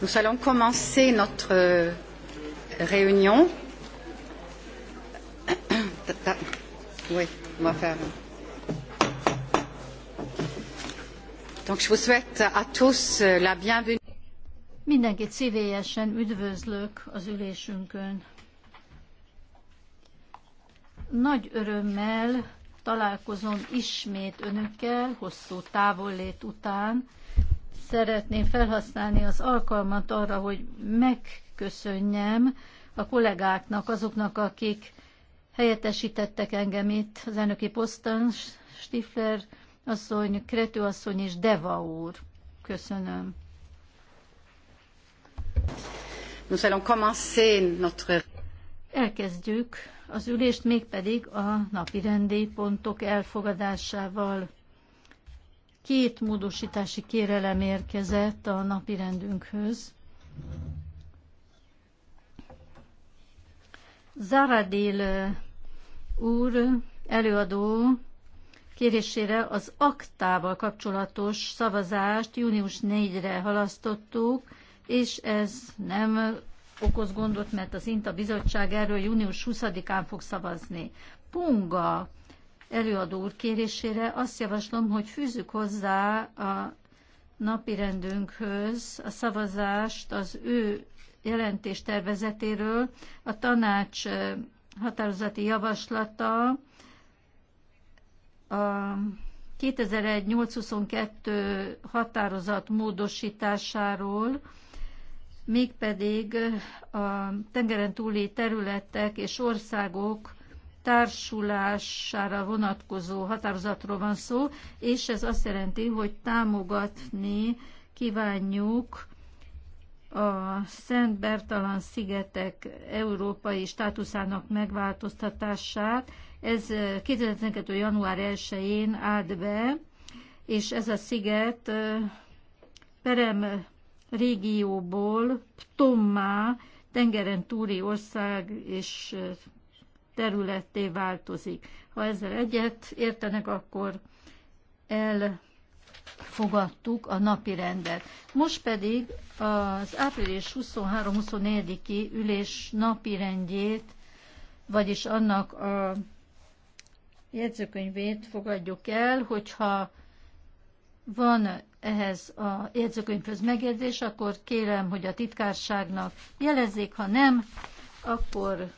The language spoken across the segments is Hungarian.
Nous allons commencer notre euh, réunion. Oui, on va faire. Donc je vous souhaite à tous euh, la bienvenue. Mindenkit szívélyesen üdvözlök az ülésünkön. Nagy örömmel találkozom ismét önökkel hosszú távollét után, szeretném felhasználni az alkalmat arra, hogy megköszönjem a kollégáknak, azoknak, akik helyettesítettek engem itt, az elnöki posztán, Stifler asszony, Krető asszony és Deva úr. Köszönöm. Nous allons commencer notre... Elkezdjük az ülést mégpedig a napirendi pontok elfogadásával. Két módosítási kérelem érkezett a napi rendünkhöz. Záradél úr előadó kérésére az aktával kapcsolatos szavazást június 4-re halasztottuk, és ez nem okoz gondot, mert az INTA bizottság erről június 20-án fog szavazni. Punga előadó úr kérésére azt javaslom, hogy fűzzük hozzá a napi rendünkhöz a szavazást az ő jelentés tervezetéről. A tanács határozati javaslata a 2001-822 határozat módosításáról, mégpedig a tengeren túli területek és országok társulására vonatkozó határozatról van szó, és ez azt jelenti, hogy támogatni kívánjuk a Szent Bertalan szigetek európai státuszának megváltoztatását. Ez 2012. január 1-én állt be, és ez a sziget Perem régióból Tommá, tengeren túli ország és területté változik. Ha ezzel egyet értenek, akkor elfogadtuk a napi rendet. Most pedig az április 23-24-i ülés napi rendjét, vagyis annak a jegyzőkönyvét fogadjuk el, hogyha van ehhez a jegyzőkönyvhöz megjegyzés, akkor kérem, hogy a titkárságnak jelezzék, ha nem, akkor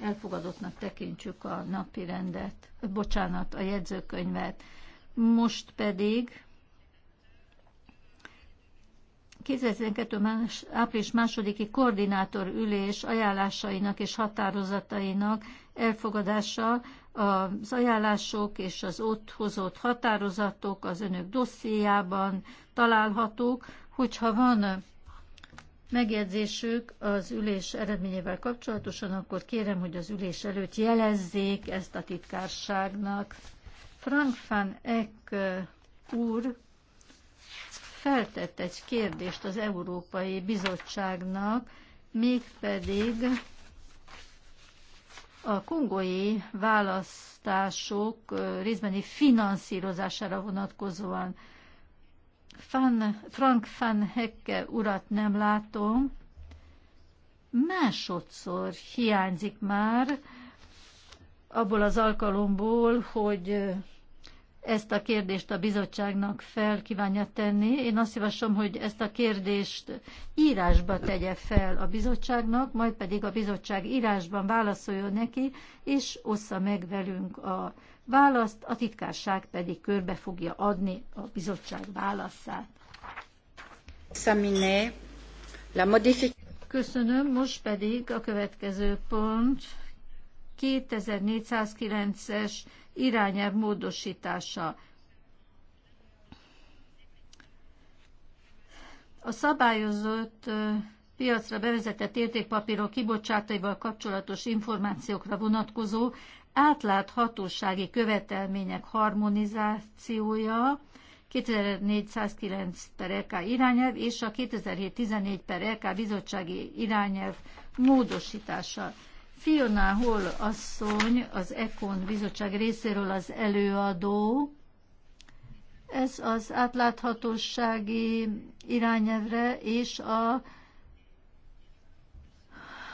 elfogadottnak tekintsük a napi rendet, bocsánat, a jegyzőkönyvet. Most pedig 2012. Más, április másodiki koordinátor ülés ajánlásainak és határozatainak elfogadása az ajánlások és az ott hozott határozatok az önök dossziéjában találhatók, hogyha van megjegyzésük az ülés eredményével kapcsolatosan, akkor kérem, hogy az ülés előtt jelezzék ezt a titkárságnak. Frank van Eck uh, úr feltett egy kérdést az Európai Bizottságnak, mégpedig a kongói választások uh, részbeni finanszírozására vonatkozóan Fan, Frank van Hecke urat nem látom. Másodszor hiányzik már abból az alkalomból, hogy ezt a kérdést a bizottságnak fel kívánja tenni. Én azt javaslom, hogy ezt a kérdést írásba tegye fel a bizottságnak, majd pedig a bizottság írásban válaszoljon neki, és ossza meg velünk a választ, a titkárság pedig körbe fogja adni a bizottság válaszát. Köszönöm, most pedig a következő pont 2409-es irányelv módosítása. A szabályozott piacra bevezetett értékpapírok kibocsátaival kapcsolatos információkra vonatkozó átláthatósági követelmények harmonizációja, 2409 per LK irányelv és a 2714 per LK bizottsági irányelv módosítása. Fiona hol asszony, az ECON bizottság részéről az előadó. Ez az átláthatósági irányelvre és a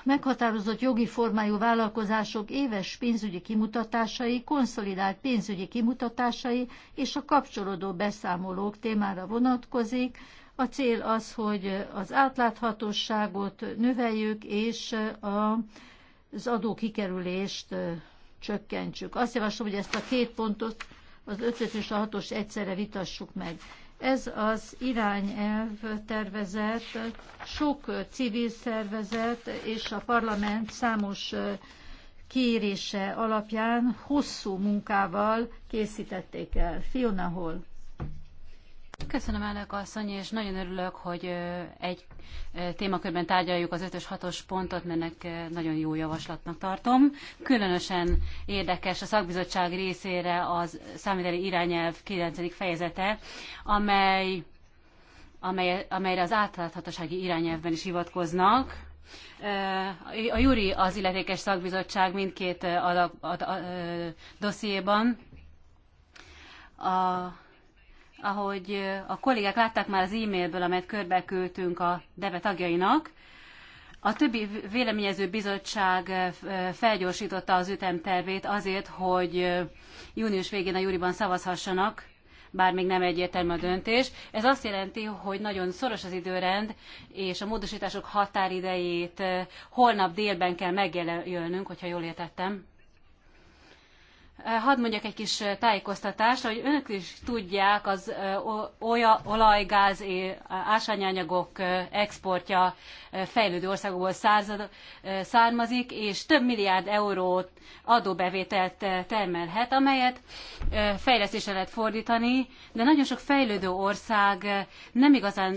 meghatározott jogi formájú vállalkozások éves pénzügyi kimutatásai, konszolidált pénzügyi kimutatásai és a kapcsolódó beszámolók témára vonatkozik. A cél az, hogy az átláthatóságot növeljük és az adókikerülést csökkentsük. Azt javaslom, hogy ezt a két pontot az ötös és a hatos egyszerre vitassuk meg. Ez az irányelv tervezet sok civil szervezet és a parlament számos kérése alapján hosszú munkával készítették el. Fiona Hall. Köszönöm, elnök asszony, és nagyon örülök, hogy egy témakörben tárgyaljuk az 5-ös 6-os pontot, mert ennek nagyon jó javaslatnak tartom. Különösen érdekes a szakbizottság részére az számíteli irányelv 9. fejezete, amely, amely, amelyre az átláthatósági irányelvben is hivatkoznak. A Juri az illetékes szakbizottság mindkét a, a a, a, a, A, ahogy a kollégák látták már az e-mailből, amelyet körbeküldtünk a DEVE tagjainak, a többi véleményező bizottság felgyorsította az ütemtervét azért, hogy június végén a júriban szavazhassanak, bár még nem egyértelmű a döntés. Ez azt jelenti, hogy nagyon szoros az időrend, és a módosítások határidejét holnap délben kell megjelölnünk, hogyha jól értettem. Eh, hadd mondjak egy kis eh, tájékoztatást, hogy önök is tudják, az eh, olaj, gáz és ásványanyagok exportja fejlődő országokból származik, és több milliárd eurót adóbevételt eh, termelhet, amelyet eh, fejlesztésre lehet fordítani, de nagyon sok fejlődő ország eh, nem igazán,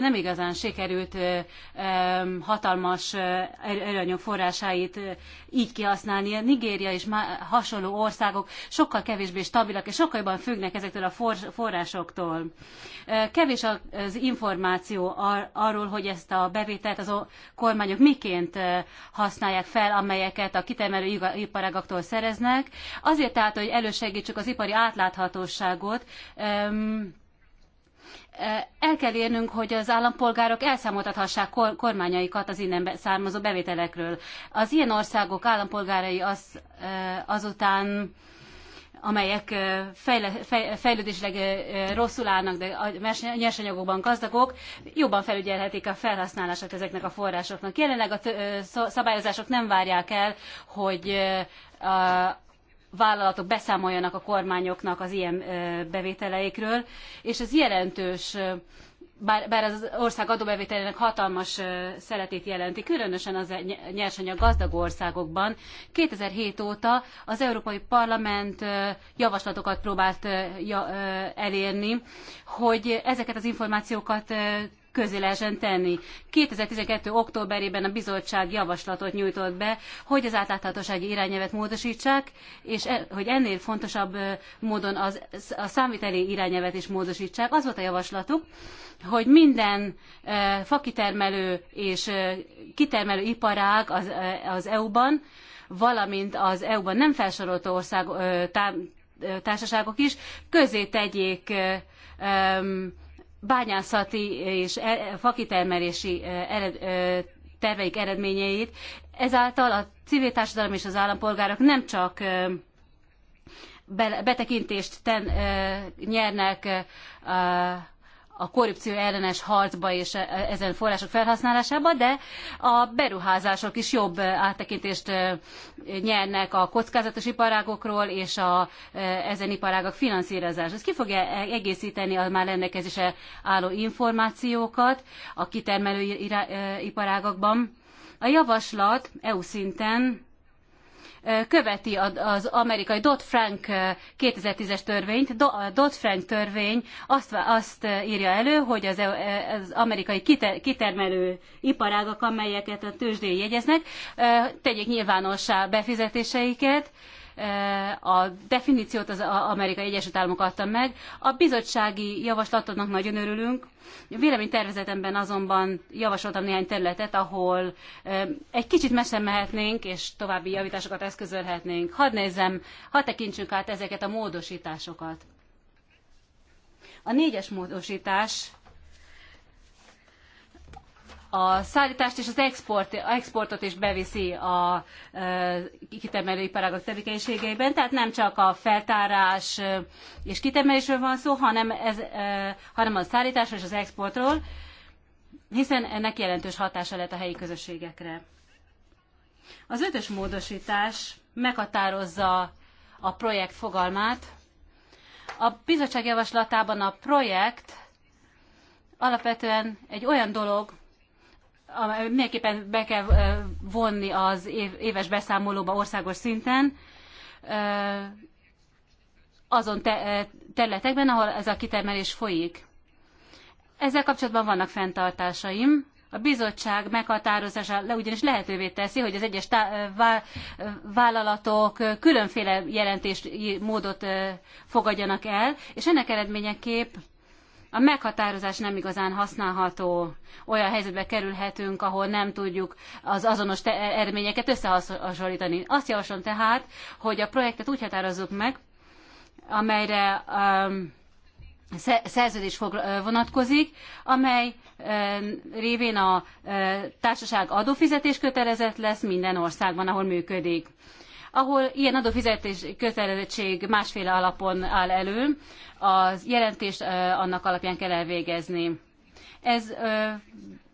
nem igazán sikerült hatalmas er-, erőanyag forrásait így kihasználni. A Nigéria és hasonló országok sokkal kevésbé stabilak, és sokkal jobban függnek ezektől a forrásoktól. Kevés az információ arról, hogy ezt a bevételt az kormányok miként használják fel, amelyeket a kitermelő iparágaktól szereznek, azért tehát, hogy elősegítsük az ipari átláthatóságot, eh, el kell érnünk, hogy az állampolgárok elszámoltathassák kormányaikat az innen származó bevételekről. Az ilyen országok állampolgárai az, eh, azután amelyek fejlődésleg rosszul állnak, de a nyersanyagokban gazdagok, jobban felügyelhetik a felhasználását ezeknek a forrásoknak. Jelenleg a szabályozások nem várják el, hogy a vállalatok beszámoljanak a kormányoknak az ilyen bevételeikről, és ez jelentős bár, bár az ország adóbevételének hatalmas szeretét jelenti, különösen az nyersanyag gazdag országokban. 2007 óta az Európai Parlament javaslatokat próbált elérni, hogy ezeket az információkat közé lehessen tenni. 2012. októberében a bizottság javaslatot nyújtott be, hogy az átláthatósági irányelvet módosítsák, és e, hogy ennél fontosabb módon az, a számviteli irányelvet is módosítsák. Az volt a javaslatuk, hogy minden e, fakitermelő és e, kitermelő iparág az, e, az EU-ban, valamint az EU-ban nem felsorolt ország, tá, társaságok is közé tegyék bányászati és e, fakitermelési e, e, terveik eredményeit. Ezáltal a civil társadalom és az állampolgárok nem csak betekintést ten, nyernek a korrupció ellenes harcba és e, e, ezen források felhasználásába, de a beruházások is jobb áttekintést e, nyernek a kockázatos iparágokról és a, ezen iparágak finanszírozás. Ez ki fogja egészíteni a már rendelkezésre álló információkat a kitermelő iparágakban. A javaslat EU szinten követi az amerikai Dodd-Frank 2010-es törvényt. A Dodd-Frank törvény azt, azt írja elő, hogy az, az amerikai kitermelő iparágak, amelyeket a tőzsdén jegyeznek, tegyék nyilvánossá befizetéseiket, a definíciót az Amerikai Egyesült Államok adta meg. A bizottsági javaslatodnak nagyon örülünk. Véleménytervezetemben azonban javasoltam néhány területet, ahol egy kicsit messze mehetnénk, és további javításokat eszközölhetnénk. Hadd nézzem, hadd tekintsünk át ezeket a módosításokat. A négyes módosítás a szállítást és az export, exportot is beviszi a kitemelőiparágok tevékenységeiben, tehát nem csak a feltárás és kitermelésről van szó, hanem, ez, hanem a szállításról és az exportról, hiszen ennek jelentős hatása lehet a helyi közösségekre. Az ötös módosítás meghatározza a projekt fogalmát. A bizottság javaslatában a projekt alapvetően egy olyan dolog, mindenképpen be kell vonni az éves beszámolóba országos szinten azon te, területekben, ahol ez a kitermelés folyik. Ezzel kapcsolatban vannak fenntartásaim. A bizottság meghatározása le, ugyanis lehetővé teszi, hogy az egyes tá- vá- vállalatok különféle jelentési módot fogadjanak el, és ennek eredményeképp a meghatározás nem igazán használható. Olyan helyzetbe kerülhetünk, ahol nem tudjuk az azonos eredményeket összehasonlítani. Azt javaslom tehát, hogy a projektet úgy határozzuk meg, amelyre um, szerződés fog, vonatkozik, amely révén a társaság adófizetés kötelezett lesz minden országban, ahol működik ahol ilyen adófizetés kötelezettség másféle alapon áll elő, az jelentést annak alapján kell elvégezni. Ez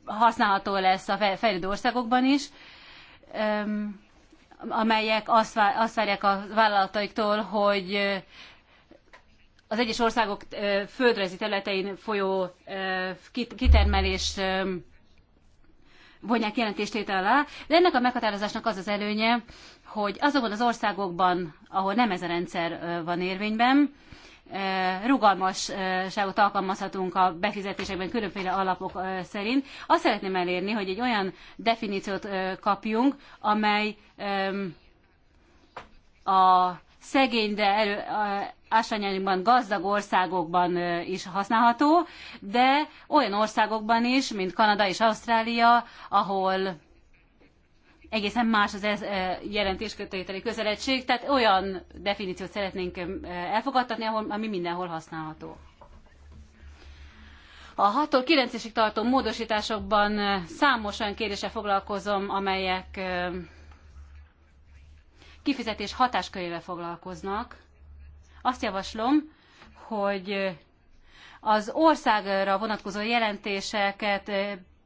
használható lesz a fejlődő országokban is, amelyek azt várják a vállalataiktól, hogy az egyes országok földrajzi területein folyó kitermelés vonják jelentéstétel alá, de ennek a meghatározásnak az az előnye, hogy azokban az országokban, ahol nem ez a rendszer van érvényben, rugalmasságot alkalmazhatunk a befizetésekben különféle alapok szerint. Azt szeretném elérni, hogy egy olyan definíciót kapjunk, amely a szegény, de elő, gazdag országokban is használható, de olyan országokban is, mint Kanada és Ausztrália, ahol egészen más az ez jelentéskötőjételi közeledtség, tehát olyan definíciót szeretnénk elfogadtatni, ahol, ami mindenhol használható. A 6-tól 9 tartó módosításokban számos olyan kérdése foglalkozom, amelyek kifizetés hatáskörével foglalkoznak. Azt javaslom, hogy az országra vonatkozó jelentéseket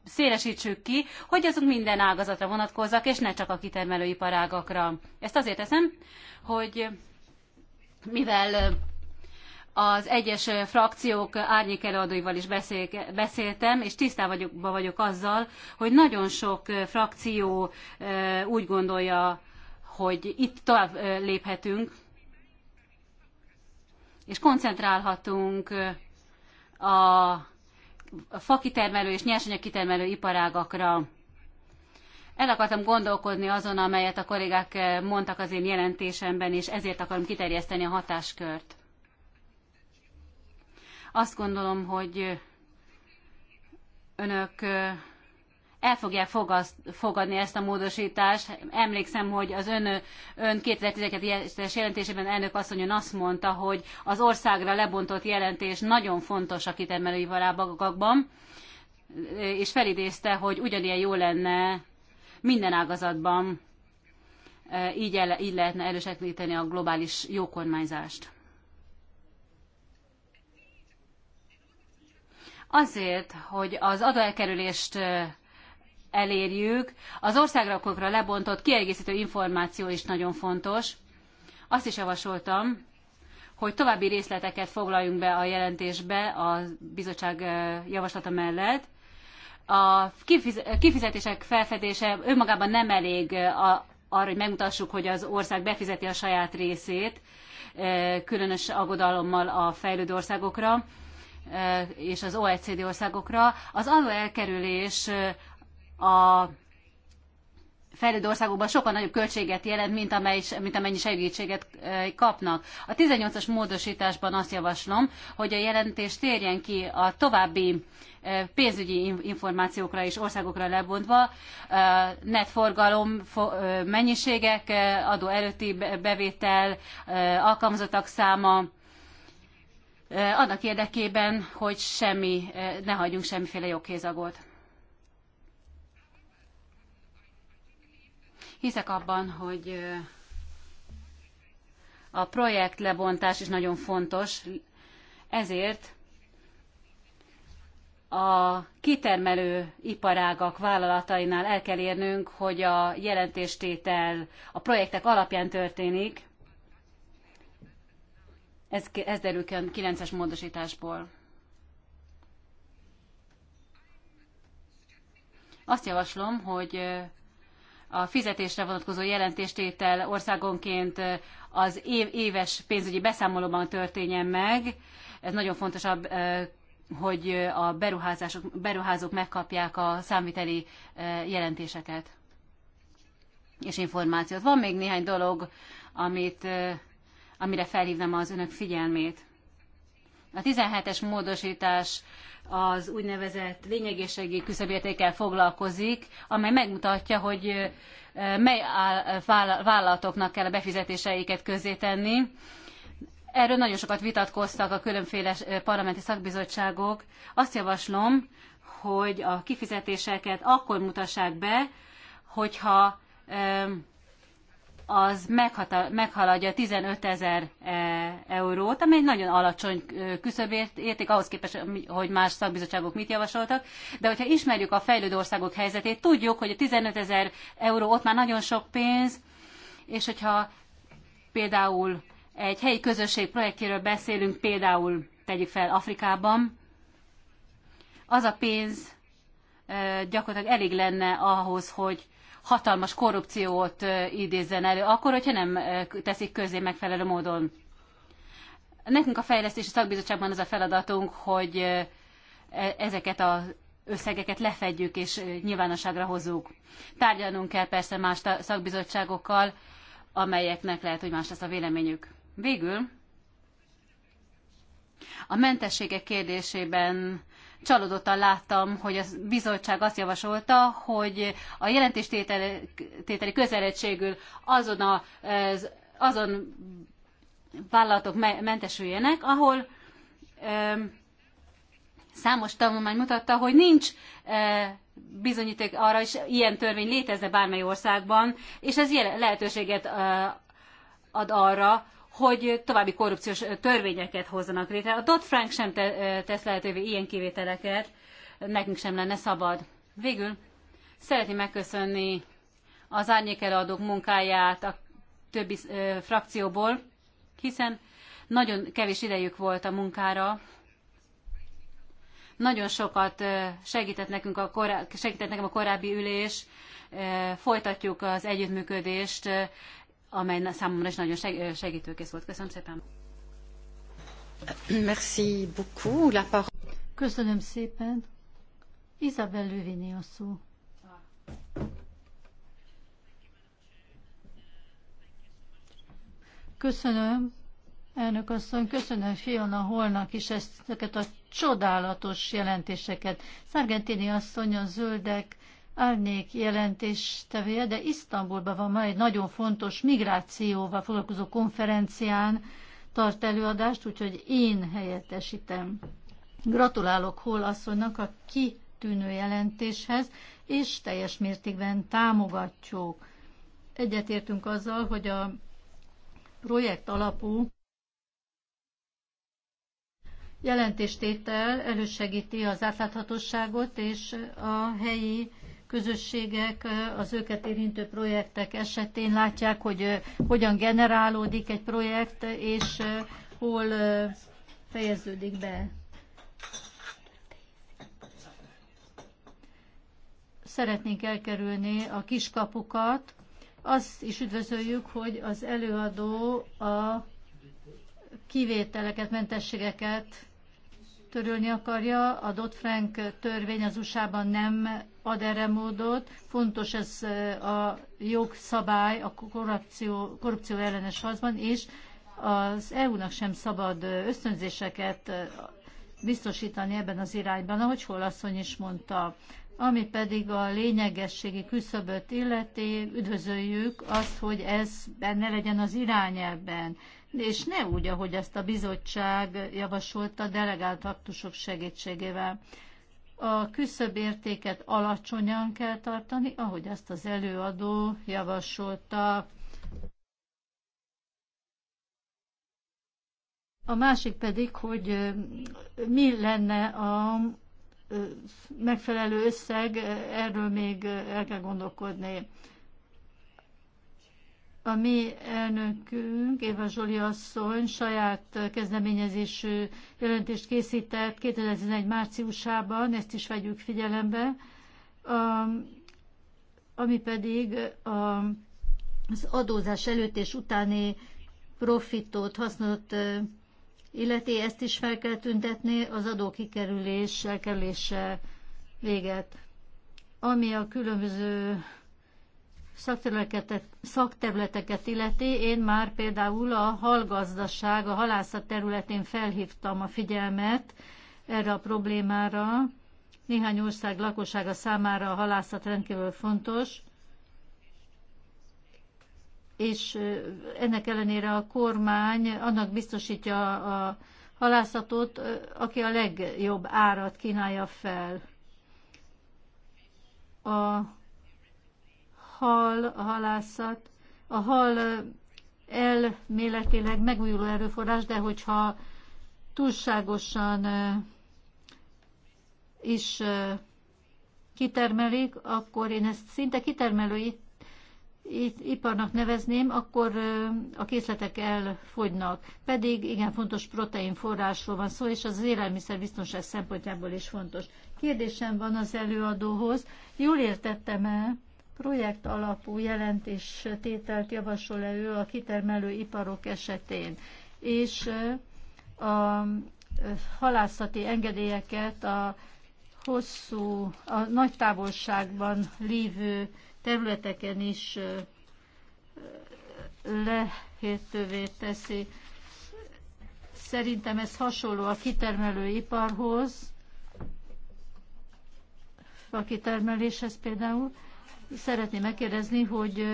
szélesítsük ki, hogy azok minden ágazatra vonatkozzak, és ne csak a kitermelőiparágakra. Ezt azért teszem, hogy mivel az egyes frakciók árnyék előadóival is beszéltem, és tisztában vagyok, vagyok azzal, hogy nagyon sok frakció úgy gondolja, hogy itt tovább léphetünk, és koncentrálhatunk a a fakitermelő és nyersanyagkitermelő iparágakra. El akartam gondolkodni azon, amelyet a kollégák mondtak az én jelentésemben, és ezért akarom kiterjeszteni a hatáskört. Azt gondolom, hogy önök el fogják fogadni ezt a módosítást. Emlékszem, hogy az ön, ön 2017 es jelentésében elnök asszonyon azt mondta, hogy az országra lebontott jelentés nagyon fontos a varábagokban, és felidézte, hogy ugyanilyen jó lenne minden ágazatban e, így, el, így lehetne erősíteni a globális jókormányzást. Azért, hogy az adóelkerülést e, elérjük. Az országrakokra lebontott kiegészítő információ is nagyon fontos. Azt is javasoltam, hogy további részleteket foglaljunk be a jelentésbe a bizottság javaslata mellett. A kifizetések felfedése önmagában nem elég arra, hogy megmutassuk, hogy az ország befizeti a saját részét, különös aggodalommal a fejlődő országokra és az OECD országokra. Az adóelkerülés a fejlődő országokban sokkal nagyobb költséget jelent, mint, amely, mint amennyi segítséget kapnak. A 18-as módosításban azt javaslom, hogy a jelentés térjen ki a további pénzügyi információkra és országokra lebontva, net forgalom, mennyiségek, adó előtti bevétel, alkalmazottak száma, annak érdekében, hogy semmi, ne hagyjunk semmiféle jogkézagot. Hiszek abban, hogy a projekt lebontás is nagyon fontos, ezért a kitermelő iparágak vállalatainál el kell érnünk, hogy a jelentéstétel a projektek alapján történik. Ez, ez derül ki a 9-es módosításból. Azt javaslom, hogy a fizetésre vonatkozó jelentéstétel országonként az éves pénzügyi beszámolóban történjen meg. Ez nagyon fontos, eh, hogy a beruházások, beruházók megkapják a számviteli eh, jelentéseket és információt. Van még néhány dolog, amit, eh, amire felhívnám az önök figyelmét. A 17-es módosítás az úgynevezett lényegességi küszöbértékkel foglalkozik, amely megmutatja, hogy mely vállalatoknak kell a befizetéseiket közzétenni. Erről nagyon sokat vitatkoztak a különféle parlamenti szakbizottságok. Azt javaslom, hogy a kifizetéseket akkor mutassák be, hogyha az meghaladja 15 ezer e, eurót, ami egy nagyon alacsony érték ahhoz képest, hogy más szakbizottságok mit javasoltak. De hogyha ismerjük a fejlődő országok helyzetét, tudjuk, hogy a 15 ezer euró ott már nagyon sok pénz, és hogyha például egy helyi közösség projektjéről beszélünk, például tegyük fel Afrikában, az a pénz gyakorlatilag elég lenne ahhoz, hogy hatalmas korrupciót idézzen elő, akkor, hogyha nem teszik közé megfelelő módon. Nekünk a fejlesztési szakbizottságban az a feladatunk, hogy e, ezeket az összegeket lefedjük és nyilvánosságra hozzuk. Tárgyalnunk kell persze más szakbizottságokkal, amelyeknek lehet, hogy más lesz a véleményük. Végül a mentességek kérdésében csalódottan láttam, hogy a bizottság azt javasolta, hogy a jelentéstételi közeledtségül azon, a, azon vállalatok mentesüljenek, ahol számos tanulmány mutatta, hogy nincs e, bizonyíték arra, hogy ilyen törvény létezne bármely országban, és ez lehetőséget e, ad arra, hogy további korrupciós törvényeket hozzanak létre. A Dodd-Frank sem te, tesz lehetővé ilyen kivételeket, nekünk sem lenne szabad. Végül szeretném megköszönni az árnyékeladók munkáját a többi ö, frakcióból, hiszen nagyon kevés idejük volt a munkára. Nagyon sokat segített, nekünk a korá- segített nekem a korábbi ülés, folytatjuk az együttműködést, amely számomra is nagyon segítőkész volt. Köszönöm szépen. Merci beaucoup. La parole. Köszönöm szépen. Isabel Lövini a szó. Köszönöm, elnök asszony, köszönöm Fiona Holnak is ezt, ezeket a csodálatos jelentéseket. Szargentini asszony a zöldek árnyék jelentéstevője, de Isztambulban van ma egy nagyon fontos migrációval foglalkozó konferencián tart előadást, úgyhogy én helyettesítem. Gratulálok Hol asszonynak a kitűnő jelentéshez, és teljes mértékben támogatjuk. Egyetértünk azzal, hogy a projekt alapú jelentéstétel elősegíti az átláthatóságot és a helyi közösségek az őket érintő projektek esetén látják, hogy hogyan generálódik egy projekt, és hol fejeződik be. Szeretnénk elkerülni a kiskapukat. Azt is üdvözöljük, hogy az előadó a kivételeket, mentességeket törölni akarja. A Dodd-Frank törvény az USA-ban nem ad erre módot. Fontos ez a jogszabály a korrupció, korrupció ellenes harcban, és az EU-nak sem szabad ösztönzéseket biztosítani ebben az irányban, ahogy Hollasszony is mondta. Ami pedig a lényegességi küszöböt illeti, üdvözöljük azt, hogy ez benne legyen az irányelben, és ne úgy, ahogy ezt a bizottság javasolta delegált aktusok segítségével a küszöbértéket alacsonyan kell tartani, ahogy azt az előadó javasolta. A másik pedig, hogy mi lenne a megfelelő összeg, erről még el kell gondolkodni. A mi elnökünk, Éva Zsoli asszony saját kezdeményezésű jelentést készített 2011 márciusában, ezt is vegyük figyelembe, ami pedig az adózás előtt és utáni profitot, hasznot illeti, ezt is fel kell tüntetni, az adókikerülés elkerülése véget. Ami a különböző szakterületeket, illeti, én már például a halgazdaság, a halászat területén felhívtam a figyelmet erre a problémára. Néhány ország lakossága számára a halászat rendkívül fontos, és ennek ellenére a kormány annak biztosítja a halászatot, aki a legjobb árat kínálja fel. A hal, a halászat. A hal elméletileg megújuló erőforrás, de hogyha túlságosan is kitermelik, akkor én ezt szinte kitermelő iparnak nevezném, akkor a készletek elfogynak. Pedig igen fontos protein forrásról van szó, és az élelmiszerbiztonság szempontjából is fontos. Kérdésem van az előadóhoz. Jól értettem-e, projekt alapú jelentés tételt javasol elő a kitermelő iparok esetén, és a halászati engedélyeket a hosszú, a nagy távolságban lévő területeken is lehetővé teszi. Szerintem ez hasonló a kitermelő iparhoz a kitermeléshez például, szeretném megkérdezni, hogy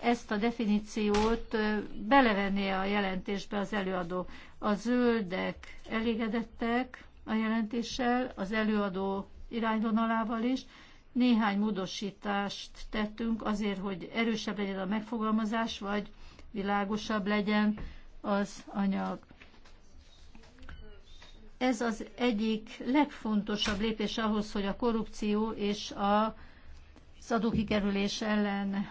ezt a definíciót belevenné a jelentésbe az előadó. A zöldek elégedettek a jelentéssel, az előadó irányvonalával is. Néhány módosítást tettünk azért, hogy erősebb legyen a megfogalmazás, vagy világosabb legyen az anyag. Ez az egyik legfontosabb lépés ahhoz, hogy a korrupció és a az adókikerülés ellen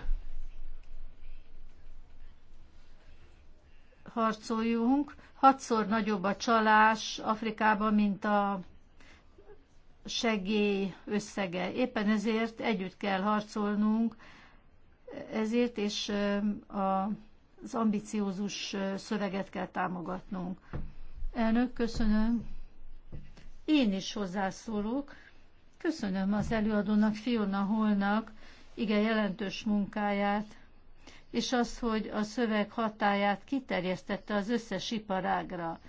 harcoljunk. Hatszor nagyobb a csalás Afrikában, mint a segély összege. Éppen ezért együtt kell harcolnunk, ezért és az ambiciózus szöveget kell támogatnunk. Elnök, köszönöm. Én is hozzászólok. Köszönöm az előadónak, Fiona Holnak igen jelentős munkáját, és az, hogy a szöveg hatáját kiterjesztette az összes iparágra.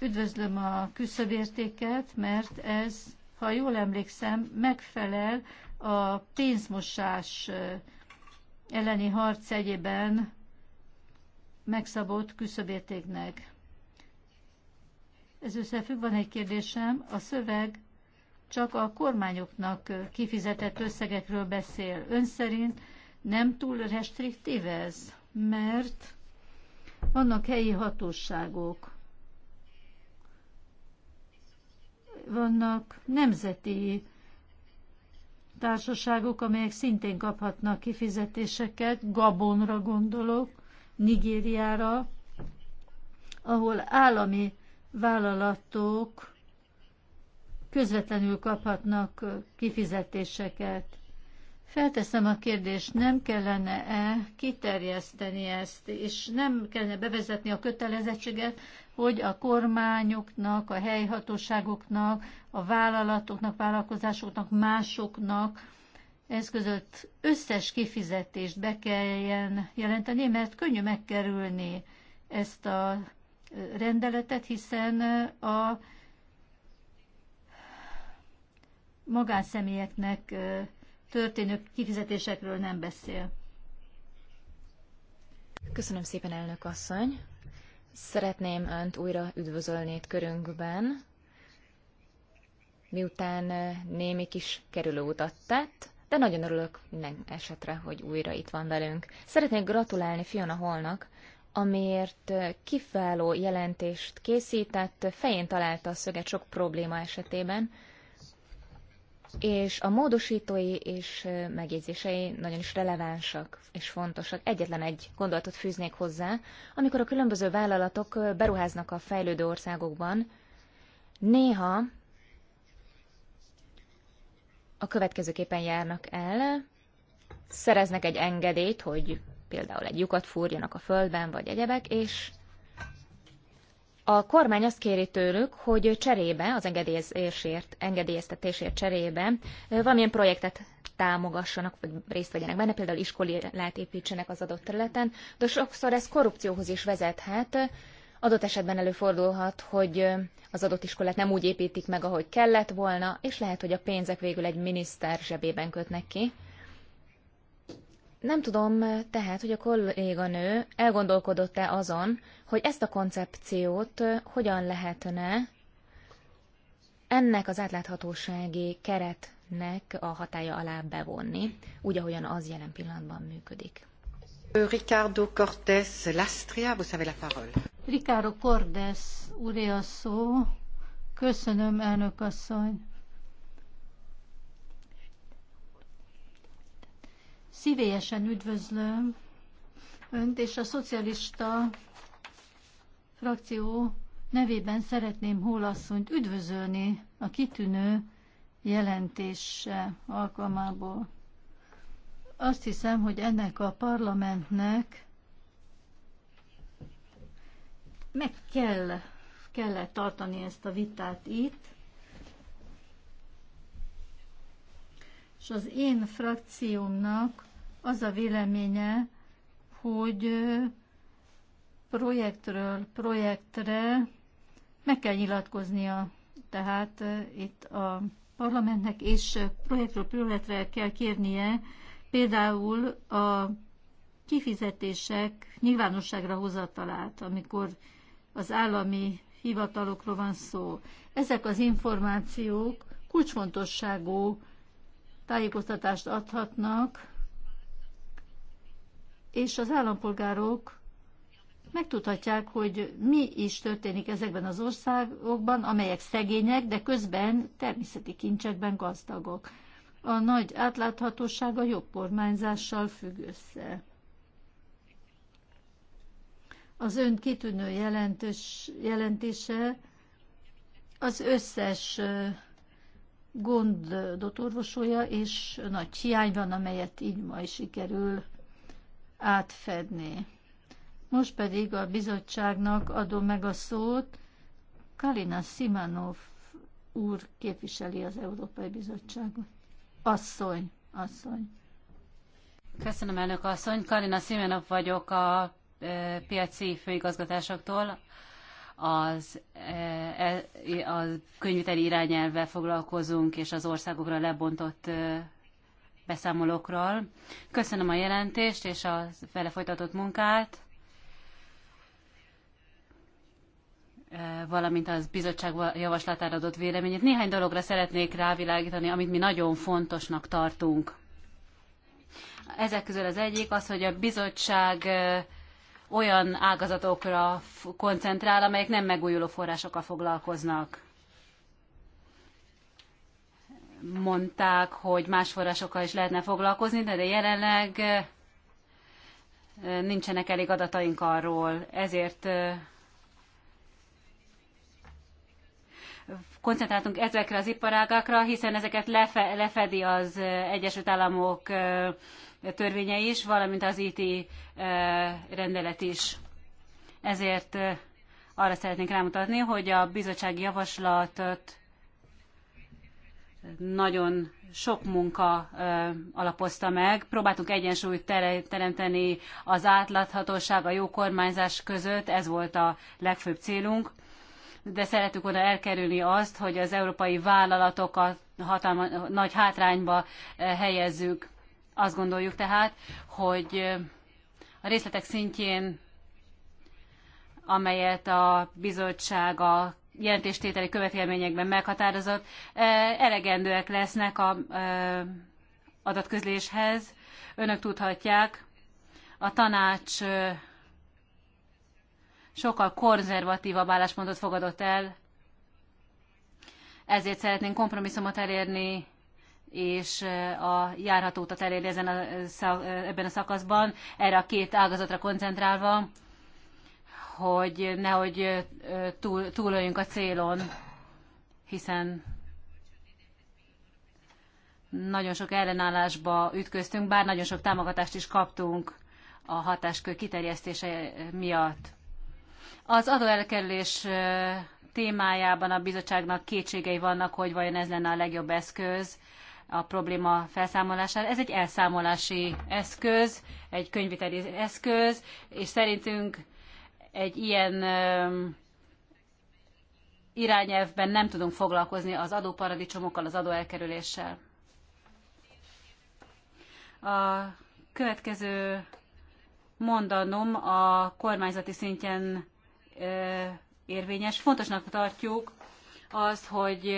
Üdvözlöm a küszöbértéket, mert ez, ha jól emlékszem, megfelel a pénzmosás elleni harc egyében megszabott küszöbértéknek. Ez összefügg, van egy kérdésem. A szöveg csak a kormányoknak kifizetett összegekről beszél. Ön szerint nem túl restriktív ez, mert vannak helyi hatóságok, vannak nemzeti társaságok, amelyek szintén kaphatnak kifizetéseket, Gabonra gondolok, Nigériára, ahol állami vállalatok közvetlenül kaphatnak kifizetéseket. Felteszem a kérdést, nem kellene-e kiterjeszteni ezt, és nem kellene bevezetni a kötelezettséget, hogy a kormányoknak, a helyhatóságoknak, a vállalatoknak, vállalkozásoknak, másoknak között összes kifizetést be kelljen jelenteni, mert könnyű megkerülni ezt a rendeletet, hiszen a magánszemélyeknek történő kifizetésekről nem beszél. Köszönöm szépen, elnök asszony. Szeretném Önt újra üdvözölni itt körünkben, miután némi kis utat tett, de nagyon örülök minden esetre, hogy újra itt van velünk. Szeretnék gratulálni Fiona Holnak, amiért kiváló jelentést készített, fején találta a szöget sok probléma esetében, és a módosítói és megjegyzései nagyon is relevánsak és fontosak. Egyetlen egy gondolatot fűznék hozzá, amikor a különböző vállalatok beruháznak a fejlődő országokban, néha a következőképpen járnak el, szereznek egy engedélyt, hogy például egy lyukat fúrjanak a földben, vagy egyebek, és a kormány azt kéri tőlük, hogy cserébe, az engedélyezésért, engedélyeztetésért cserébe valamilyen projektet támogassanak, vagy részt vegyenek benne, például iskolát építsenek az adott területen, de sokszor ez korrupcióhoz is vezethet. Adott esetben előfordulhat, hogy az adott iskolát nem úgy építik meg, ahogy kellett volna, és lehet, hogy a pénzek végül egy miniszter zsebében kötnek ki. Nem tudom tehát, hogy a kolléganő elgondolkodott-e azon, hogy ezt a koncepciót hogyan lehetne ennek az átláthatósági keretnek a hatája alá bevonni, úgy, ahogyan az jelen pillanatban működik. Ricardo Cortés Lastria, vous avez la parole. Ricardo Cortés úré a szó. Köszönöm, elnök asszony. Szívélyesen üdvözlöm Önt és a szocialista frakció nevében szeretném Hólasszonyt üdvözölni a kitűnő jelentés alkalmából. Azt hiszem, hogy ennek a parlamentnek meg kell, kellett tartani ezt a vitát itt, és az én frakciómnak az a véleménye, hogy projektről projektre meg kell nyilatkoznia, tehát eh, itt a parlamentnek, és projektről projektre kell kérnie például a kifizetések nyilvánosságra hozatalát, amikor az állami hivatalokról van szó. Ezek az információk kulcsfontosságú tájékoztatást adhatnak, és az állampolgárok megtudhatják, hogy mi is történik ezekben az országokban, amelyek szegények, de közben természeti kincsekben gazdagok. A nagy átláthatóság a jobb kormányzással függ össze. Az ön kitűnő jelentős, jelentése az összes gondot orvosolja, és nagy hiány van, amelyet így ma is sikerül átfedni. Most pedig a bizottságnak adom meg a szót. Kalina Simanov úr képviseli az Európai Bizottságot. Asszony, asszony. Köszönöm, elnök asszony. Kalina Simanov vagyok a e, piaci főigazgatásoktól. Az, e, a könyvteli irányelvvel foglalkozunk, és az országokra lebontott e, beszámolókról. Köszönöm a jelentést és a vele folytatott munkát. valamint az bizottság javaslatára adott véleményét. Néhány dologra szeretnék rávilágítani, amit mi nagyon fontosnak tartunk. Ezek közül az egyik az, hogy a bizottság olyan ágazatokra koncentrál, amelyek nem megújuló forrásokkal foglalkoznak. Mondták, hogy más forrásokkal is lehetne foglalkozni, de, de jelenleg nincsenek elég adataink arról. Ezért koncentráltunk ezekre az iparágakra, hiszen ezeket lefe, lefedi az Egyesült Államok törvénye is, valamint az IT rendelet is. Ezért arra szeretnénk rámutatni, hogy a bizottsági javaslatot nagyon sok munka ö, alapozta meg. Próbáltunk egyensúlyt teremteni az átláthatóság, a jó kormányzás között, ez volt a legfőbb célunk de szeretük volna elkerülni azt, hogy az európai vállalatokat hatalma, nagy hátrányba eh, helyezzük. Azt gondoljuk tehát, hogy eh, a részletek szintjén, amelyet a bizottság a jelentéstételi követelményekben meghatározott, eh, elegendőek lesznek a adatközléshez. Önök tudhatják, a tanács sokkal konzervatívabb álláspontot fogadott el, ezért szeretnénk kompromisszumot elérni, és a járhatótat elérni ezen a, ebben a szakaszban, erre a két ágazatra koncentrálva, hogy nehogy túl, túloljunk a célon, hiszen nagyon sok ellenállásba ütköztünk, bár nagyon sok támogatást is kaptunk a hatáskör kiterjesztése miatt. Az adóelkerülés témájában a bizottságnak kétségei vannak, hogy vajon ez lenne a legjobb eszköz a probléma felszámolására. Ez egy elszámolási eszköz, egy könyviteli eszköz, és szerintünk egy ilyen irányelvben nem tudunk foglalkozni az adóparadicsomokkal, az adóelkerüléssel. A következő mondanom a kormányzati szinten érvényes. Fontosnak tartjuk azt, hogy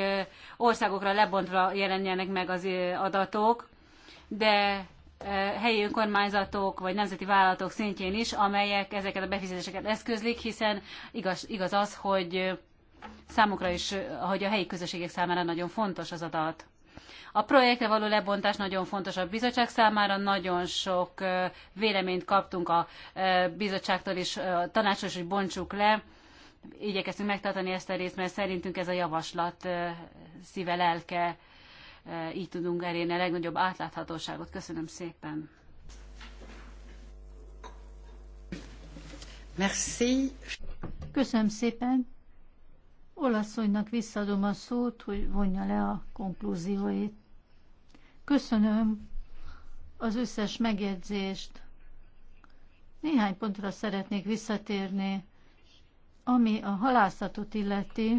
országokra lebontva jelenjenek meg az adatok, de helyi önkormányzatok vagy nemzeti vállalatok szintjén is, amelyek ezeket a befizetéseket eszközlik, hiszen igaz, igaz az, hogy számukra is, hogy a helyi közösségek számára nagyon fontos az adat. A projektre való lebontás nagyon fontos a bizottság számára, nagyon sok véleményt kaptunk a bizottságtól is, tanácsos, hogy bontsuk le. Igyekeztünk megtartani ezt a részt, mert szerintünk ez a javaslat szíve lelke, így tudunk elérni a legnagyobb átláthatóságot. Köszönöm szépen! Merci. Köszönöm szépen. Olaszonynak visszadom a szót, hogy vonja le a konklúzióit. Köszönöm az összes megjegyzést. Néhány pontra szeretnék visszatérni, ami a halászatot illeti.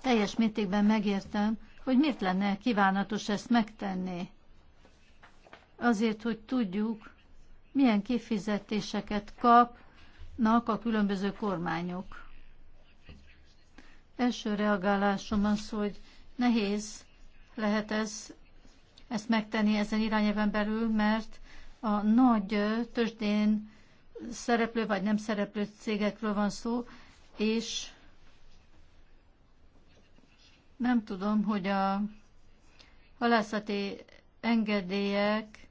Teljes mértékben megértem, hogy miért lenne kívánatos ezt megtenni. Azért, hogy tudjuk, milyen kifizetéseket kapnak a különböző kormányok. Első reagálásom az, hogy nehéz lehet ez, ezt megtenni ezen irányelven belül, mert a nagy tőzsdén szereplő vagy nem szereplő cégekről van szó, és nem tudom, hogy a halászati engedélyek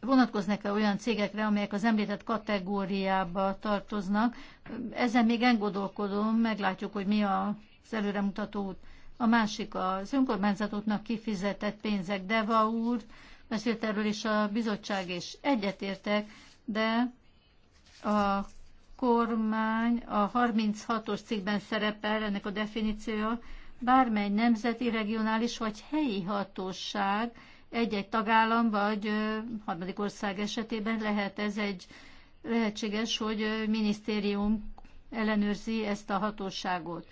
vonatkoznak-e olyan cégekre, amelyek az említett kategóriába tartoznak. Ezen még engodolkodom, meglátjuk, hogy mi az előremutató út a másik az önkormányzatoknak kifizetett pénzek. Deva úr beszélt erről, is a bizottság és egyetértek, de a kormány a 36-os cikkben szerepel ennek a definíciója, bármely nemzeti, regionális vagy helyi hatóság egy-egy tagállam vagy harmadik ország esetében lehet ez egy lehetséges, hogy minisztérium ellenőrzi ezt a hatóságot.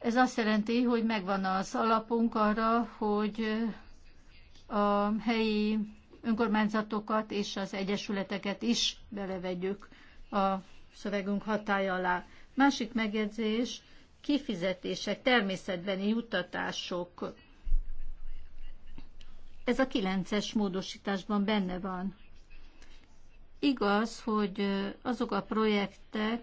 Ez azt jelenti, hogy megvan az alapunk arra, hogy a helyi önkormányzatokat és az egyesületeket is belevegyük a szövegünk hatája alá. Másik megjegyzés, kifizetések, természetbeni juttatások. Ez a kilences módosításban benne van. Igaz, hogy azok a projektek,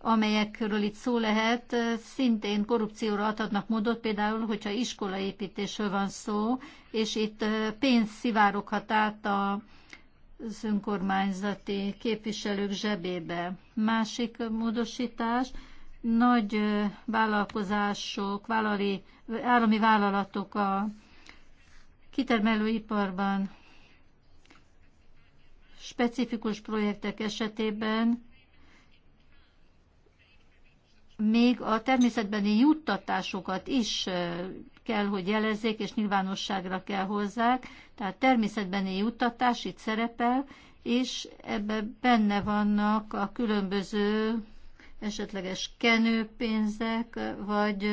amelyekről itt szó lehet, szintén korrupcióra adhatnak módot, például, hogyha iskolaépítésről van szó, és itt pénz szivároghat át a az önkormányzati képviselők zsebébe. Másik módosítás, nagy vállalkozások, vállali, állami vállalatok a kitermelőiparban specifikus projektek esetében még a természetbeni juttatásokat is kell, hogy jelezzék, és nyilvánosságra kell hozzák. Tehát természetbeni juttatás itt szerepel, és ebben benne vannak a különböző esetleges kenőpénzek, vagy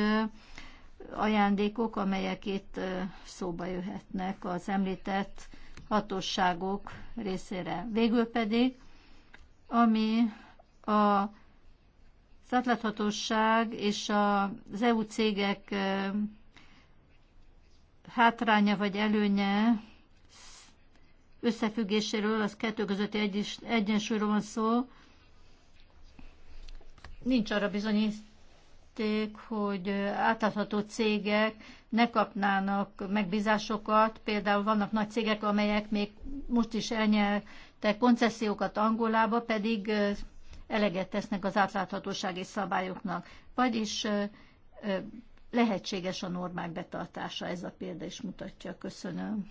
ajándékok, amelyek itt szóba jöhetnek az említett hatóságok részére. Végül pedig, ami a az átláthatóság és az EU cégek hátránya vagy előnye összefüggéséről, az kettő közötti egyensúlyról van szó. Nincs arra bizonyíték, hogy átlátható cégek ne kapnának megbízásokat. Például vannak nagy cégek, amelyek még most is elnyeltek koncesziókat Angolába, pedig eleget tesznek az átláthatósági szabályoknak, vagyis lehetséges a normák betartása, ez a példa is mutatja. Köszönöm.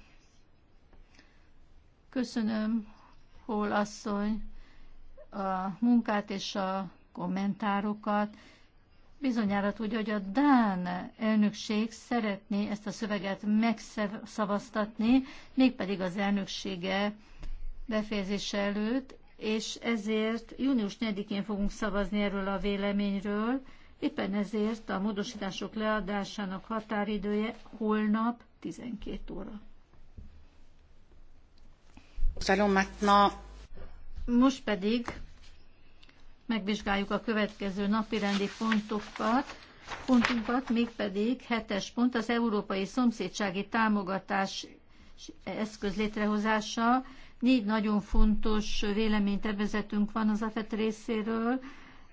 Köszönöm, Hol asszony, a munkát és a kommentárokat. Bizonyára tudja, hogy a Dán elnökség szeretné ezt a szöveget megszavaztatni, mégpedig az elnöksége befejezése előtt, és ezért június 4-én fogunk szavazni erről a véleményről. Éppen ezért a módosítások leadásának határidője holnap 12 óra. Most pedig megvizsgáljuk a következő napirendi pontokat, pontunkat, mégpedig hetes pont az európai szomszédsági támogatás eszköz létrehozása, Négy nagyon fontos véleménytervezetünk van az AFET részéről.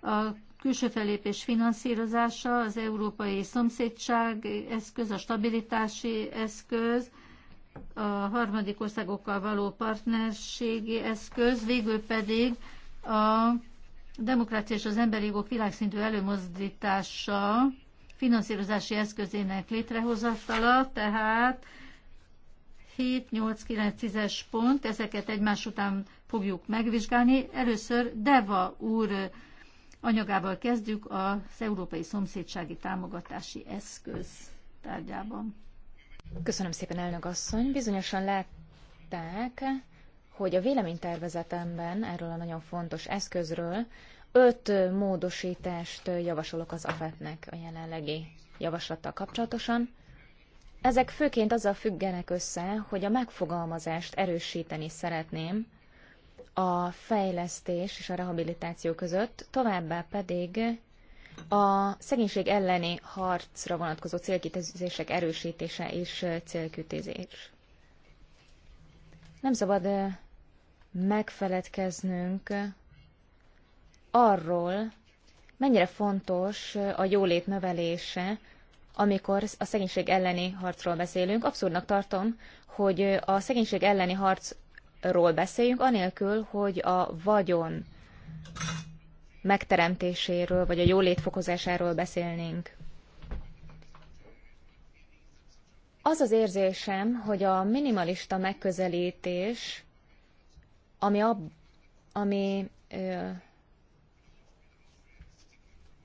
A külső felépés finanszírozása, az európai szomszédság eszköz, a stabilitási eszköz, a harmadik országokkal való partnerségi eszköz, végül pedig a demokrácia és az emberi jogok világszintű előmozdítása finanszírozási eszközének létrehozatala, tehát 7, 8, 9, 10-es pont, ezeket egymás után fogjuk megvizsgálni. Először Deva úr anyagával kezdjük az Európai Szomszédsági Támogatási Eszköz tárgyában. Köszönöm szépen, elnök asszony. Bizonyosan látták, hogy a véleménytervezetemben erről a nagyon fontos eszközről öt módosítást javasolok az AFET-nek a jelenlegi javaslattal kapcsolatosan. Ezek főként azzal függenek össze, hogy a megfogalmazást erősíteni szeretném a fejlesztés és a rehabilitáció között, továbbá pedig a szegénység elleni harcra vonatkozó célkitűzések erősítése és célkütézés. Nem szabad megfeledkeznünk arról, mennyire fontos a jólét növelése amikor a szegénység elleni harcról beszélünk. Abszurdnak tartom, hogy a szegénység elleni harcról beszéljünk, anélkül, hogy a vagyon megteremtéséről, vagy a jólét fokozásáról beszélnénk. Az az érzésem, hogy a minimalista megközelítés, ami, ab, ami ö,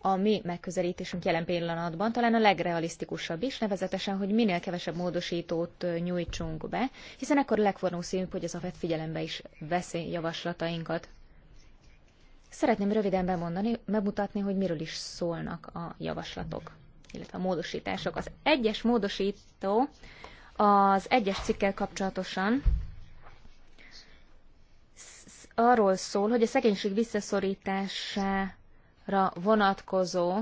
a mi megközelítésünk jelen pillanatban talán a legrealisztikusabb is, nevezetesen, hogy minél kevesebb módosítót nyújtsunk be, hiszen akkor legfornószínűbb, hogy az AFET figyelembe is veszi javaslatainkat. Szeretném röviden bemondani, bemutatni, hogy miről is szólnak a javaslatok, illetve a módosítások. Az egyes módosító az egyes cikkel kapcsolatosan arról szól, hogy a szegénység visszaszorítása ra vonatkozó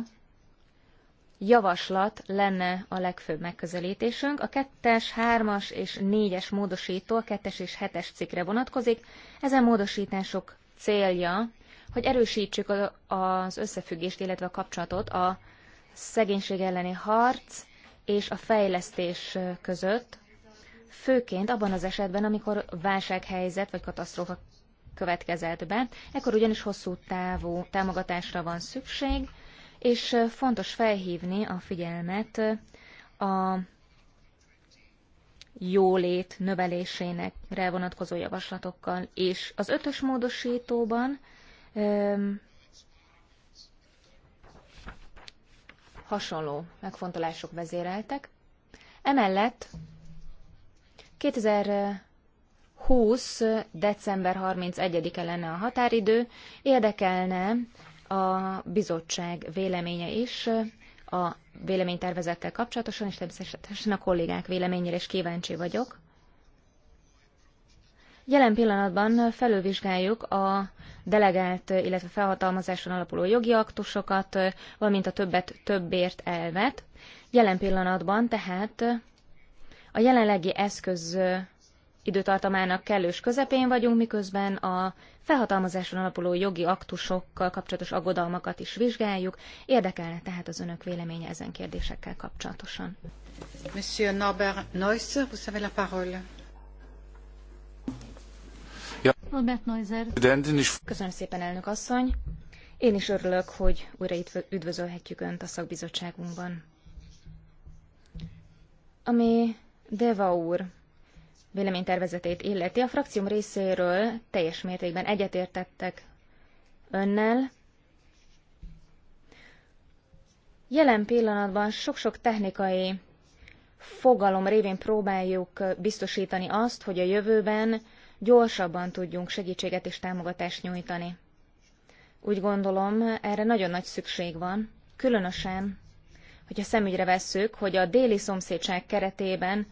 javaslat lenne a legfőbb megközelítésünk. A 3 hármas és négyes módosító a 2-es és hetes cikkre vonatkozik. Ezen módosítások célja, hogy erősítsük az összefüggést, illetve a kapcsolatot a szegénység elleni harc és a fejlesztés között, főként abban az esetben, amikor válsághelyzet vagy katasztrófa következett be. Ekkor ugyanis hosszú távú támogatásra van szükség, és fontos felhívni a figyelmet a jólét növelésének vonatkozó javaslatokkal, és az ötös módosítóban öm, hasonló megfontolások vezéreltek. Emellett 2000 20. december 31-e lenne a határidő. Érdekelne a bizottság véleménye is a véleménytervezettel kapcsolatosan, és természetesen a kollégák véleményére is kíváncsi vagyok. Jelen pillanatban felülvizsgáljuk a delegált, illetve felhatalmazáson alapuló jogi aktusokat, valamint a többet többért elvet. Jelen pillanatban tehát a jelenlegi eszköz időtartamának kellős közepén vagyunk, miközben a felhatalmazáson alapuló jogi aktusokkal kapcsolatos aggodalmakat is vizsgáljuk. Érdekelne tehát az önök véleménye ezen kérdésekkel kapcsolatosan. Monsieur Norbert Neusser, vous avez la parole. Ja. Norbert Neusser. Köszönöm szépen, elnök asszony. Én is örülök, hogy újra itt üdvözölhetjük Önt a szakbizottságunkban. Ami Deva úr véleménytervezetét illeti. A frakcióm részéről teljes mértékben egyetértettek önnel. Jelen pillanatban sok-sok technikai fogalom révén próbáljuk biztosítani azt, hogy a jövőben gyorsabban tudjunk segítséget és támogatást nyújtani. Úgy gondolom, erre nagyon nagy szükség van, különösen, hogyha szemügyre vesszük, hogy a déli szomszédság keretében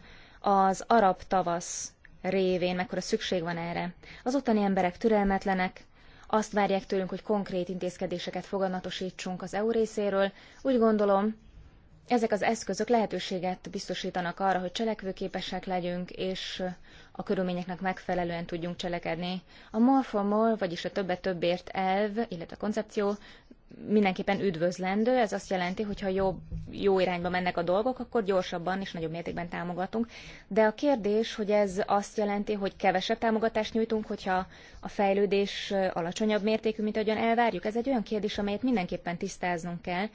az arab tavasz révén mekkora szükség van erre. Az ottani emberek türelmetlenek, azt várják tőlünk, hogy konkrét intézkedéseket foganatosítsunk az EU részéről. Úgy gondolom, ezek az eszközök lehetőséget biztosítanak arra, hogy cselekvőképesek legyünk, és a körülményeknek megfelelően tudjunk cselekedni. A more for more, vagyis a többet többért elv, illetve a koncepció mindenképpen üdvözlendő, ez azt jelenti, hogy ha jó, jó irányba mennek a dolgok, akkor gyorsabban és nagyobb mértékben támogatunk. De a kérdés, hogy ez azt jelenti, hogy kevesebb támogatást nyújtunk, hogyha a fejlődés alacsonyabb mértékű, mint ahogyan elvárjuk, ez egy olyan kérdés, amelyet mindenképpen tisztáznunk kell,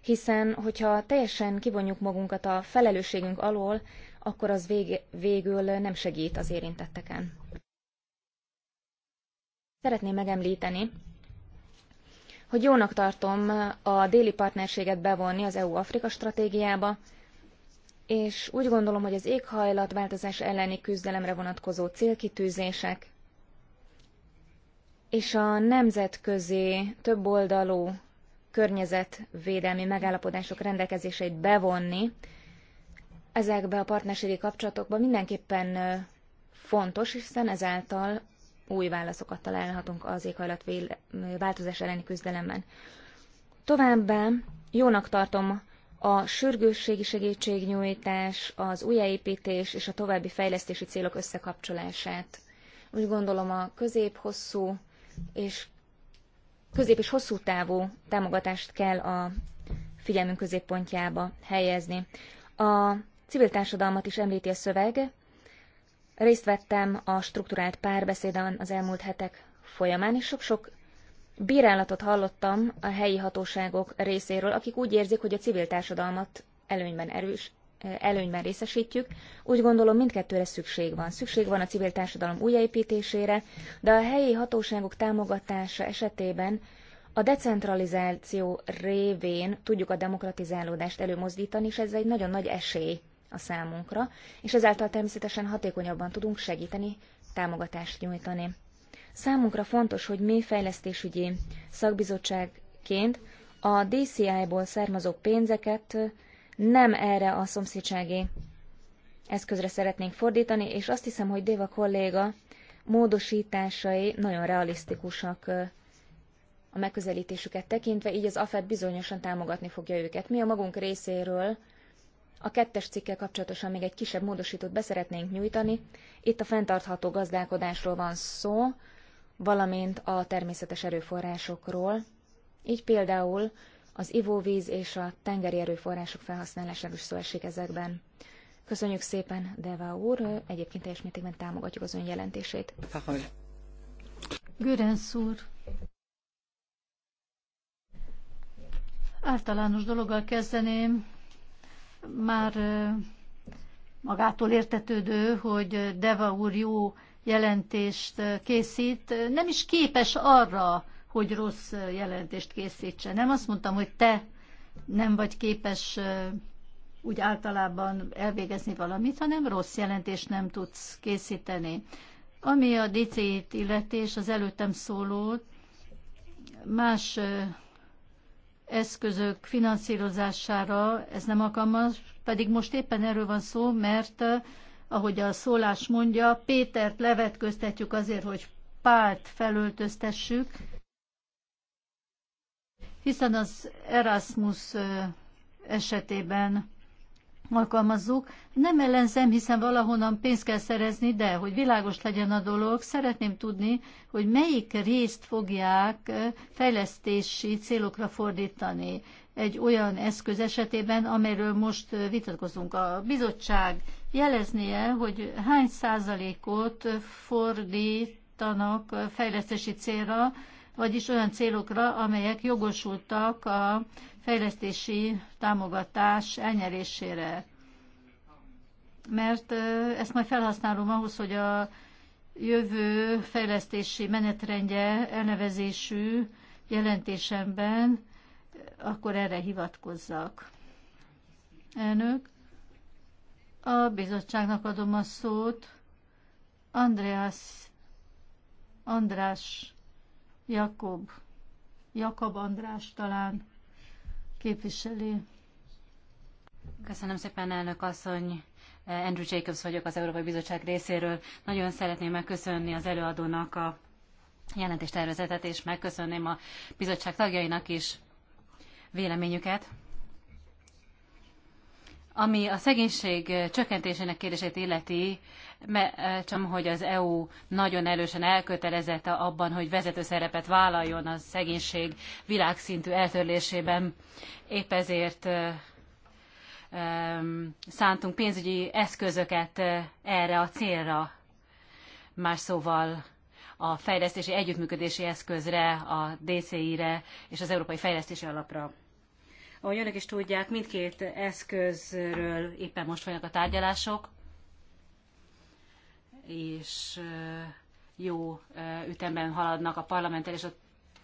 hiszen hogyha teljesen kivonjuk magunkat a felelősségünk alól, akkor az vég, végül nem segít az érintetteken. Szeretném megemlíteni, hogy jónak tartom a déli partnerséget bevonni az EU-Afrika stratégiába, és úgy gondolom, hogy az éghajlatváltozás elleni küzdelemre vonatkozó célkitűzések és a nemzetközi többoldalú környezetvédelmi megállapodások rendelkezéseit bevonni ezekbe a partnerségi kapcsolatokba mindenképpen fontos, hiszen ezáltal új válaszokat találhatunk az éghajlat változás elleni küzdelemben. Továbbá jónak tartom a sürgősségi segítségnyújtás, az újjáépítés és a további fejlesztési célok összekapcsolását. Úgy gondolom a közép-hosszú és közép- és hosszú távú támogatást kell a figyelmünk középpontjába helyezni. A civil társadalmat is említi a szöveg, Részt vettem a strukturált párbeszéden az elmúlt hetek folyamán, és sok-sok bírálatot hallottam a helyi hatóságok részéről, akik úgy érzik, hogy a civil társadalmat előnyben erős, előnyben részesítjük. Úgy gondolom, mindkettőre szükség van. Szükség van a civil társadalom újjáépítésére, de a helyi hatóságok támogatása esetében a decentralizáció révén tudjuk a demokratizálódást előmozdítani, és ez egy nagyon nagy esély a számunkra, és ezáltal természetesen hatékonyabban tudunk segíteni, támogatást nyújtani. Számunkra fontos, hogy mi fejlesztésügyi szakbizottságként a DCI-ból származó pénzeket nem erre a szomszédsági eszközre szeretnénk fordítani, és azt hiszem, hogy Déva kolléga módosításai nagyon realisztikusak a megközelítésüket tekintve, így az AFED bizonyosan támogatni fogja őket. Mi a magunk részéről a kettes cikkel kapcsolatosan még egy kisebb módosítót beszeretnénk nyújtani. Itt a fenntartható gazdálkodásról van szó, valamint a természetes erőforrásokról. Így például az ivóvíz és a tengeri erőforrások felhasználására is szó esik ezekben. Köszönjük szépen, Deva úr, egyébként teljes mértékben támogatjuk az ön jelentését. Görensz úr, általános dologgal kezdeném, már magától értetődő, hogy Deva úr jó jelentést készít, nem is képes arra, hogy rossz jelentést készítse. Nem azt mondtam, hogy te nem vagy képes úgy általában elvégezni valamit, hanem rossz jelentést nem tudsz készíteni. Ami a DC-t illeti, és az előttem szólót, más eszközök finanszírozására ez nem alkalmas, pedig most éppen erről van szó, mert eh, ahogy a szólás mondja, Pétert levetköztetjük azért, hogy Pált felöltöztessük, hiszen az Erasmus eh, esetében alkalmazzuk. Nem ellenzem, hiszen valahonnan pénzt kell szerezni, de hogy világos legyen a dolog, szeretném tudni, hogy melyik részt fogják fejlesztési célokra fordítani egy olyan eszköz esetében, amelyről most vitatkozunk. A bizottság jeleznie, hogy hány százalékot fordítanak fejlesztési célra, vagyis olyan célokra, amelyek jogosultak a fejlesztési támogatás elnyerésére. Mert ezt majd felhasználom ahhoz, hogy a jövő fejlesztési menetrendje elnevezésű jelentésemben akkor erre hivatkozzak. Elnök, a bizottságnak adom a szót. Andreas, András, Jakob, Jakab András talán képviseli. Köszönöm szépen, elnök asszony. Andrew Jacobs vagyok az Európai Bizottság részéről. Nagyon szeretném megköszönni az előadónak a jelentéstervezetet, és megköszönném a bizottság tagjainak is véleményüket. Ami a szegénység eh, csökkentésének kérdését illeti, eh, csak hogy az EU nagyon erősen elkötelezett abban, hogy vezető szerepet vállaljon a szegénység világszintű eltörlésében. Épp ezért eh, szántunk pénzügyi eszközöket erre a célra. Más szóval a fejlesztési együttműködési eszközre, a DCI-re és az Európai Fejlesztési Alapra. Ahogy önök is tudják, mindkét eszközről éppen most folynak a tárgyalások, és jó ütemben haladnak a parlamenttel és a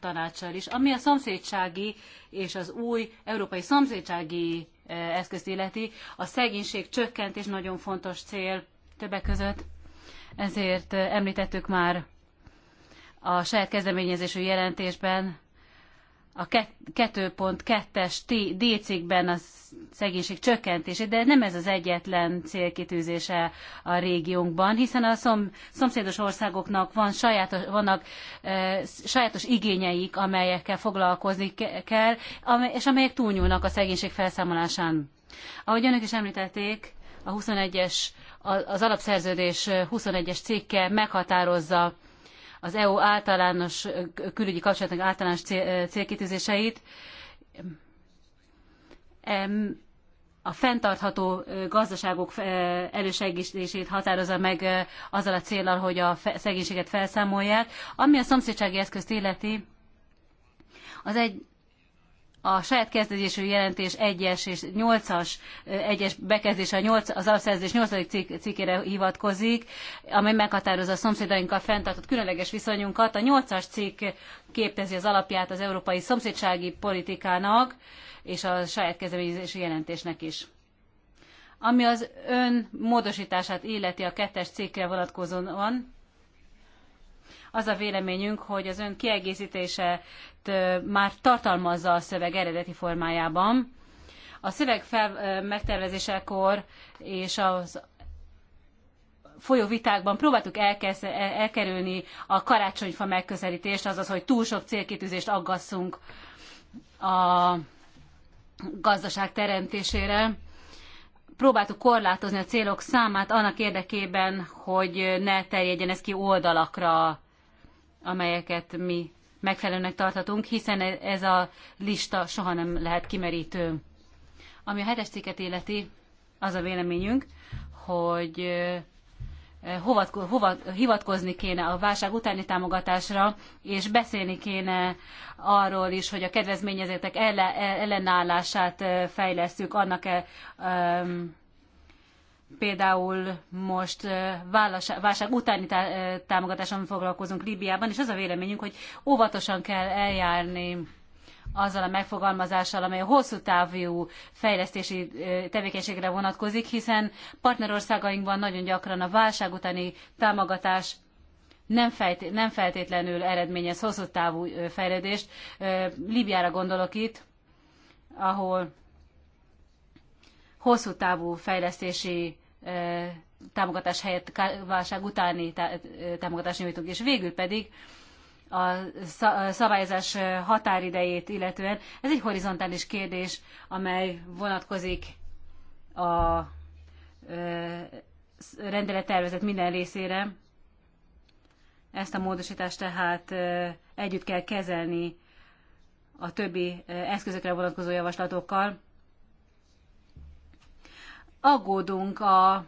tanácssal is. Ami a szomszédsági és az új európai szomszédsági eszközt illeti, a szegénység csökkentés nagyon fontos cél többek között. Ezért említettük már a saját kezdeményezésű jelentésben a 2.2-es D cikkben a szegénység csökkentését, de nem ez az egyetlen célkitűzése a régiónkban, hiszen a szom, szomszédos országoknak van sajátos, vannak e, sajátos igényeik, amelyekkel foglalkozni kell, és amelyek túlnyúlnak a szegénység felszámolásán. Ahogy önök is említették, a 21-es, az alapszerződés 21-es cikke meghatározza az EU általános külügyi kapcsolatok általános célkitűzéseit. A fenntartható gazdaságok elősegítését határozza meg azzal a célral, hogy a szegénységet felszámolják. Ami a szomszédsági eszközt illeti, az egy a saját kezdődésű jelentés 1-es és 8-as, 1-es bekezdése 8, az alapszerződés 8. Cik, cikkére hivatkozik, amely meghatározza a szomszédainkkal fenntartott különleges viszonyunkat. A 8-as cikk képezi az alapját az európai szomszédsági politikának és a saját kezdeményezésű jelentésnek is. Ami az ön módosítását illeti a kettes cikkre vonatkozóan, az a véleményünk, hogy az ön kiegészítése már tartalmazza a szöveg eredeti formájában. A szöveg fel, megtervezésekor és az folyó vitákban próbáltuk e, elkerülni a karácsonyfa megközelítést, azaz, hogy túl sok célkitűzést aggasszunk a gazdaság teremtésére. Próbáltuk korlátozni a célok számát annak érdekében, hogy ne terjedjen ez ki oldalakra amelyeket mi megfelelőnek tartatunk, hiszen e- ez a lista soha nem lehet kimerítő. Ami a hetes cikket életi, az a véleményünk, hogy hova, hova, hivatkozni kéne a válság utáni támogatásra, és beszélni kéne arról is, hogy a kedvezményezetek ellenállását fejlesztjük annak -e, um, Például most válság utáni támogatáson foglalkozunk Líbiában, és az a véleményünk, hogy óvatosan kell eljárni azzal a megfogalmazással, amely a hosszú távú fejlesztési tevékenységre vonatkozik, hiszen partnerországainkban nagyon gyakran a válság utáni támogatás nem, feltétlenül eredményez hosszú távú fejlődést. Líbiára gondolok itt, ahol hosszú távú fejlesztési támogatás helyett válság utáni támogatást nyújtunk. És végül pedig a szabályozás határidejét illetően ez egy horizontális kérdés, amely vonatkozik a rendelettervezet minden részére. Ezt a módosítást tehát együtt kell kezelni a többi eszközökre vonatkozó javaslatokkal, aggódunk a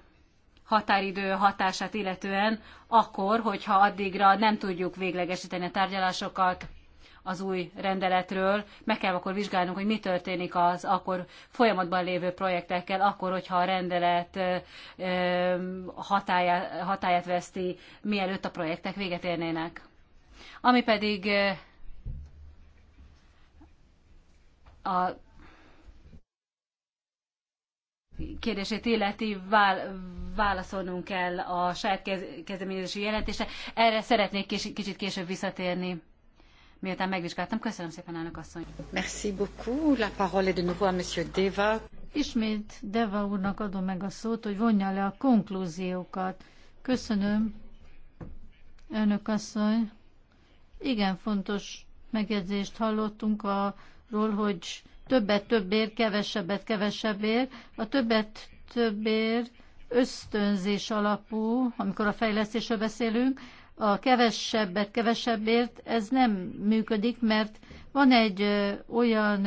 határidő hatását illetően, akkor, hogyha addigra nem tudjuk véglegesíteni a tárgyalásokat az új rendeletről, meg kell akkor vizsgálnunk, hogy mi történik az akkor folyamatban lévő projektekkel, akkor, hogyha a rendelet hatályát veszti, mielőtt a projektek véget érnének. Ami pedig a kérdését illeti vál, válaszolnunk kell a saját kez, kezdeményezési jelentése. Erre szeretnék kis, kicsit később visszatérni, miután megvizsgáltam. Köszönöm szépen, elnök asszony. Merci beaucoup. La parole est de nouveau à monsieur Deva. Ismét Deva úrnak adom meg a szót, hogy vonja le a konklúziókat. Köszönöm, elnök asszony. Igen fontos megjegyzést hallottunk arról, hogy többet többért, kevesebbet kevesebbért. A többet többért ösztönzés alapú, amikor a fejlesztésről beszélünk, a kevesebbet kevesebbért ez nem működik, mert van egy olyan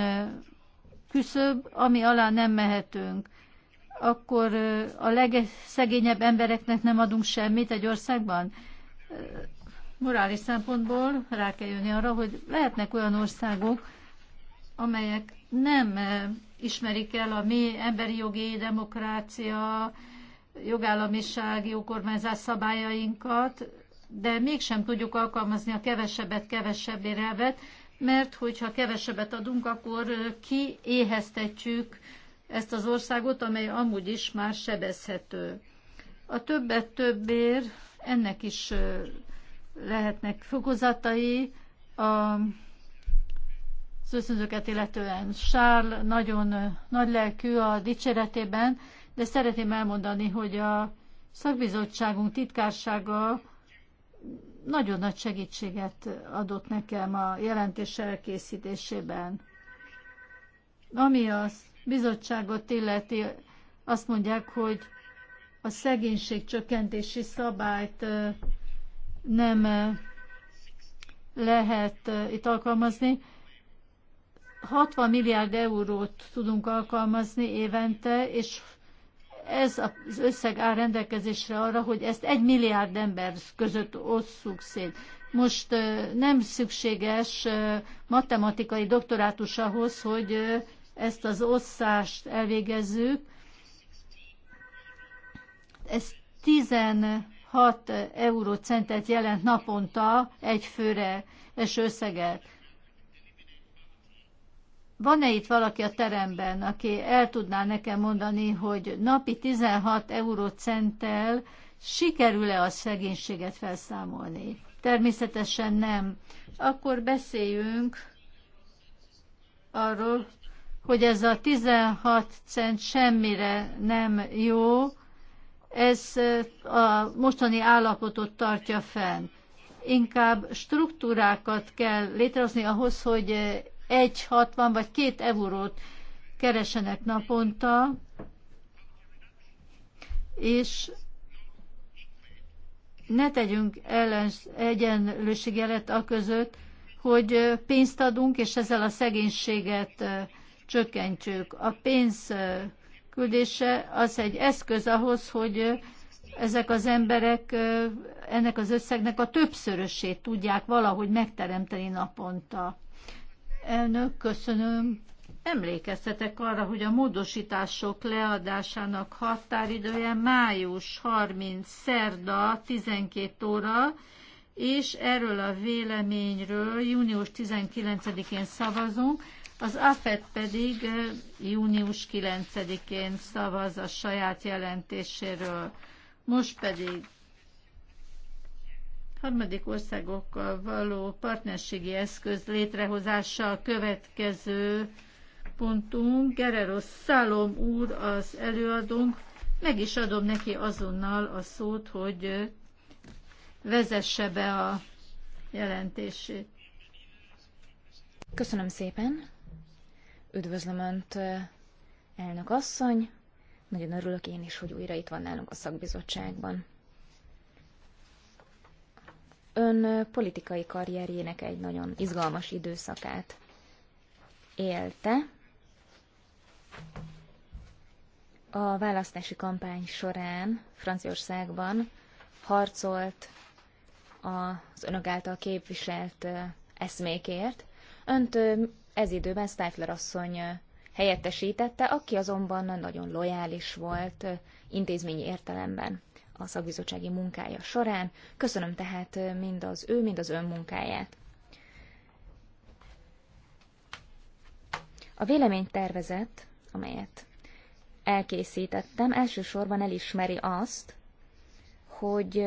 küszöb, ami alá nem mehetünk. Akkor a legszegényebb embereknek nem adunk semmit egy országban? Morális szempontból rá kell jönni arra, hogy lehetnek olyan országok, amelyek nem eh, ismerik el a mi emberi jogi, demokrácia, jogállamiság, jókormányzás szabályainkat, de mégsem tudjuk alkalmazni a kevesebbet kevesebb elvet, mert hogyha kevesebbet adunk, akkor eh, kiéheztetjük ezt az országot, amely amúgy is már sebezhető. A többet többér, ennek is eh, lehetnek fokozatai, a az ösztönzőket illetően. Sárl nagyon nagy lelkű a dicséretében, de szeretném elmondani, hogy a szakbizottságunk titkársága nagyon nagy segítséget adott nekem a jelentés elkészítésében. Ami a bizottságot illeti, azt mondják, hogy a szegénység csökkentési szabályt nem lehet itt alkalmazni. 60 milliárd eurót tudunk alkalmazni évente, és ez az összeg áll rendelkezésre arra, hogy ezt egy milliárd ember között osszuk szét. Most nem szükséges matematikai doktorátus ahhoz, hogy ezt az osszást elvégezzük. Ez 16 eurócentet jelent naponta egy főre és összeget. Van-e itt valaki a teremben, aki el tudná nekem mondani, hogy napi 16 eurocenttel sikerül-e a szegénységet felszámolni? Természetesen nem. Akkor beszéljünk arról, hogy ez a 16 cent semmire nem jó, ez a mostani állapotot tartja fenn. Inkább struktúrákat kell létrehozni ahhoz, hogy 1,60 vagy 2 eurót keresenek naponta, és ne tegyünk ellens, egyenlőségjelet a között, hogy pénzt adunk, és ezzel a szegénységet csökkentjük. A pénz küldése az egy eszköz ahhoz, hogy ezek az emberek ennek az összegnek a többszörösét tudják valahogy megteremteni naponta. Elnök, köszönöm. Emlékeztetek arra, hogy a módosítások leadásának határidője május 30. szerda 12 óra, és erről a véleményről június 19-én szavazunk, az AFET pedig eh, június 9-én szavaz a saját jelentéséről. Most pedig harmadik országokkal való partnerségi eszköz a következő pontunk. Gereros Szálom úr az előadónk. Meg is adom neki azonnal a szót, hogy vezesse be a jelentését. Köszönöm szépen. Üdvözlöm Önt, elnök asszony. Nagyon örülök én is, hogy újra itt van nálunk a szakbizottságban ön politikai karrierjének egy nagyon izgalmas időszakát élte. A választási kampány során Franciaországban harcolt az önök által képviselt eszmékért. Önt ez időben Stifler asszony helyettesítette, aki azonban nagyon lojális volt intézményi értelemben a szakbizottsági munkája során. Köszönöm tehát mind az ő, mind az ön munkáját. A véleménytervezet, amelyet elkészítettem, elsősorban elismeri azt, hogy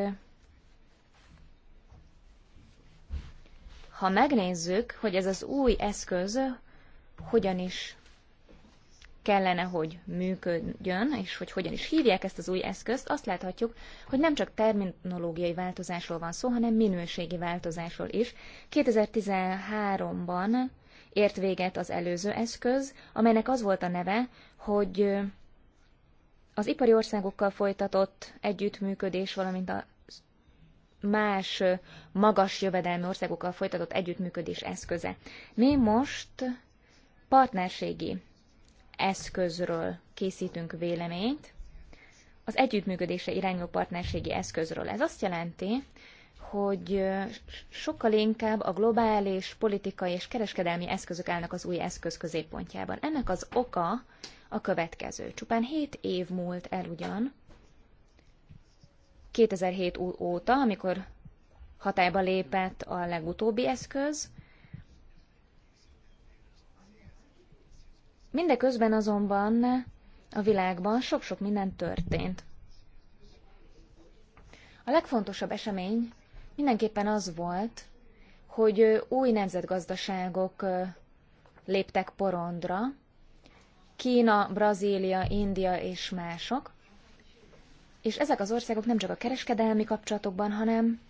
ha megnézzük, hogy ez az új eszköz hogyan is kellene, hogy működjön, és hogy hogyan is hívják ezt az új eszközt, azt láthatjuk, hogy nem csak terminológiai változásról van szó, hanem minőségi változásról is. 2013-ban ért véget az előző eszköz, amelynek az volt a neve, hogy az ipari országokkal folytatott együttműködés, valamint a más magas jövedelmi országokkal folytatott együttműködés eszköze. Mi most partnerségi eszközről készítünk véleményt, az együttműködésre irányuló partnerségi eszközről. Ez azt jelenti, hogy sokkal inkább a globális politikai és kereskedelmi eszközök állnak az új eszköz középpontjában. Ennek az oka a következő. Csupán 7 év múlt el ugyan, 2007 óta, amikor hatályba lépett a legutóbbi eszköz, Mindeközben azonban a világban sok-sok minden történt. A legfontosabb esemény mindenképpen az volt, hogy új nemzetgazdaságok léptek porondra, Kína, Brazília, India és mások, és ezek az országok nem csak a kereskedelmi kapcsolatokban, hanem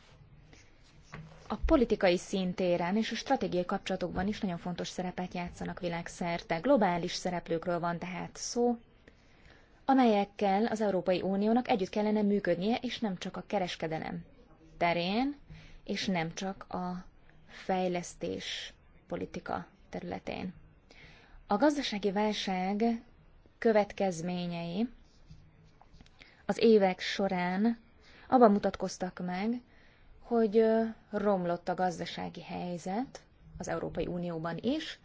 a politikai szintéren és a stratégiai kapcsolatokban is nagyon fontos szerepet játszanak világszerte. Globális szereplőkről van tehát szó, amelyekkel az Európai Uniónak együtt kellene működnie, és nem csak a kereskedelem terén, és nem csak a fejlesztés politika területén. A gazdasági válság következményei az évek során abban mutatkoztak meg, hogy romlott a gazdasági helyzet az Európai Unióban is,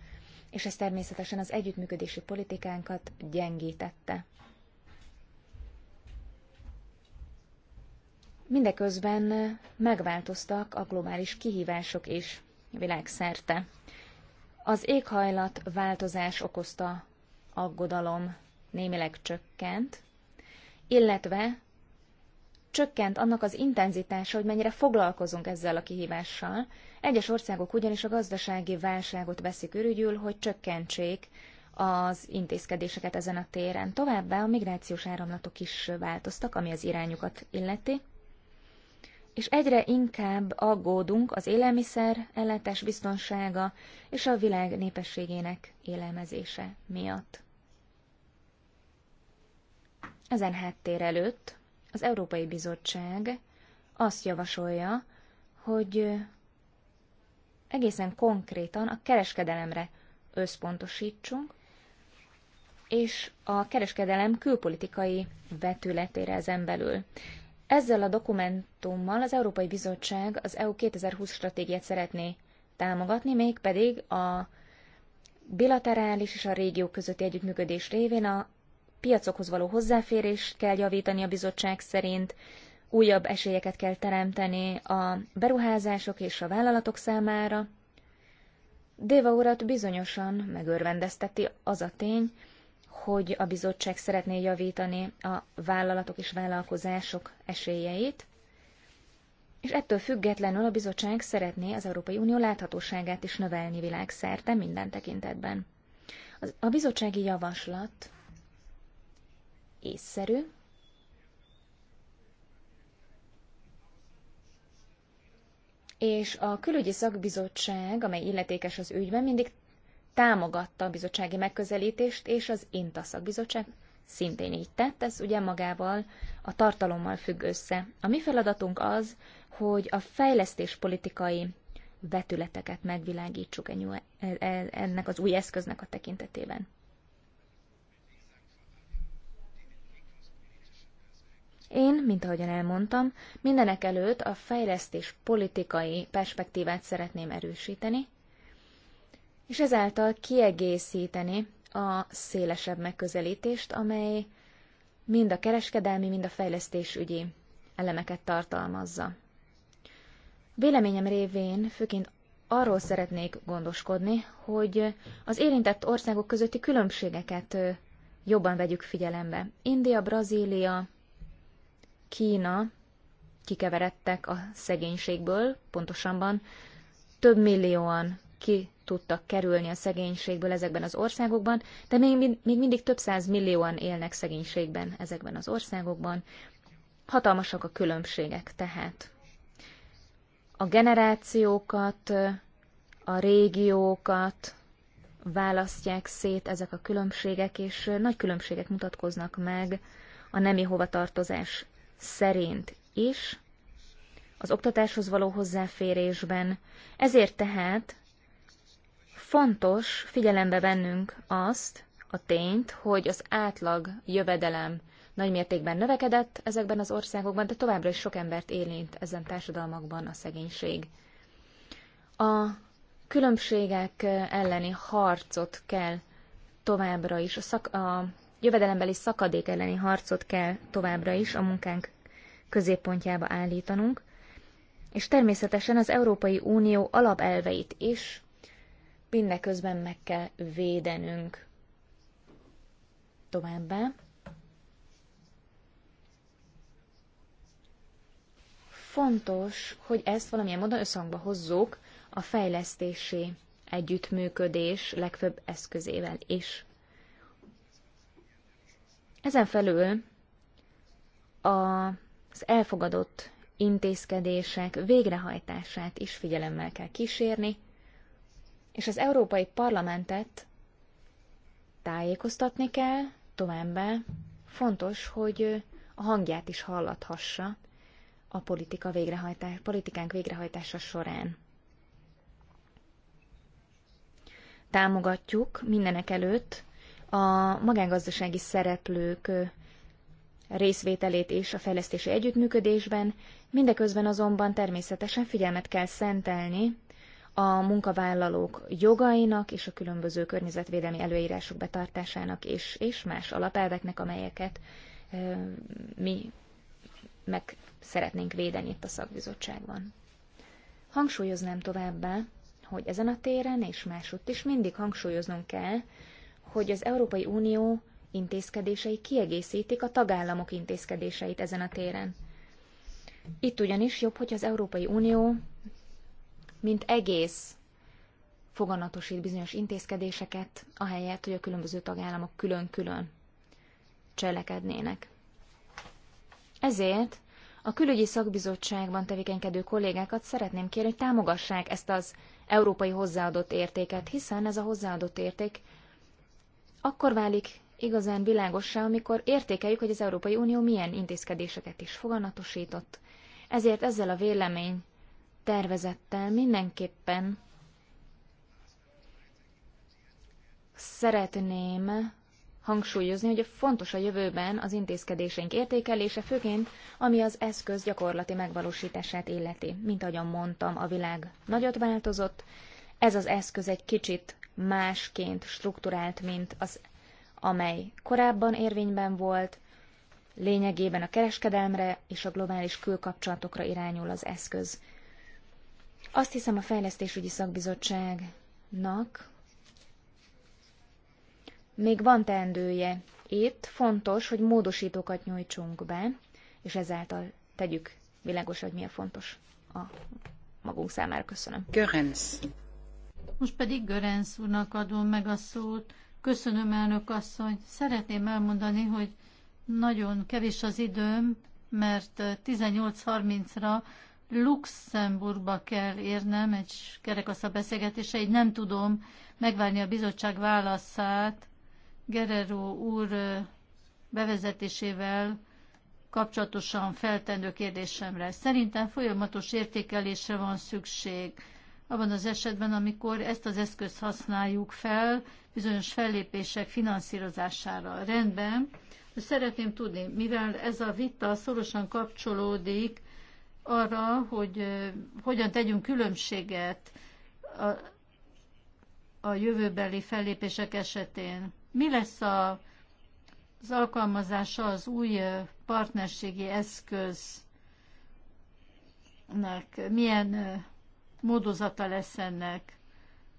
és ez természetesen az együttműködési politikánkat gyengítette. Mindeközben megváltoztak a globális kihívások is világszerte. Az éghajlat változás okozta aggodalom némileg csökkent, illetve csökkent annak az intenzitása, hogy mennyire foglalkozunk ezzel a kihívással. Egyes országok ugyanis a gazdasági válságot veszik ürügyül, hogy csökkentsék az intézkedéseket ezen a téren. Továbbá a migrációs áramlatok is változtak, ami az irányukat illeti. És egyre inkább aggódunk az élelmiszer, ellátás biztonsága és a világ népességének élelmezése miatt. Ezen háttér előtt az Európai Bizottság azt javasolja, hogy egészen konkrétan a kereskedelemre összpontosítsunk, és a kereskedelem külpolitikai vetületére ezen belül. Ezzel a dokumentummal az Európai Bizottság az EU 2020 stratégiát szeretné támogatni, mégpedig a bilaterális és a régió közötti együttműködés révén a piacokhoz való hozzáférés kell javítani a bizottság szerint, újabb esélyeket kell teremteni a beruházások és a vállalatok számára. Déva urat bizonyosan megörvendezteti az a tény, hogy a bizottság szeretné javítani a vállalatok és vállalkozások esélyeit, és ettől függetlenül a bizottság szeretné az Európai Unió láthatóságát is növelni világszerte minden tekintetben. A bizottsági javaslat észszerű. És a külügyi szakbizottság, amely illetékes az ügyben, mindig támogatta a bizottsági megközelítést, és az INTA szakbizottság szintén így tett, ez ugye magával a tartalommal függ össze. A mi feladatunk az, hogy a fejlesztéspolitikai vetületeket megvilágítsuk e- e- ennek az új eszköznek a tekintetében. Én, mint ahogyan elmondtam, mindenek előtt a fejlesztés politikai perspektívát szeretném erősíteni, és ezáltal kiegészíteni a szélesebb megközelítést, amely mind a kereskedelmi, mind a fejlesztésügyi elemeket tartalmazza. Véleményem révén főként arról szeretnék gondoskodni, hogy az érintett országok közötti különbségeket jobban vegyük figyelembe. India, Brazília, Kína kikeveredtek a szegénységből, pontosabban több millióan ki tudtak kerülni a szegénységből ezekben az országokban, de még, még mindig több száz millióan élnek szegénységben ezekben az országokban. Hatalmasak a különbségek tehát. A generációkat, a régiókat választják szét ezek a különbségek, és nagy különbségek mutatkoznak meg a nemi hovatartozás szerint is az oktatáshoz való hozzáférésben. Ezért tehát fontos figyelembe vennünk azt a tényt, hogy az átlag jövedelem nagymértékben növekedett ezekben az országokban, de továbbra is sok embert élint ezen társadalmakban a szegénység. A különbségek elleni harcot kell továbbra is a, szak, a jövedelembeli szakadék elleni harcot kell továbbra is a munkánk középpontjába állítanunk, és természetesen az Európai Unió alapelveit is mindeközben meg kell védenünk. Továbbá fontos, hogy ezt valamilyen módon összhangba hozzuk a fejlesztési együttműködés legfőbb eszközével is. Ezen felül az elfogadott intézkedések végrehajtását is figyelemmel kell kísérni, és az Európai Parlamentet tájékoztatni kell, továbbá fontos, hogy a hangját is hallathassa a politika végrehajtás, politikánk végrehajtása során. Támogatjuk mindenek előtt a magángazdasági szereplők részvételét és a fejlesztési együttműködésben, mindeközben azonban természetesen figyelmet kell szentelni a munkavállalók jogainak és a különböző környezetvédelmi előírások betartásának és, és más alapelveknek, amelyeket ö, mi meg szeretnénk védeni itt a szakbizottságban. Hangsúlyoznám továbbá, hogy ezen a téren és másutt is mindig hangsúlyoznunk kell, hogy az Európai Unió intézkedései kiegészítik a tagállamok intézkedéseit ezen a téren. Itt ugyanis jobb, hogy az Európai Unió, mint egész foganatosít bizonyos intézkedéseket, ahelyett, hogy a különböző tagállamok külön-külön cselekednének. Ezért a külügyi szakbizottságban tevékenykedő kollégákat szeretném kérni, hogy támogassák ezt az európai hozzáadott értéket, hiszen ez a hozzáadott érték akkor válik igazán világossá, amikor értékeljük, hogy az Európai Unió milyen intézkedéseket is foganatosított. Ezért ezzel a vélemény tervezettel mindenképpen szeretném hangsúlyozni, hogy fontos a jövőben az intézkedéseink értékelése, főként ami az eszköz gyakorlati megvalósítását illeti. Mint ahogyan mondtam, a világ nagyot változott, ez az eszköz egy kicsit másként strukturált, mint az, amely korábban érvényben volt, lényegében a kereskedelmre és a globális külkapcsolatokra irányul az eszköz. Azt hiszem a Fejlesztésügyi Szakbizottságnak még van teendője. Itt fontos, hogy módosítókat nyújtsunk be, és ezáltal tegyük világos, hogy milyen fontos a magunk számára. Köszönöm. Görens. Most pedig Görenc úrnak adom meg a szót. Köszönöm, elnök asszony. Szeretném elmondani, hogy nagyon kevés az időm, mert 18.30-ra Luxemburgba kell érnem egy kerekasza beszélgetése, így nem tudom megvárni a bizottság válaszát. Gerero úr bevezetésével kapcsolatosan feltendő kérdésemre. Szerintem folyamatos értékelésre van szükség abban az esetben, amikor ezt az eszközt használjuk fel bizonyos fellépések finanszírozására. Rendben, szeretném tudni, mivel ez a vita szorosan kapcsolódik arra, hogy hogyan tegyünk különbséget a, a jövőbeli fellépések esetén. Mi lesz a, az alkalmazása az új partnerségi eszköznek? Milyen módozata lesz ennek.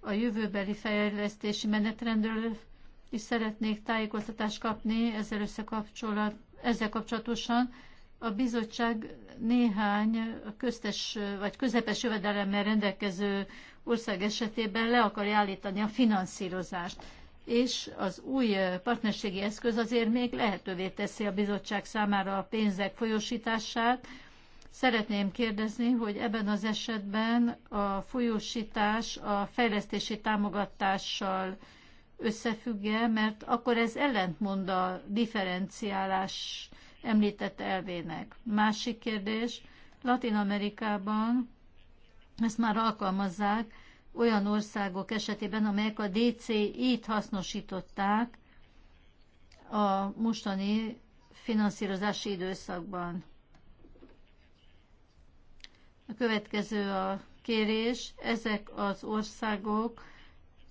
A jövőbeli fejlesztési menetrendről is szeretnék tájékoztatást kapni ezzel, összekapcsolat, ezzel kapcsolatosan. A bizottság néhány köztes vagy közepes jövedelemmel rendelkező ország esetében le akarja állítani a finanszírozást és az új partnerségi eszköz azért még lehetővé teszi a bizottság számára a pénzek folyosítását, Szeretném kérdezni, hogy ebben az esetben a folyósítás a fejlesztési támogatással összefügg, mert akkor ez ellentmond a differenciálás említett elvének. Másik kérdés, Latin Amerikában ezt már alkalmazzák olyan országok esetében, amelyek a DCI-t hasznosították a mostani finanszírozási időszakban. A következő a kérés, ezek az országok,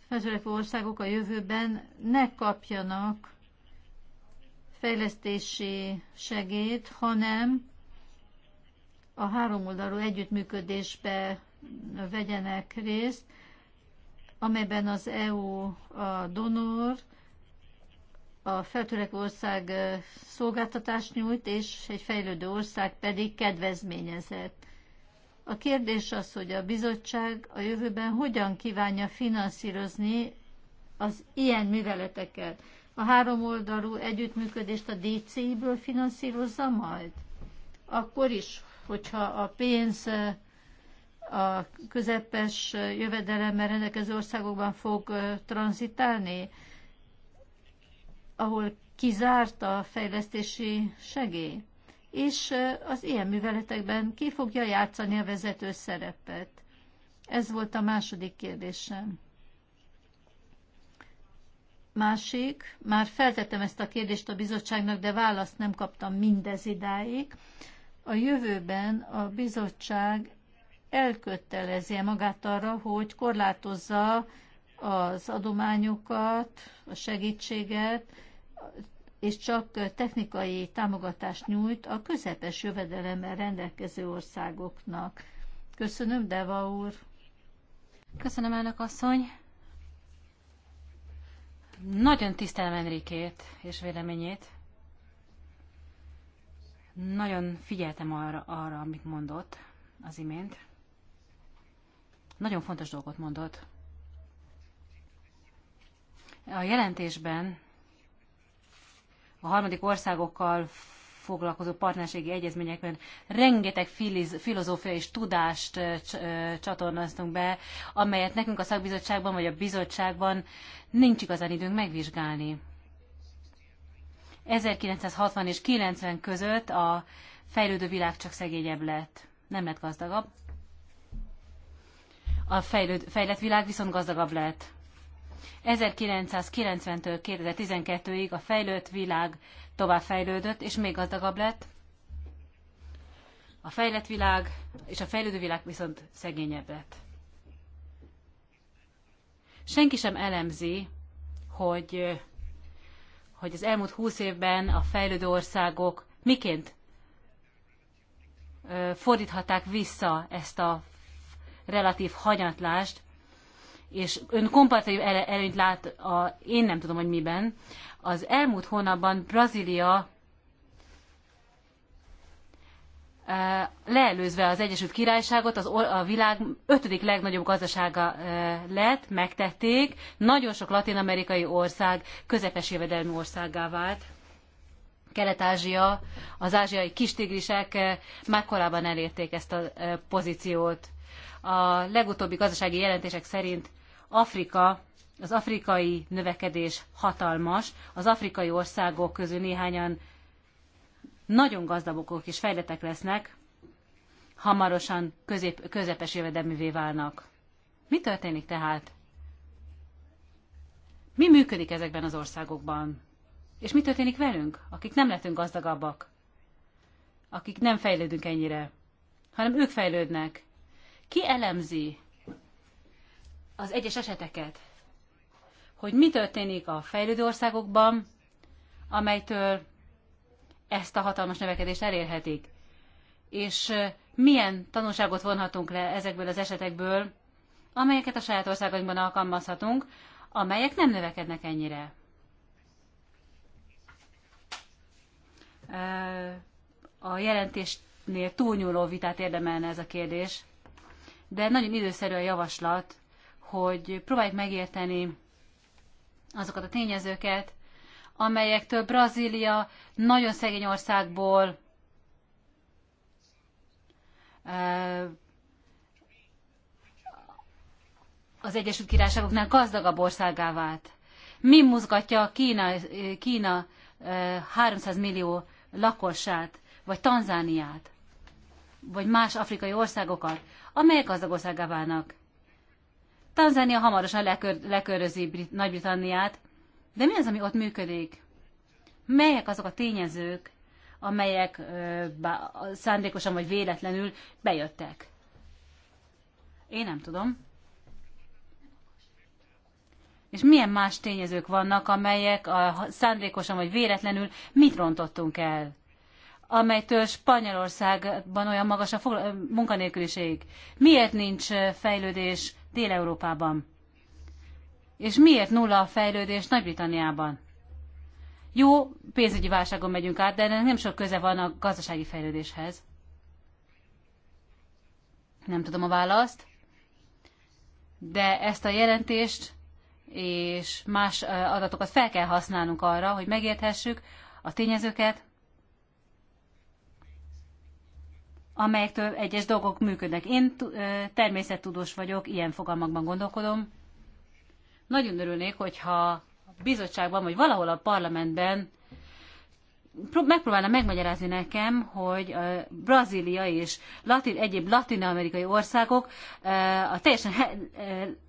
feltörekvő országok a jövőben ne kapjanak fejlesztési segét, hanem a háromoldalú együttműködésbe vegyenek részt, amelyben az EU a donor, a feltörekvő ország szolgáltatást nyújt, és egy fejlődő ország pedig kedvezményezett. A kérdés az, hogy a bizottság a jövőben hogyan kívánja finanszírozni az ilyen műveleteket. A háromoldalú együttműködést a dc ből finanszírozza majd? Akkor is, hogyha a pénz a közepes jövedelemmel rendelkező országokban fog tranzitálni, ahol kizárt a fejlesztési segély és az ilyen műveletekben ki fogja játszani a vezető szerepet? Ez volt a második kérdésem. Másik, már feltettem ezt a kérdést a bizottságnak, de választ nem kaptam mindez idáig. A jövőben a bizottság elkötelezi magát arra, hogy korlátozza az adományokat, a segítséget, és csak technikai támogatást nyújt a közepes jövedelemmel rendelkező országoknak. Köszönöm, Deva úr. Köszönöm, elnök asszony. Nagyon tisztelem Enrikét és véleményét. Nagyon figyeltem arra, arra, amit mondott az imént. Nagyon fontos dolgot mondott. A jelentésben a harmadik országokkal foglalkozó partnerségi egyezményekben rengeteg filiz, filozófiai és tudást csatornáztunk be, amelyet nekünk a szakbizottságban vagy a bizottságban nincs igazán időnk megvizsgálni. 1960 és 90 között a fejlődő világ csak szegényebb lett, nem lett gazdagabb. A fejlőd, fejlett világ viszont gazdagabb lett. 1990-től 2012-ig a fejlődött világ tovább fejlődött, és még gazdagabb lett. A fejlett világ és a fejlődő világ viszont szegényebb lett. Senki sem elemzi, hogy, hogy az elmúlt húsz évben a fejlődő országok miként fordíthatták vissza ezt a relatív hanyatlást, és ön komparatív előnyt lát, a, én nem tudom, hogy miben. Az elmúlt hónapban Brazília e, leelőzve az Egyesült Királyságot, az a világ ötödik legnagyobb gazdasága e, lett, megtették. Nagyon sok latin-amerikai ország közepes jövedelmi országá vált. Kelet-Ázsia, az ázsiai kistigrisek eh, már korábban elérték ezt a eh, pozíciót. A legutóbbi gazdasági jelentések szerint Afrika, az afrikai növekedés hatalmas, az afrikai országok közül néhányan nagyon gazdagok és fejletek lesznek, hamarosan közép, közepes jövedelművé válnak. Mi történik tehát? Mi működik ezekben az országokban? És mi történik velünk, akik nem lettünk gazdagabbak? Akik nem fejlődünk ennyire, hanem ők fejlődnek. Ki elemzi az egyes eseteket? Hogy mi történik a fejlődő országokban, amelytől ezt a hatalmas növekedést elérhetik? És milyen tanulságot vonhatunk le ezekből az esetekből, amelyeket a saját országainkban alkalmazhatunk, amelyek nem növekednek ennyire? a jelentésnél túlnyúló vitát érdemelne ez a kérdés, de nagyon időszerű a javaslat, hogy próbáljuk megérteni azokat a tényezőket, amelyektől Brazília nagyon szegény országból eh, az Egyesült Királyságoknál gazdagabb országá vált. Mi mozgatja Kína, Kína 300 eh, millió lakosát, vagy Tanzániát, vagy más afrikai országokat, amelyek gazdag országá válnak. Tanzánia hamarosan lekör, lekörözi Brit- Nagy-Britanniát, de mi az, ami ott működik? Melyek azok a tényezők, amelyek ö, bá, szándékosan vagy véletlenül bejöttek? Én nem tudom. És milyen más tényezők vannak, amelyek a, szándékosan vagy véletlenül mit rontottunk el? amelytől Spanyolországban olyan magas a munkanélküliség. Miért nincs fejlődés Dél-Európában? És miért nulla a fejlődés Nagy-Britanniában? Jó, pénzügyi válságon megyünk át, de ennek nem sok köze van a gazdasági fejlődéshez. Nem tudom a választ, de ezt a jelentést és más adatokat fel kell használnunk arra, hogy megérthessük a tényezőket, amelyektől egyes dolgok működnek. Én természettudós vagyok, ilyen fogalmakban gondolkodom. Nagyon örülnék, hogyha bizottságban, vagy valahol a parlamentben megpróbálna megmagyarázni nekem, hogy a Brazília és latin, egyéb latin-amerikai országok a teljesen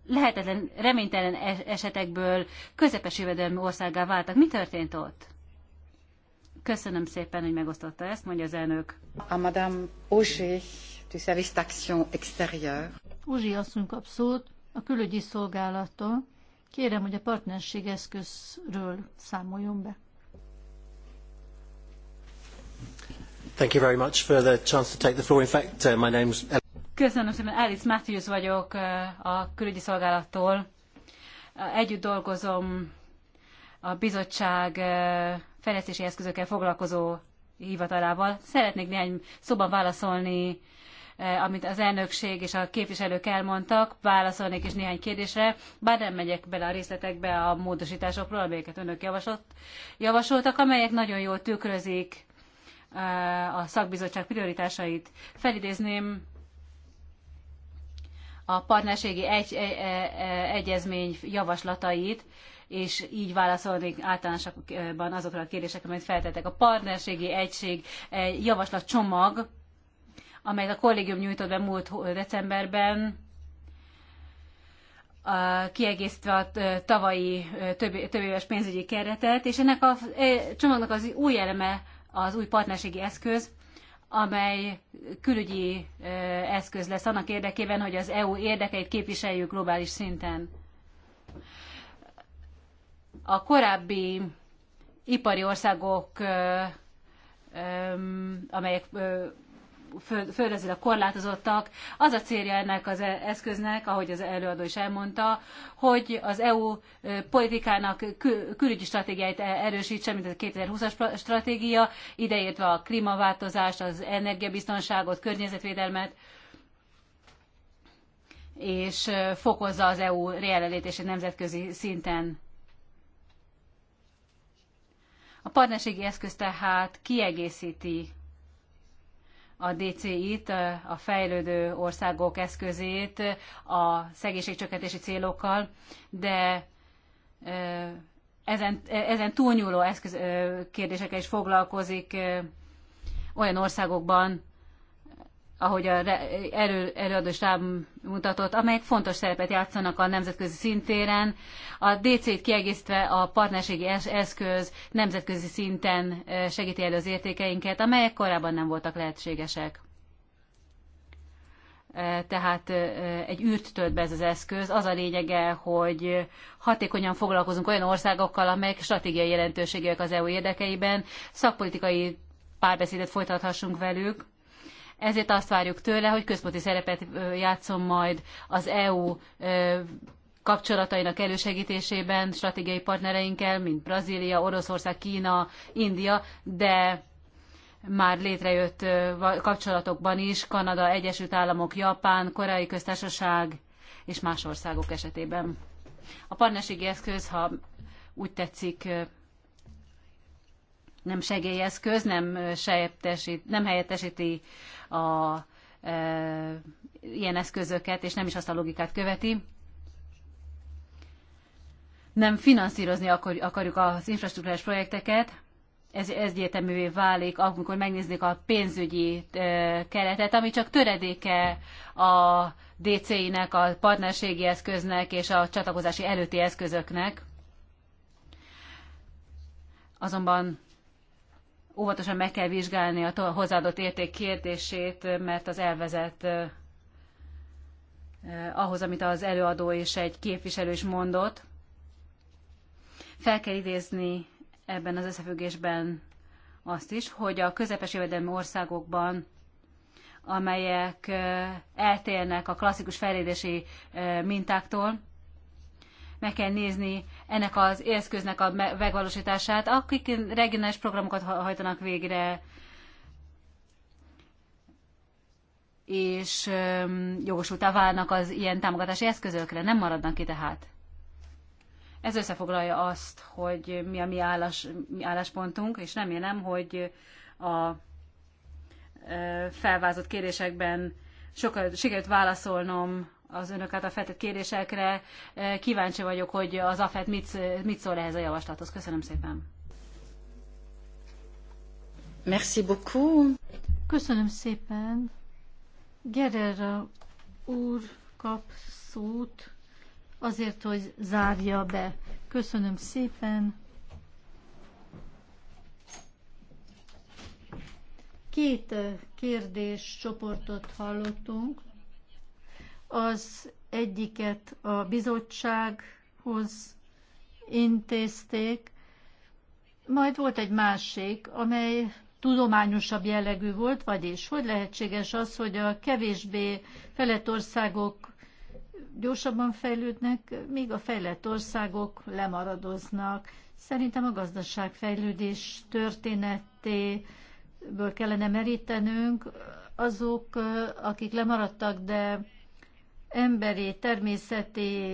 lehetetlen, reménytelen esetekből közepes jövedelmi országá váltak. Mi történt ott? Köszönöm szépen, hogy megosztotta ezt, mondja az elnök. A Madame Auger, du service d'action extérieure. Uzsi asszony kap szót a külügyi szolgálattól. Kérem, hogy a partnerség eszközről számoljon be. Köszönöm szépen, Alice Matthews vagyok uh, a külügyi szolgálattól. Uh, együtt dolgozom a bizottság uh, fejlesztési eszközökkel foglalkozó hivatalával. Szeretnék néhány szóban válaszolni, amit az elnökség és a képviselők elmondtak, válaszolnék is néhány kérdésre, bár nem megyek bele a részletekbe a módosításokról, amelyeket önök javasolt, javasoltak, amelyek nagyon jól tükrözik a szakbizottság prioritásait. Felidézném a partnerségi egy, egy, e, e, egyezmény javaslatait, és így válaszolni általánosakban azokra a kérdésekre, amit feltettek. A partnerségi egység egy javaslat csomag, amelyet a kollégium nyújtott be múlt decemberben, kiegészítve a e, tavalyi több, több éves pénzügyi keretet, és ennek a csomagnak az új eleme az új partnerségi eszköz, amely külügyi eszköz lesz annak érdekében, hogy az EU érdekeit képviseljük globális szinten. A korábbi ipari országok, amelyek földrajzilag korlátozottak. Az a célja ennek az e- eszköznek, ahogy az előadó is elmondta, hogy az EU politikának külügyi stratégiáit e- erősítse, mint a 2020-as stratégia, ideértve a klímaváltozást, az energiabiztonságot, környezetvédelmet, és fokozza az EU jelenlétését nemzetközi szinten. A partnerségi eszköz tehát kiegészíti a DCI-t, a fejlődő országok eszközét a szegénységcsökkentési célokkal, de ezen, ezen túlnyúló eszköz, kérdésekkel is foglalkozik olyan országokban, ahogy a erő, előadó is mutatott, amelyek fontos szerepet játszanak a nemzetközi szintéren. A DC-t kiegészítve a partnerségi eszköz nemzetközi szinten segíti elő az értékeinket, amelyek korábban nem voltak lehetségesek. Tehát egy űrt tölt be ez az eszköz. Az a lényege, hogy hatékonyan foglalkozunk olyan országokkal, amelyek stratégiai jelentőségűek az EU érdekeiben, szakpolitikai párbeszédet folytathassunk velük, ezért azt várjuk tőle, hogy központi szerepet játszom majd az EU kapcsolatainak elősegítésében stratégiai partnereinkkel, mint Brazília, Oroszország, Kína, India, de már létrejött kapcsolatokban is, Kanada, Egyesült Államok, Japán, Koreai Köztársaság és más országok esetében. A partnerségi eszköz, ha úgy tetszik, nem segélyeszköz, nem, nem helyettesíti a e, ilyen eszközöket, és nem is azt a logikát követi. Nem finanszírozni akarjuk az infrastruktúrás projekteket, ez egyértelművé válik, amikor megnézzük a pénzügyi e, keretet, ami csak töredéke a DC-nek, a partnerségi eszköznek és a csatlakozási előtti eszközöknek. Azonban óvatosan meg kell vizsgálni a hozzáadott érték kérdését, mert az elvezet ahhoz, amit az előadó és egy képviselő is mondott. Fel kell idézni ebben az összefüggésben azt is, hogy a közepes jövedelmi országokban, amelyek eltérnek a klasszikus fejlődési mintáktól, meg kell nézni ennek az eszköznek a megvalósítását, akik regionális programokat hajtanak végre, és jogosultá válnak az ilyen támogatási eszközökre, nem maradnak ki tehát. Ez összefoglalja azt, hogy mi a mi, állás, mi álláspontunk, és remélem, hogy a felvázott kérésekben sokat sikerült válaszolnom az önök által feltett kérdésekre. E, kíváncsi vagyok, hogy az AFET mit, mit szól ehhez a javaslathoz. Köszönöm szépen. Merci beaucoup. Köszönöm szépen. Gerera úr kap szót azért, hogy zárja be. Köszönöm szépen. Két e, kérdés csoportot hallottunk. Az egyiket a bizottsághoz intézték, majd volt egy másik, amely tudományosabb jellegű volt, vagyis hogy lehetséges az, hogy a kevésbé fejlett országok gyorsabban fejlődnek, míg a fejlett országok lemaradoznak. Szerintem a gazdaságfejlődés történetéből kellene merítenünk azok, akik lemaradtak, de emberi, természeti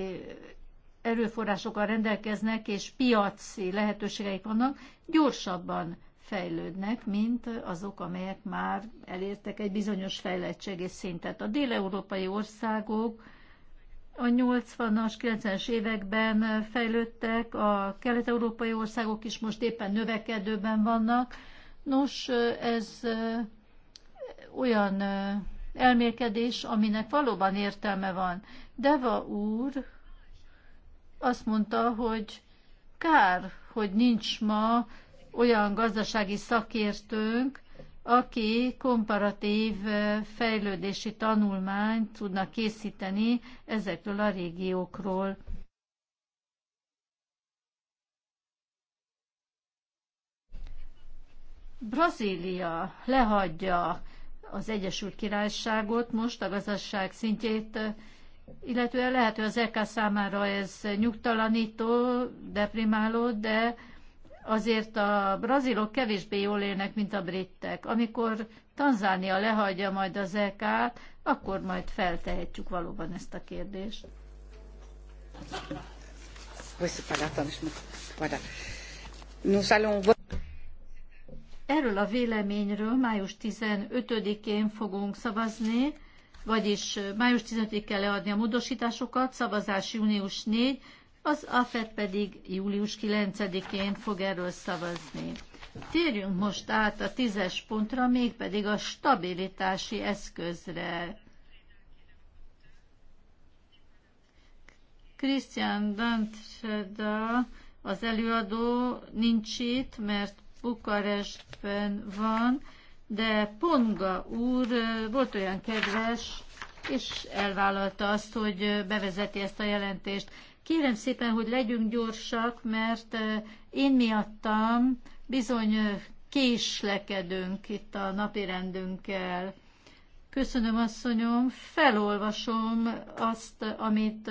erőforrásokkal rendelkeznek, és piaci lehetőségeik vannak, gyorsabban fejlődnek, mint azok, amelyek már elértek egy bizonyos fejlettségi szintet. A déleurópai országok a 80-as, 90-es években fejlődtek, a kelet-európai országok is most éppen növekedőben vannak. Nos, ez olyan elmélkedés, aminek valóban értelme van. Deva úr azt mondta, hogy kár, hogy nincs ma olyan gazdasági szakértőnk, aki komparatív eh, fejlődési tanulmányt tudna készíteni ezekről a régiókról. Brazília lehagyja az Egyesült Királyságot most, a gazdaság szintjét, illetően lehet, hogy az EK számára ez nyugtalanító, deprimáló, de azért a brazilok kevésbé jól élnek, mint a britek. Amikor Tanzánia lehagyja majd az EK-t, akkor majd feltehetjük valóban ezt a kérdést. Nous allons Erről a véleményről május 15-én fogunk szavazni, vagyis május 15-ig kell leadni a módosításokat, szavazás június 4, az AFET pedig július 9-én fog erről szavazni. Térjünk most át a tízes pontra, mégpedig a stabilitási eszközre. Christian Dantreda, az előadó nincs itt, mert Bukarestben van, de Ponga úr volt olyan kedves, és elvállalta azt, hogy bevezeti ezt a jelentést. Kérem szépen, hogy legyünk gyorsak, mert én miattam bizony késlekedünk itt a napirendünkkel. Köszönöm, asszonyom, felolvasom azt, amit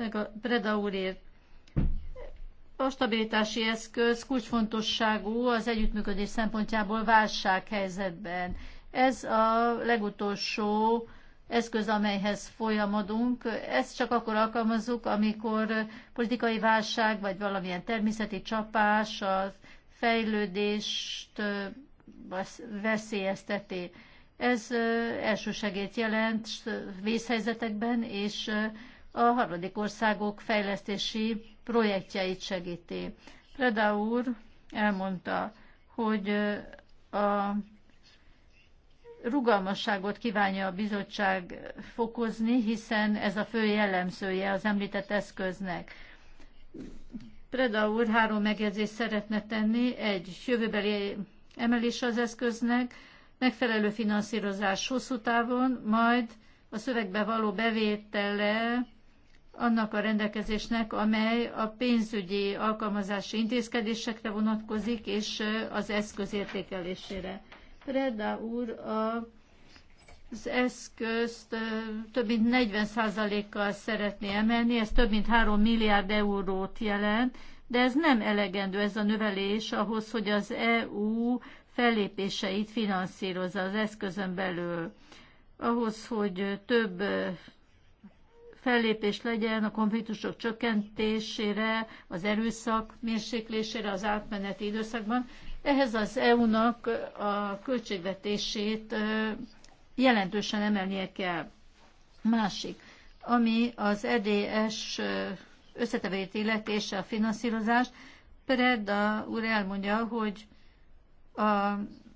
A Breda úrért. A stabilitási eszköz kulcsfontosságú az együttműködés szempontjából válsághelyzetben. Ez a legutolsó eszköz, amelyhez folyamodunk. Ezt csak akkor alkalmazzuk, amikor politikai válság vagy valamilyen természeti csapás a fejlődést veszélyezteti. Ez elsősegét jelent vészhelyzetekben és a harmadik országok fejlesztési projektjeit segíti. Preda úr elmondta, hogy a rugalmasságot kívánja a bizottság fokozni, hiszen ez a fő jellemzője az említett eszköznek. Preda úr három megjegyzést szeretne tenni. Egy jövőbeli emelés az eszköznek, megfelelő finanszírozás hosszú távon, majd a szövegbe való bevétele annak a rendelkezésnek, amely a pénzügyi alkalmazási intézkedésekre vonatkozik, és az eszköz értékelésére. Preda úr a az eszközt több mint 40%-kal szeretné emelni, ez több mint 3 milliárd eurót jelent, de ez nem elegendő ez a növelés ahhoz, hogy az EU fellépéseit finanszírozza az eszközön belül. Ahhoz, hogy több fellépés legyen a konfliktusok csökkentésére, az erőszak mérséklésére az átmeneti időszakban. Ehhez az EU-nak a költségvetését jelentősen emelnie kell. Másik, ami az EDS összetevét illeti és a finanszírozást, a úr elmondja, hogy a,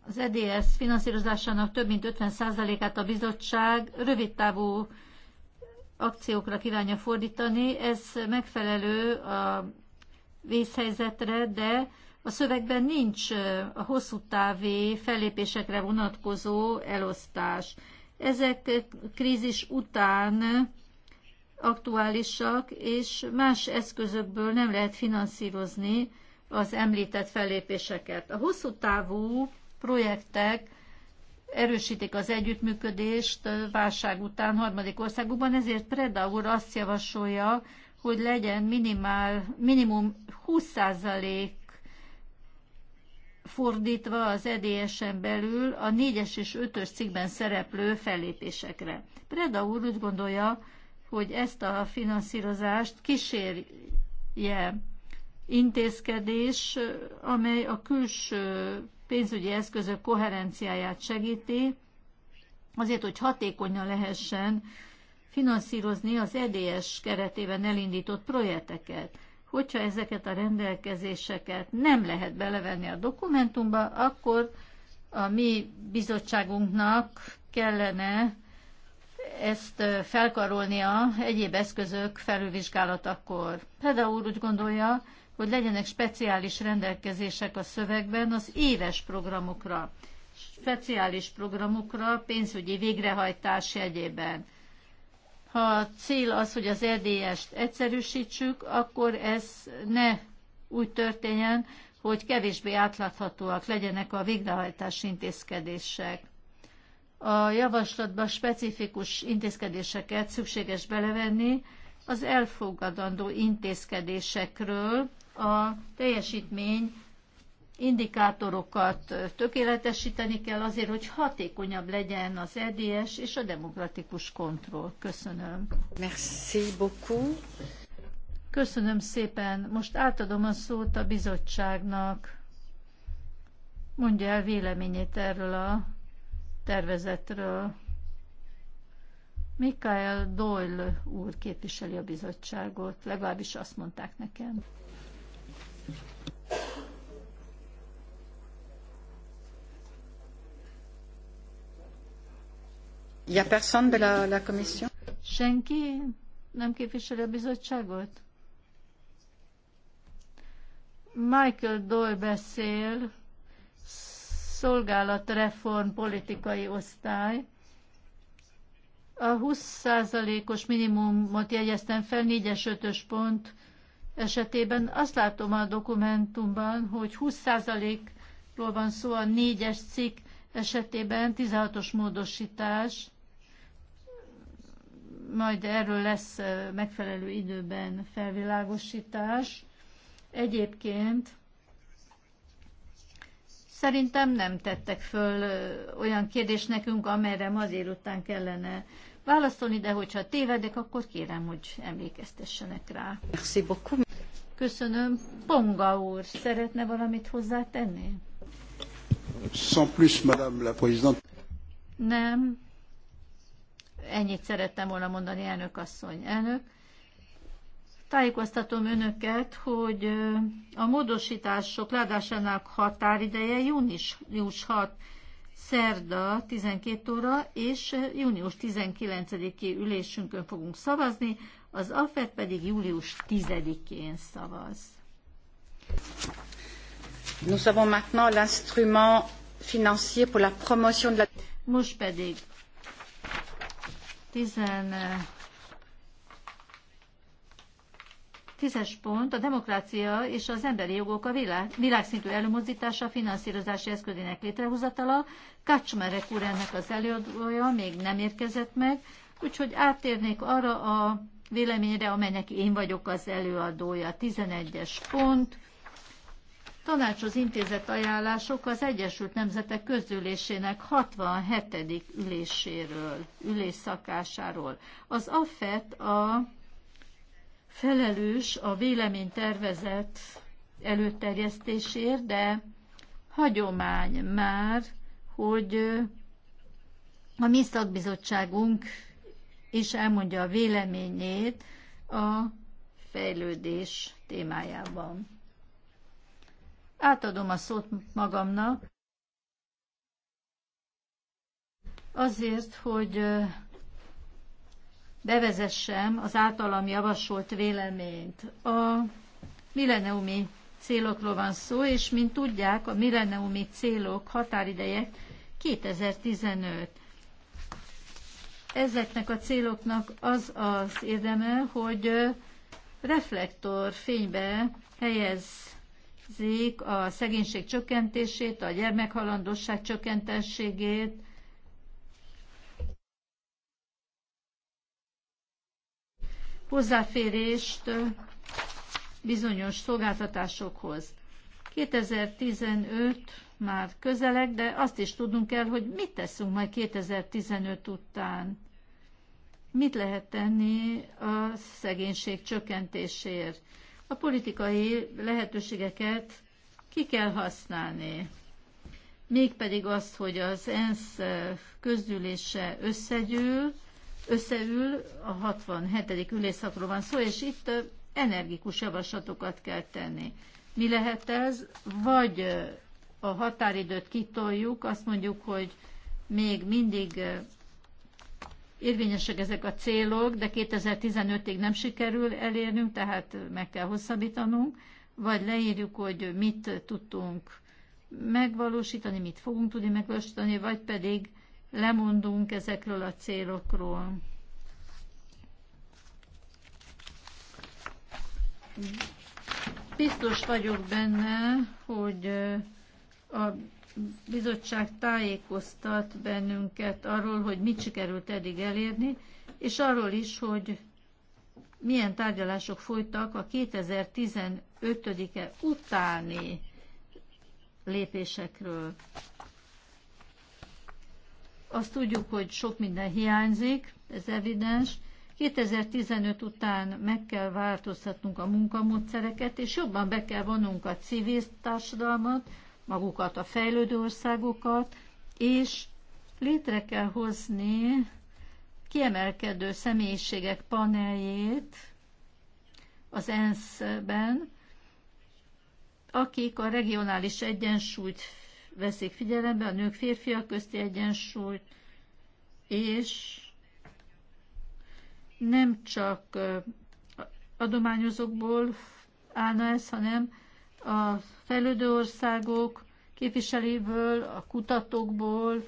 az EDS finanszírozásának több mint 50%-át a bizottság rövidtávú akciókra kívánja fordítani. Ez megfelelő a vészhelyzetre, de a szövegben nincs a hosszú távé fellépésekre vonatkozó elosztás. Ezek krízis után aktuálisak, és más eszközökből nem lehet finanszírozni az említett fellépéseket. A hosszú távú projektek erősítik az együttműködést válság után harmadik országokban, ezért Preda úr azt javasolja, hogy legyen minimál, minimum 20% fordítva az EDS-en belül a 4-es és 5-ös cikkben szereplő fellépésekre. Preda úr úgy gondolja, hogy ezt a finanszírozást kísérje intézkedés, amely a külső pénzügyi eszközök koherenciáját segíti, azért, hogy hatékonyan lehessen finanszírozni az EDS keretében elindított projekteket. Hogyha ezeket a rendelkezéseket nem lehet belevenni a dokumentumba, akkor a mi bizottságunknak kellene ezt felkarolnia egyéb eszközök felülvizsgálatakor. Például úr úgy gondolja, hogy legyenek speciális rendelkezések a szövegben az éves programokra, speciális programokra, pénzügyi végrehajtás jegyében. Ha a cél az, hogy az erdélyest egyszerűsítsük, akkor ez ne úgy történjen, hogy kevésbé átláthatóak legyenek a végrehajtási intézkedések. A javaslatban specifikus intézkedéseket szükséges belevenni az elfogadandó intézkedésekről, a teljesítmény indikátorokat tökéletesíteni kell azért, hogy hatékonyabb legyen az EDS és a demokratikus kontroll. Köszönöm. Merci beaucoup. Köszönöm szépen. Most átadom a szót a bizottságnak. Mondja el véleményét erről a tervezetről. Mikael Doyle úr képviseli a bizottságot, legalábbis azt mondták nekem de la, la commission? Senki nem képviseli a bizottságot? Michael Doyle beszél, szolgálatreform politikai osztály. A 20%-os minimumot jegyeztem fel, 4-es, 5-ös pont esetében azt látom a dokumentumban, hogy 20%-ról van szó a négyes cikk esetében, 16-os módosítás, majd erről lesz megfelelő időben felvilágosítás. Egyébként szerintem nem tettek föl olyan kérdést nekünk, amelyre ma délután kellene válaszolni, de hogyha tévedek, akkor kérem, hogy emlékeztessenek rá. Merci beaucoup. Köszönöm. Ponga úr, szeretne valamit hozzátenni? Sans plus, madame la présidente. Nem. Ennyit szerettem volna mondani, elnök asszony. Elnök, tájékoztatom önöket, hogy a módosítások ládásának határideje június, június 6 szerda 12 óra, és június 19-i ülésünkön fogunk szavazni, az AFET pedig július 10-én szavaz. Nous avons maintenant l'instrument financier pour la promotion de la... Most pedig 10 Tízes pont, a demokrácia és az emberi jogok a világ, világszintű előmozdítása, finanszírozási eszközének létrehozatala. Kacsmerek úr ennek az előadója még nem érkezett meg, úgyhogy áttérnék arra a véleményre, amelynek én vagyok az előadója. 11-es pont. az intézet ajánlások az Egyesült Nemzetek közülésének 67. üléséről, ülésszakásáról. Az AFET a felelős a véleménytervezet előterjesztésért, de hagyomány már, hogy a mi szakbizottságunk és elmondja a véleményét a fejlődés témájában. Átadom a szót magamnak azért, hogy bevezessem az általam javasolt véleményt. A milleniumi célokról van szó, és mint tudják, a milleniumi célok határideje 2015. Ezeknek a céloknak az az érdeme, hogy reflektor fénybe helyezzék a szegénység csökkentését, a gyermekhalandosság csökkentességét, hozzáférést bizonyos szolgáltatásokhoz. 2015 már közeleg, de azt is tudunk el, hogy mit teszünk majd 2015 után. Mit lehet tenni a szegénység csökkentéséért? A politikai lehetőségeket ki kell használni. Mégpedig azt, hogy az ENSZ közgyűlése összegyűl, összeül, a 67. ülésszakról van szó, és itt energikus javaslatokat kell tenni. Mi lehet ez? Vagy a határidőt kitoljuk, azt mondjuk, hogy még mindig érvényesek ezek a célok, de 2015-ig nem sikerül elérnünk, tehát meg kell hosszabbítanunk, vagy leírjuk, hogy mit tudtunk megvalósítani, mit fogunk tudni megvalósítani, vagy pedig lemondunk ezekről a célokról. Biztos vagyok benne, hogy a bizottság tájékoztat bennünket arról, hogy mit sikerült eddig elérni, és arról is, hogy milyen tárgyalások folytak a 2015-e utáni lépésekről. Azt tudjuk, hogy sok minden hiányzik, ez evidens. 2015 után meg kell változtatnunk a munkamódszereket, és jobban be kell vonnunk a civil társadalmat, magukat, a fejlődő országokat, és létre kell hozni kiemelkedő személyiségek paneljét az ENSZ-ben, akik a regionális egyensúlyt veszik figyelembe, a nők férfiak közti egyensúlyt, és nem csak adományozókból állna ez, hanem a fejlődő országok képviselőből, a kutatókból,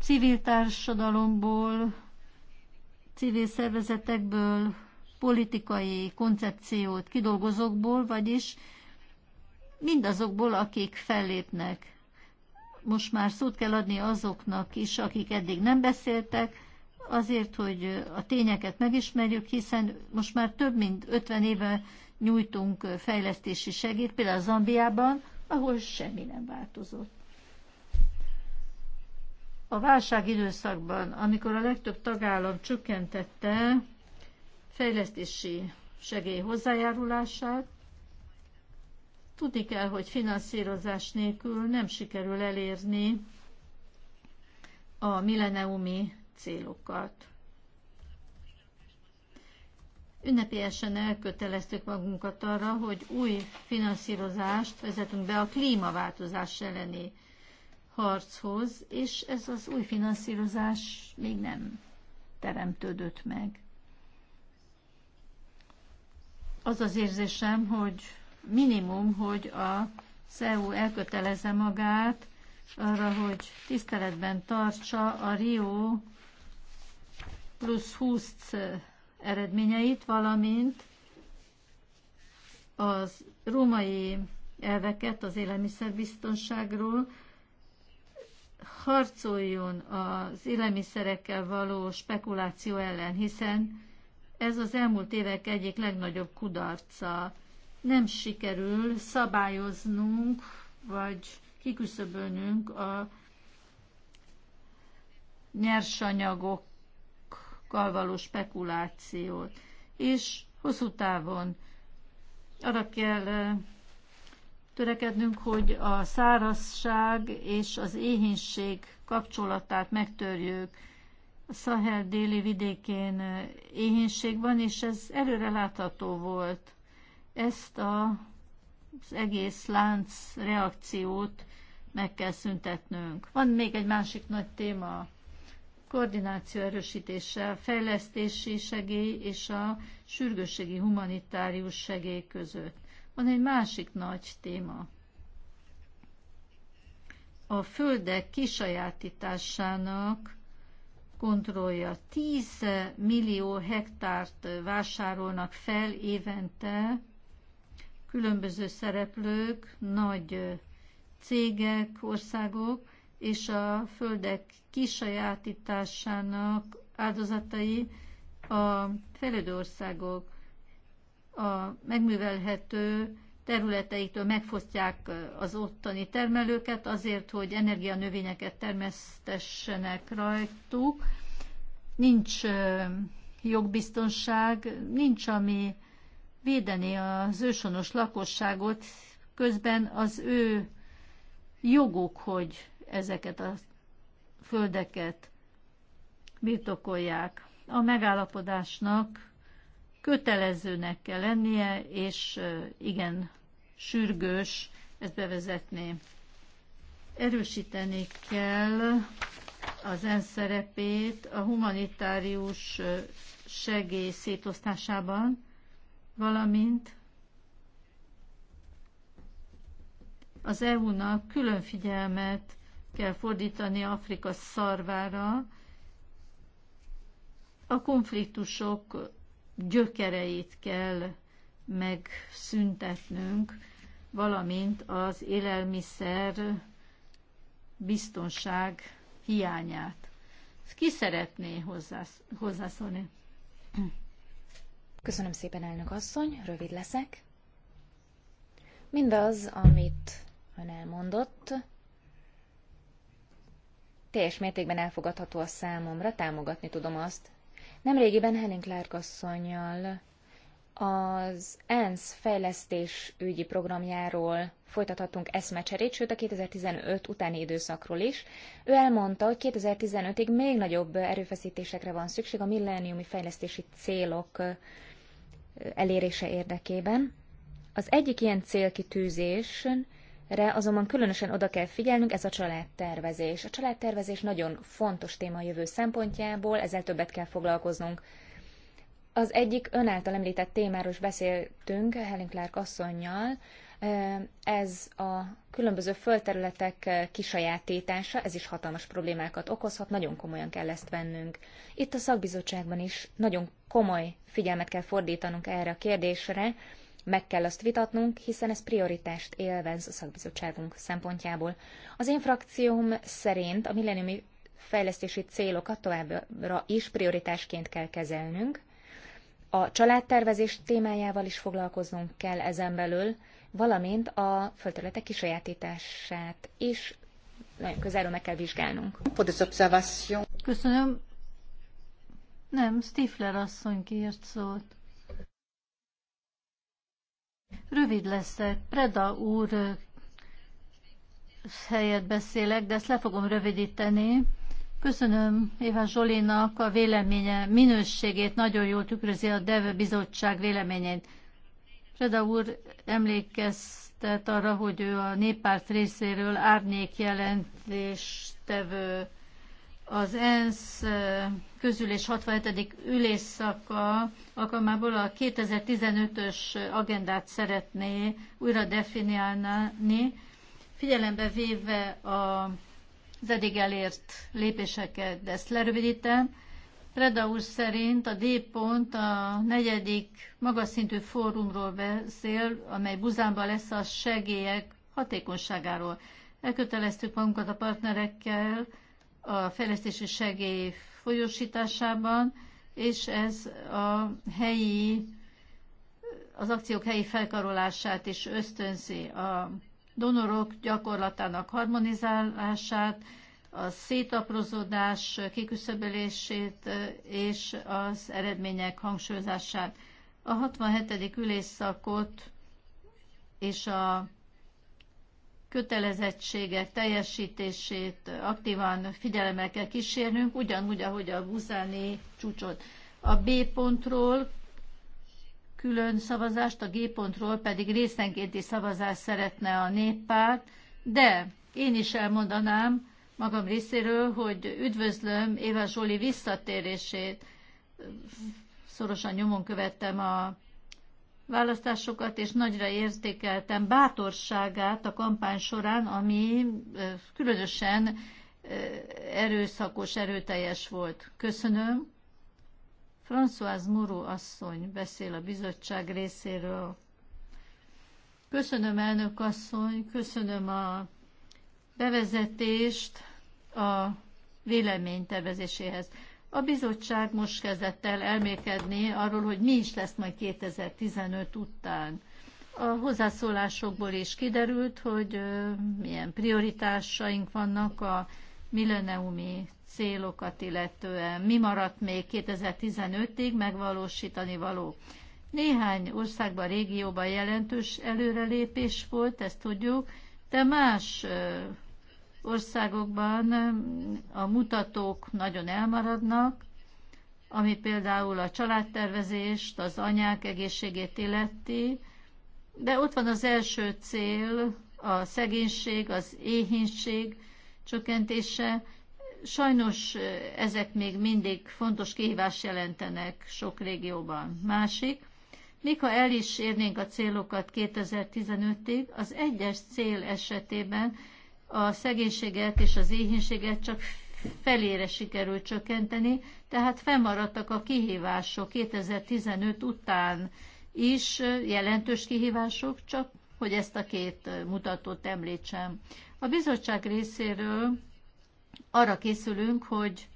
civil társadalomból, civil szervezetekből, politikai koncepciót kidolgozókból, vagyis mindazokból, akik fellépnek. Most már szót kell adni azoknak is, akik eddig nem beszéltek, azért, hogy a tényeket megismerjük, hiszen most már több mint 50 éve nyújtunk fejlesztési segít, például Zambiában, ahol semmi nem változott. A válság időszakban, amikor a legtöbb tagállam csökkentette fejlesztési segély hozzájárulását, tudni kell, hogy finanszírozás nélkül nem sikerül elérni a milleniumi célokat ünnepélyesen elköteleztük magunkat arra, hogy új finanszírozást vezetünk be a klímaváltozás elleni harchoz, és ez az új finanszírozás még nem teremtődött meg. Az az érzésem, hogy minimum, hogy a CEU elkötelezze magát arra, hogy tiszteletben tartsa a Rio plusz 20 eredményeit, valamint az római elveket az élelmiszerbiztonságról, harcoljon az élelmiszerekkel való spekuláció ellen, hiszen ez az elmúlt évek egyik legnagyobb kudarca. Nem sikerül szabályoznunk, vagy kiküszöbölnünk a nyersanyagok árakkal való spekulációt, és hosszú távon arra kell törekednünk, hogy a szárazság és az éhénység kapcsolatát megtörjük. A Szahel déli vidékén éhénység van, és ez előre látható volt. Ezt a, az egész lánc reakciót meg kell szüntetnünk. Van még egy másik nagy téma, koordináció erősítése, a fejlesztési segély és a sürgősségi humanitárius segély között. Van egy másik nagy téma. A földek kisajátításának kontrollja. 10 millió hektárt vásárolnak fel évente különböző szereplők, nagy cégek, országok, és a földek kisajátításának áldozatai a fejlődő országok a megművelhető területeiktől megfosztják az ottani termelőket azért, hogy energianövényeket termesztessenek rajtuk. Nincs jogbiztonság, nincs ami védeni az ősonos lakosságot, közben az ő joguk, hogy ezeket a földeket birtokolják. A megállapodásnak kötelezőnek kell lennie, és igen, sürgős ezt bevezetni. Erősíteni kell az ENSZ szerepét a humanitárius segély szétosztásában, valamint az EU-nak külön figyelmet kell fordítani Afrika szarvára, a konfliktusok gyökereit kell megszüntetnünk, valamint az élelmiszer biztonság hiányát. Ki szeretné hozzász, hozzászólni? Köszönöm szépen, elnök asszony, rövid leszek. Mindaz, amit ön elmondott, teljes mértékben elfogadható a számomra, támogatni tudom azt. Nemrégiben Henning Clark asszonyjal az ENSZ fejlesztés ügyi programjáról folytathatunk eszmecserét, sőt a 2015 utáni időszakról is. Ő elmondta, hogy 2015-ig még nagyobb erőfeszítésekre van szükség a milleniumi fejlesztési célok elérése érdekében. Az egyik ilyen célkitűzés Re azonban különösen oda kell figyelnünk, ez a családtervezés. A családtervezés nagyon fontos téma a jövő szempontjából, ezzel többet kell foglalkoznunk. Az egyik ön által említett témáról is beszéltünk Helen Clark asszonynal, ez a különböző földterületek kisajátítása, ez is hatalmas problémákat okozhat, nagyon komolyan kell ezt vennünk. Itt a szakbizottságban is nagyon komoly figyelmet kell fordítanunk erre a kérdésre, meg kell azt vitatnunk, hiszen ez prioritást élvez a szakbizottságunk szempontjából. Az én frakcióm szerint a milleniumi fejlesztési célokat továbbra is prioritásként kell kezelnünk. A családtervezés témájával is foglalkoznunk kell ezen belül, valamint a földterületek kisajátítását is nagyon közelről meg kell vizsgálnunk. Köszönöm. Nem, Stifler asszony kiért szót. Rövid leszek. Preda úr helyet beszélek, de ezt le fogom rövidíteni. Köszönöm Éva Zsolinak a véleménye minőségét, nagyon jól tükrözi a DEV bizottság véleményét. Preda úr emlékeztet arra, hogy ő a néppárt részéről árnyék jelentéstevő az ENSZ közülés 67. ülésszaka alkalmából a 2015-ös agendát szeretné újra definiálni, figyelembe véve az eddig elért lépéseket, de ezt lerövidítem. Preda úr szerint a D pont a negyedik magas szintű fórumról beszél, amely Buzánban lesz a segélyek hatékonyságáról. Elköteleztük magunkat a partnerekkel, a fejlesztési segély folyósításában, és ez a helyi, az akciók helyi felkarolását is ösztönzi, a donorok gyakorlatának harmonizálását, a szétaprozódás kiküszöbölését és az eredmények hangsúlyozását. A 67. ülésszakot és a kötelezettségek teljesítését aktívan figyelemmel kell kísérnünk, ugyanúgy, ahogy a buzáni csúcsot. A B pontról külön szavazást, a G pontról pedig részenkénti szavazást szeretne a néppárt, de én is elmondanám magam részéről, hogy üdvözlöm Éva Zsoli visszatérését. Szorosan nyomon követtem a választásokat, és nagyra értékeltem bátorságát a kampány során, ami különösen erőszakos, erőteljes volt. Köszönöm. François Muru asszony beszél a bizottság részéről. Köszönöm, elnök asszony, köszönöm a bevezetést a véleménytervezéséhez. A bizottság most kezdett el elmékedni arról, hogy mi is lesz majd 2015 után. A hozzászólásokból is kiderült, hogy milyen prioritásaink vannak a milleniumi célokat illetően. Mi maradt még 2015-ig megvalósítani való? Néhány országban, régióban jelentős előrelépés volt, ezt tudjuk, de más országokban a mutatók nagyon elmaradnak, ami például a családtervezést, az anyák egészségét illeti, de ott van az első cél, a szegénység, az éhénység csökkentése. Sajnos eh, ezek még mindig fontos kihívást jelentenek sok régióban. Másik, még ha el is érnénk a célokat 2015-ig, az egyes cél esetében a szegénységet és az éhénységet csak felére sikerült csökkenteni, tehát fennmaradtak a kihívások 2015 után is jelentős kihívások, csak hogy ezt a két mutatót említsem. A bizottság részéről arra készülünk, hogy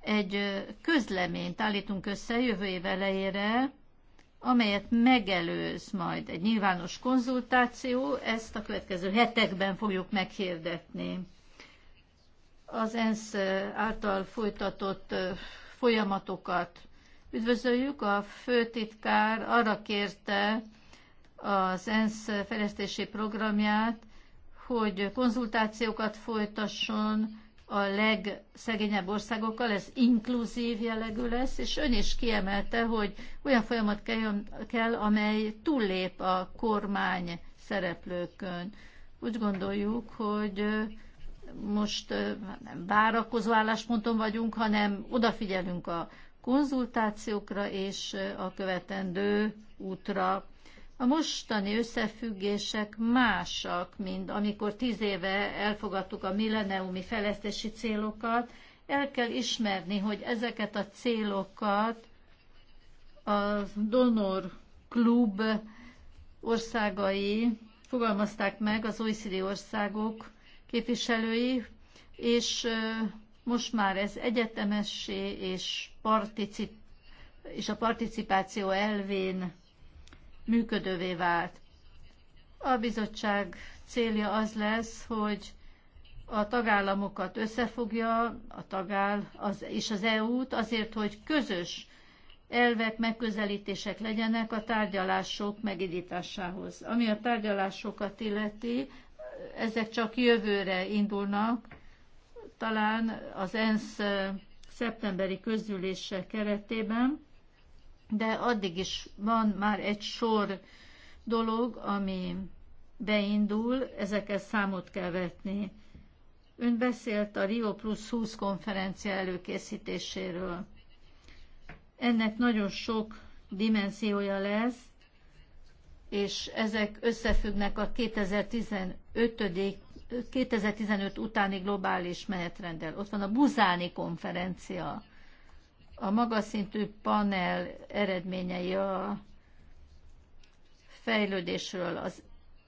egy közleményt állítunk össze jövő év elejére amelyet megelőz majd egy nyilvános konzultáció, ezt a következő hetekben fogjuk meghirdetni. Az ENSZ által folytatott folyamatokat üdvözöljük. A főtitkár arra kérte az ENSZ fejlesztési programját, hogy konzultációkat folytasson a legszegényebb országokkal, ez inkluzív jellegű lesz, és ön is kiemelte, hogy olyan folyamat kell, amely túllép a kormány szereplőkön. Úgy gondoljuk, hogy most nem várakozó állásponton vagyunk, hanem odafigyelünk a konzultációkra és a követendő útra. A mostani összefüggések másak, mint amikor tíz éve elfogadtuk a milleniumi fejlesztési célokat. El kell ismerni, hogy ezeket a célokat a Donor Klub országai fogalmazták meg, az OECD országok képviselői, és most már ez egyetemessé és, és a participáció elvén működővé vált. A bizottság célja az lesz, hogy a tagállamokat összefogja, a tagáll az, és az EU-t azért, hogy közös elvek, megközelítések legyenek a tárgyalások megindításához. Ami a tárgyalásokat illeti, ezek csak jövőre indulnak, talán az ENSZ szeptemberi közülése keretében de addig is van már egy sor dolog, ami beindul, ezeket számot kell vetni. Ön beszélt a Rio Plus 20 konferencia előkészítéséről. Ennek nagyon sok dimenziója lesz, és ezek összefüggnek a 2015. 2015 utáni globális menetrenddel. Ott van a Buzáni konferencia a magas szintű panel eredményei a fejlődésről, az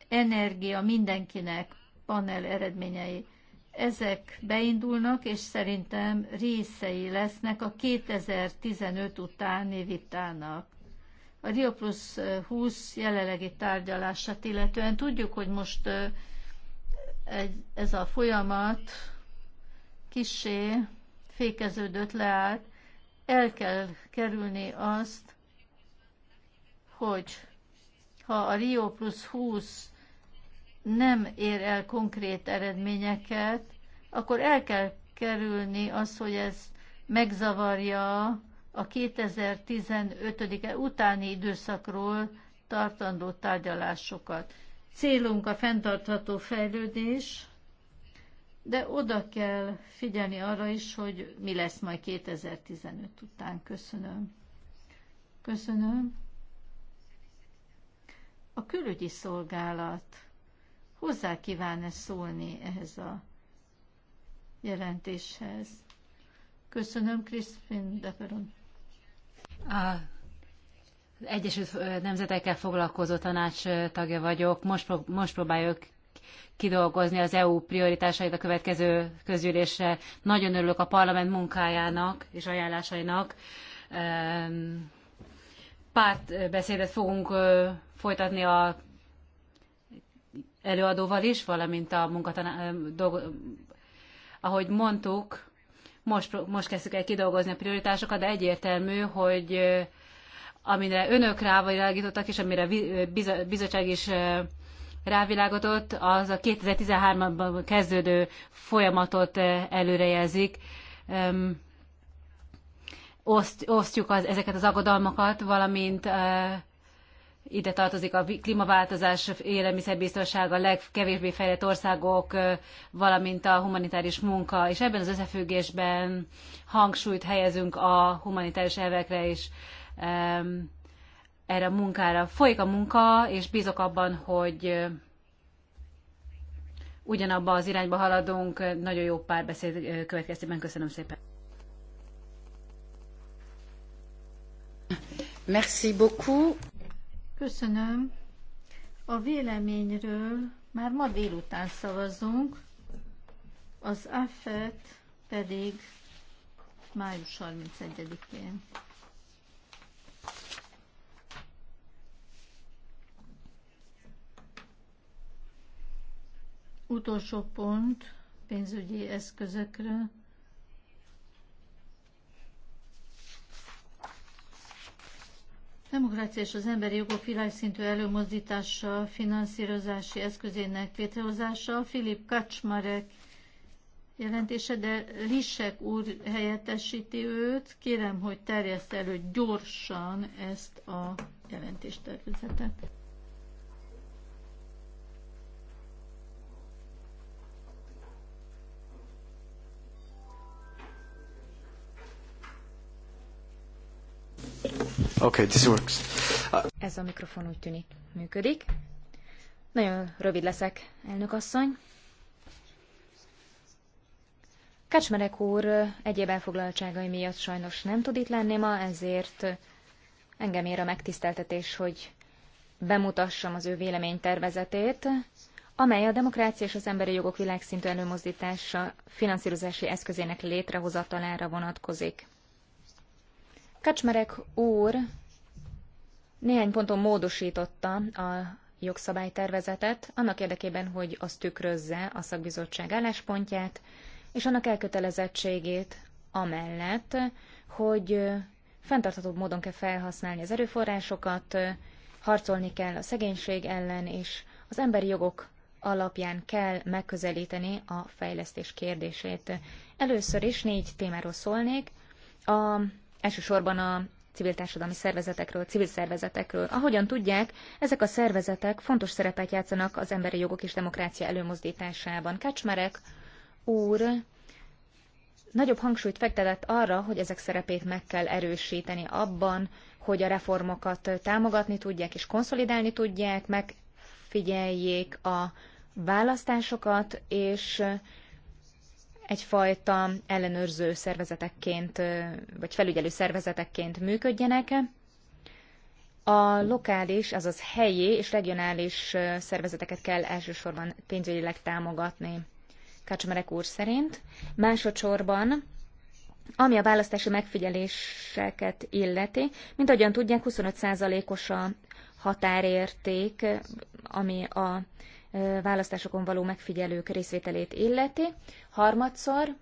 energia mindenkinek panel eredményei, ezek beindulnak, és szerintem részei lesznek a 2015 utáni vitának. A Rio Plus 20 jelenlegi tárgyalását illetően tudjuk, hogy most ez a folyamat kisé fékeződött, leállt, el kell kerülni azt, hogy ha a Rio plusz 20 nem ér el konkrét eredményeket, akkor el kell kerülni azt, hogy ez megzavarja a 2015 -e utáni időszakról tartandó tárgyalásokat. Célunk a fenntartható fejlődés, de oda kell figyelni arra is, hogy mi lesz majd 2015 után. Köszönöm. Köszönöm. A külügyi szolgálat hozzá kíván-e szólni ehhez a jelentéshez? Köszönöm, Krisztin Deperon. A az Egyesült Nemzetekkel foglalkozó tanács tagja vagyok. Most, most próbáljuk kidolgozni az EU prioritásait a következő közgyűlésre. Nagyon örülök a parlament munkájának és ajánlásainak. Pártbeszédet fogunk folytatni a előadóval is, valamint a munkatanár, ahogy mondtuk, most, most kezdtük el kidolgozni a prioritásokat, de egyértelmű, hogy amire önök rávilágítottak, és amire bizottság is rávilágított, az a 2013-ban kezdődő folyamatot eh, előrejelzik. Oszt, osztjuk az, ezeket az aggodalmakat, valamint eh, ide tartozik a klímaváltozás, élelmiszerbiztonság, a legkevésbé fejlett országok, eh, valamint a humanitárius munka, és ebben az összefüggésben hangsúlyt helyezünk a humanitárius elvekre is. Um, erre a munkára. Folyik a munka, és bízok abban, hogy ugyanabba az irányba haladunk. Nagyon jó párbeszéd következtében. Köszönöm szépen. Merci beaucoup. Köszönöm. A véleményről már ma délután szavazunk, az AFET pedig május 31-én. Utolsó pont pénzügyi eszközökre. Demokrácia és az emberi jogok világszintű előmozdítása, finanszírozási eszközének létrehozása, Filip Kacsmarek jelentése, de Lisek úr helyettesíti őt. Kérem, hogy terjeszt elő gyorsan ezt a jelentéstervezetet. Okay, this works. Ez a mikrofon úgy tűnik működik. Nagyon rövid leszek, elnök asszony. Kacsmerek úr egyéb elfoglaltságai miatt sajnos nem tud itt lenni ma, ezért engem ér a megtiszteltetés, hogy bemutassam az ő véleménytervezetét, amely a demokrácia és az emberi jogok világszintű előmozdítása finanszírozási eszközének létrehozatalára vonatkozik. Kacsmerek úr néhány ponton módosította a jogszabálytervezetet, annak érdekében, hogy az tükrözze a szakbizottság álláspontját, és annak elkötelezettségét amellett, hogy fenntarthatóbb módon kell felhasználni az erőforrásokat, harcolni kell a szegénység ellen, és az emberi jogok alapján kell megközelíteni a fejlesztés kérdését. Először is négy témáról szólnék. A elsősorban a civil társadalmi szervezetekről, civil szervezetekről. Ahogyan tudják, ezek a szervezetek fontos szerepet játszanak az emberi jogok és demokrácia előmozdításában. Kecsmerek, úr nagyobb hangsúlyt fektetett arra, hogy ezek szerepét meg kell erősíteni abban, hogy a reformokat támogatni tudják és konszolidálni tudják, megfigyeljék a választásokat, és egyfajta ellenőrző szervezetekként, vagy felügyelő szervezetekként működjenek. A lokális, azaz helyi és regionális szervezeteket kell elsősorban pénzügyileg támogatni, Kácsmerek úr szerint. Másodszorban, ami a választási megfigyeléseket illeti, mint ahogyan tudják, 25%-os a határérték, ami a választásokon való megfigyelők részvételét illeti. Harmadszor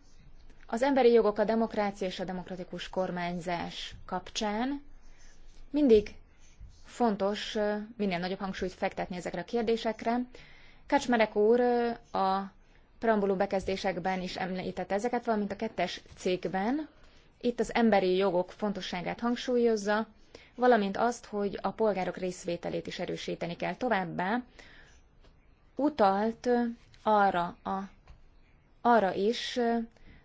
az emberi jogok a demokrácia és a demokratikus kormányzás kapcsán mindig fontos minél nagyobb hangsúlyt fektetni ezekre a kérdésekre. Kacsmerek úr a preambuló bekezdésekben is említette ezeket, valamint a kettes cégben. Itt az emberi jogok fontosságát hangsúlyozza, valamint azt, hogy a polgárok részvételét is erősíteni kell. Továbbá utalt arra a arra is,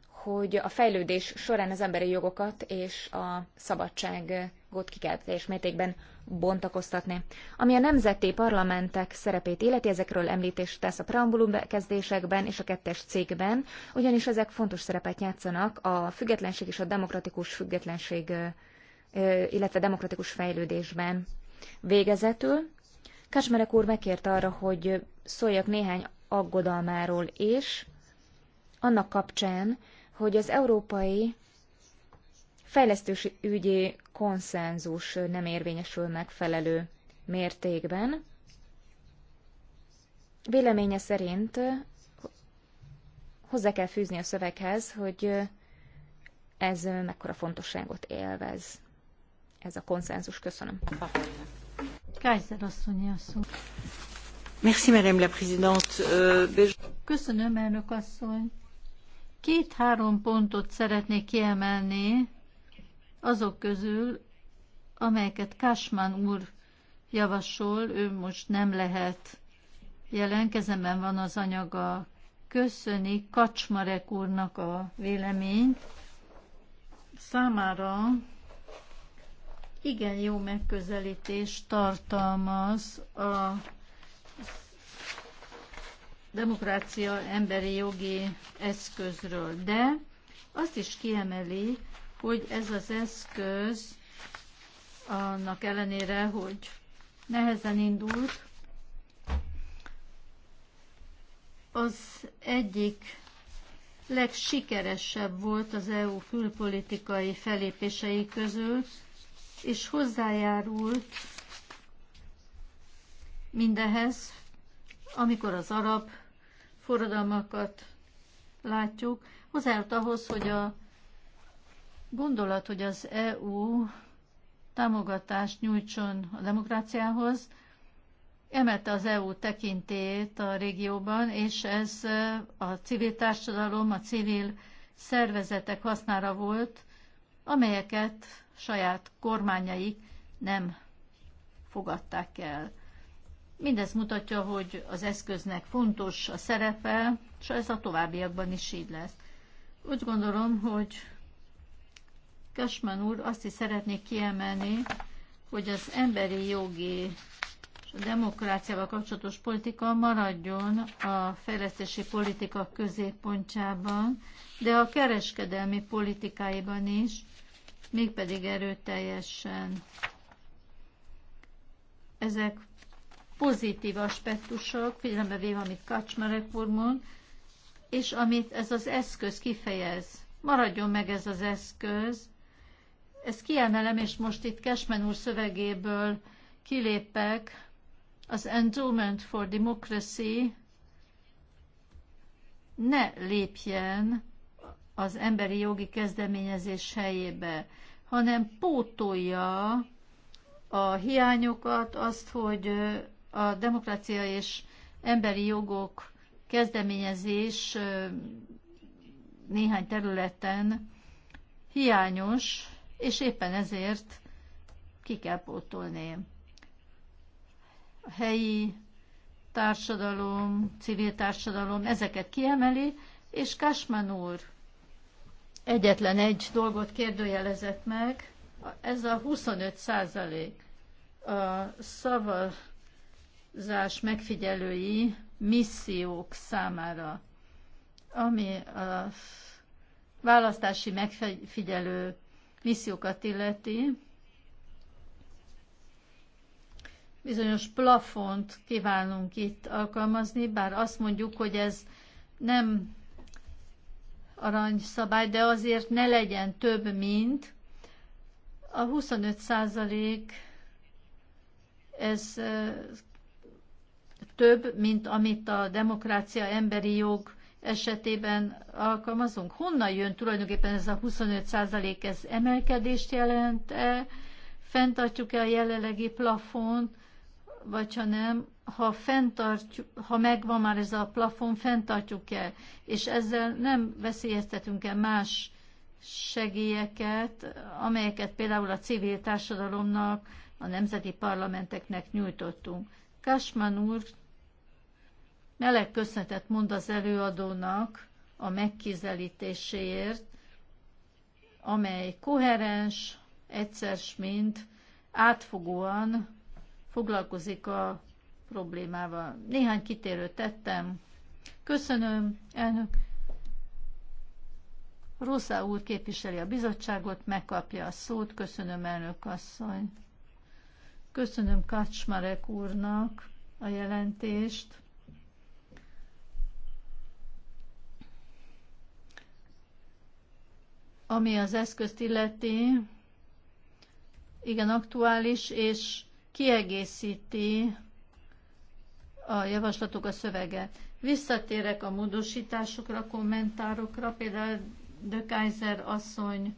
hogy a fejlődés során az emberi jogokat és a szabadságot ki kell teljes mértékben bontakoztatni. Ami a nemzeti parlamentek szerepét illeti, ezekről említést tesz a preambulum bekezdésekben és a kettes cégben, ugyanis ezek fontos szerepet játszanak a függetlenség és a demokratikus függetlenség, illetve demokratikus fejlődésben. Végezetül Kasmerek úr megkért arra, hogy szóljak néhány aggodalmáról is, annak kapcsán, hogy az európai fejlesztési ügyi konszenzus nem érvényesül megfelelő mértékben. Véleménye szerint hozzá kell fűzni a szöveghez, hogy ez mekkora fontosságot élvez. Ez a konszenzus. Köszönöm. Kaiser asszony a Merci, Madame la Présidente. Euh, Köszönöm, elnök asszony. Két-három pontot szeretnék kiemelni azok közül, amelyeket Kásmán úr javasol, ő most nem lehet jelen, kezemben van az anyaga. Köszöni Kacsmarek úrnak a véleményt. Számára igen jó megközelítés tartalmaz a demokrácia emberi jogi eszközről. De azt is kiemeli, hogy ez az eszköz annak ellenére, hogy nehezen indult, az egyik legsikeresebb volt az EU külpolitikai felépései közül, és hozzájárult mindehez, amikor az arab forradalmakat látjuk, hozzájárult ahhoz, hogy a gondolat, hogy az EU támogatást nyújtson a demokráciához, emelte az EU tekintét a régióban, és ez a civil társadalom, a civil szervezetek hasznára volt, amelyeket saját kormányaik nem fogadták el. Mindez mutatja, hogy az eszköznek fontos a szerepe, és ez a továbbiakban is így lesz. Úgy gondolom, hogy Kösman úr azt is szeretnék kiemelni, hogy az emberi jogi és a demokráciával kapcsolatos politika maradjon a fejlesztési politika középpontjában, de a kereskedelmi politikáiban is, mégpedig erőteljesen. Ezek pozitív aspektusok, figyelembe véve, amit Kacsmarek úr mond, és amit ez az eszköz kifejez. Maradjon meg ez az eszköz. Ezt kiemelem, és most itt Kesmen úr szövegéből kilépek. Az Endowment for Democracy ne lépjen az emberi jogi kezdeményezés helyébe, hanem pótolja a hiányokat, azt, hogy a demokrácia és emberi jogok kezdeményezés néhány területen hiányos, és éppen ezért ki kell pótolni. A helyi társadalom, civil társadalom ezeket kiemeli, és Kasman úr egyetlen egy dolgot kérdőjelezett meg, ez a 25 százalék a szava klímaváltozás megfigyelői missziók számára, ami a választási megfigyelő missziókat illeti, bizonyos plafont kívánunk itt alkalmazni, bár azt mondjuk, hogy ez nem aranyszabály, de azért ne legyen több, mint a 25 százalék, ez több, mint amit a demokrácia, emberi jog esetében alkalmazunk? Honnan jön tulajdonképpen ez a 25 százalék? Ez emelkedést jelent-e? Fentartjuk-e a jelenlegi plafont? Vagy ha nem, ha, fenntartjuk, ha megvan már ez a plafon, fenntartjuk-e? És ezzel nem veszélyeztetünk-e más segélyeket, amelyeket például a civil társadalomnak, a nemzeti parlamenteknek nyújtottunk. Kasman úr Meleg köszönetet mond az előadónak a megkizelítéséért, amely koherens, egyszer mint átfogóan foglalkozik a problémával. Néhány kitérőt tettem. Köszönöm, elnök. Rosszá úr képviseli a bizottságot, megkapja a szót. Köszönöm, elnök asszony. Köszönöm Kacsmarek úrnak a jelentést. Ami az eszközt illeti, igen aktuális, és kiegészíti a javaslatok a szövege. Visszatérek a módosításokra, kommentárokra, például De Kaiser asszony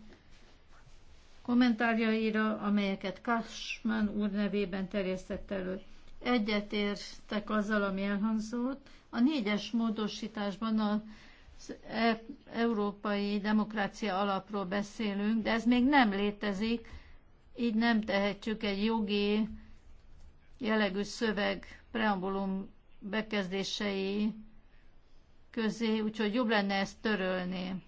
kommentárjaira, amelyeket Kasman úr nevében terjesztett elő. Egyetértek azzal, ami elhangzott. A négyes módosításban a E- Európai Demokrácia Alapról beszélünk, de ez még nem létezik, így nem tehetjük egy jogi jellegű szöveg preambulum bekezdései közé, úgyhogy jobb lenne ezt törölni.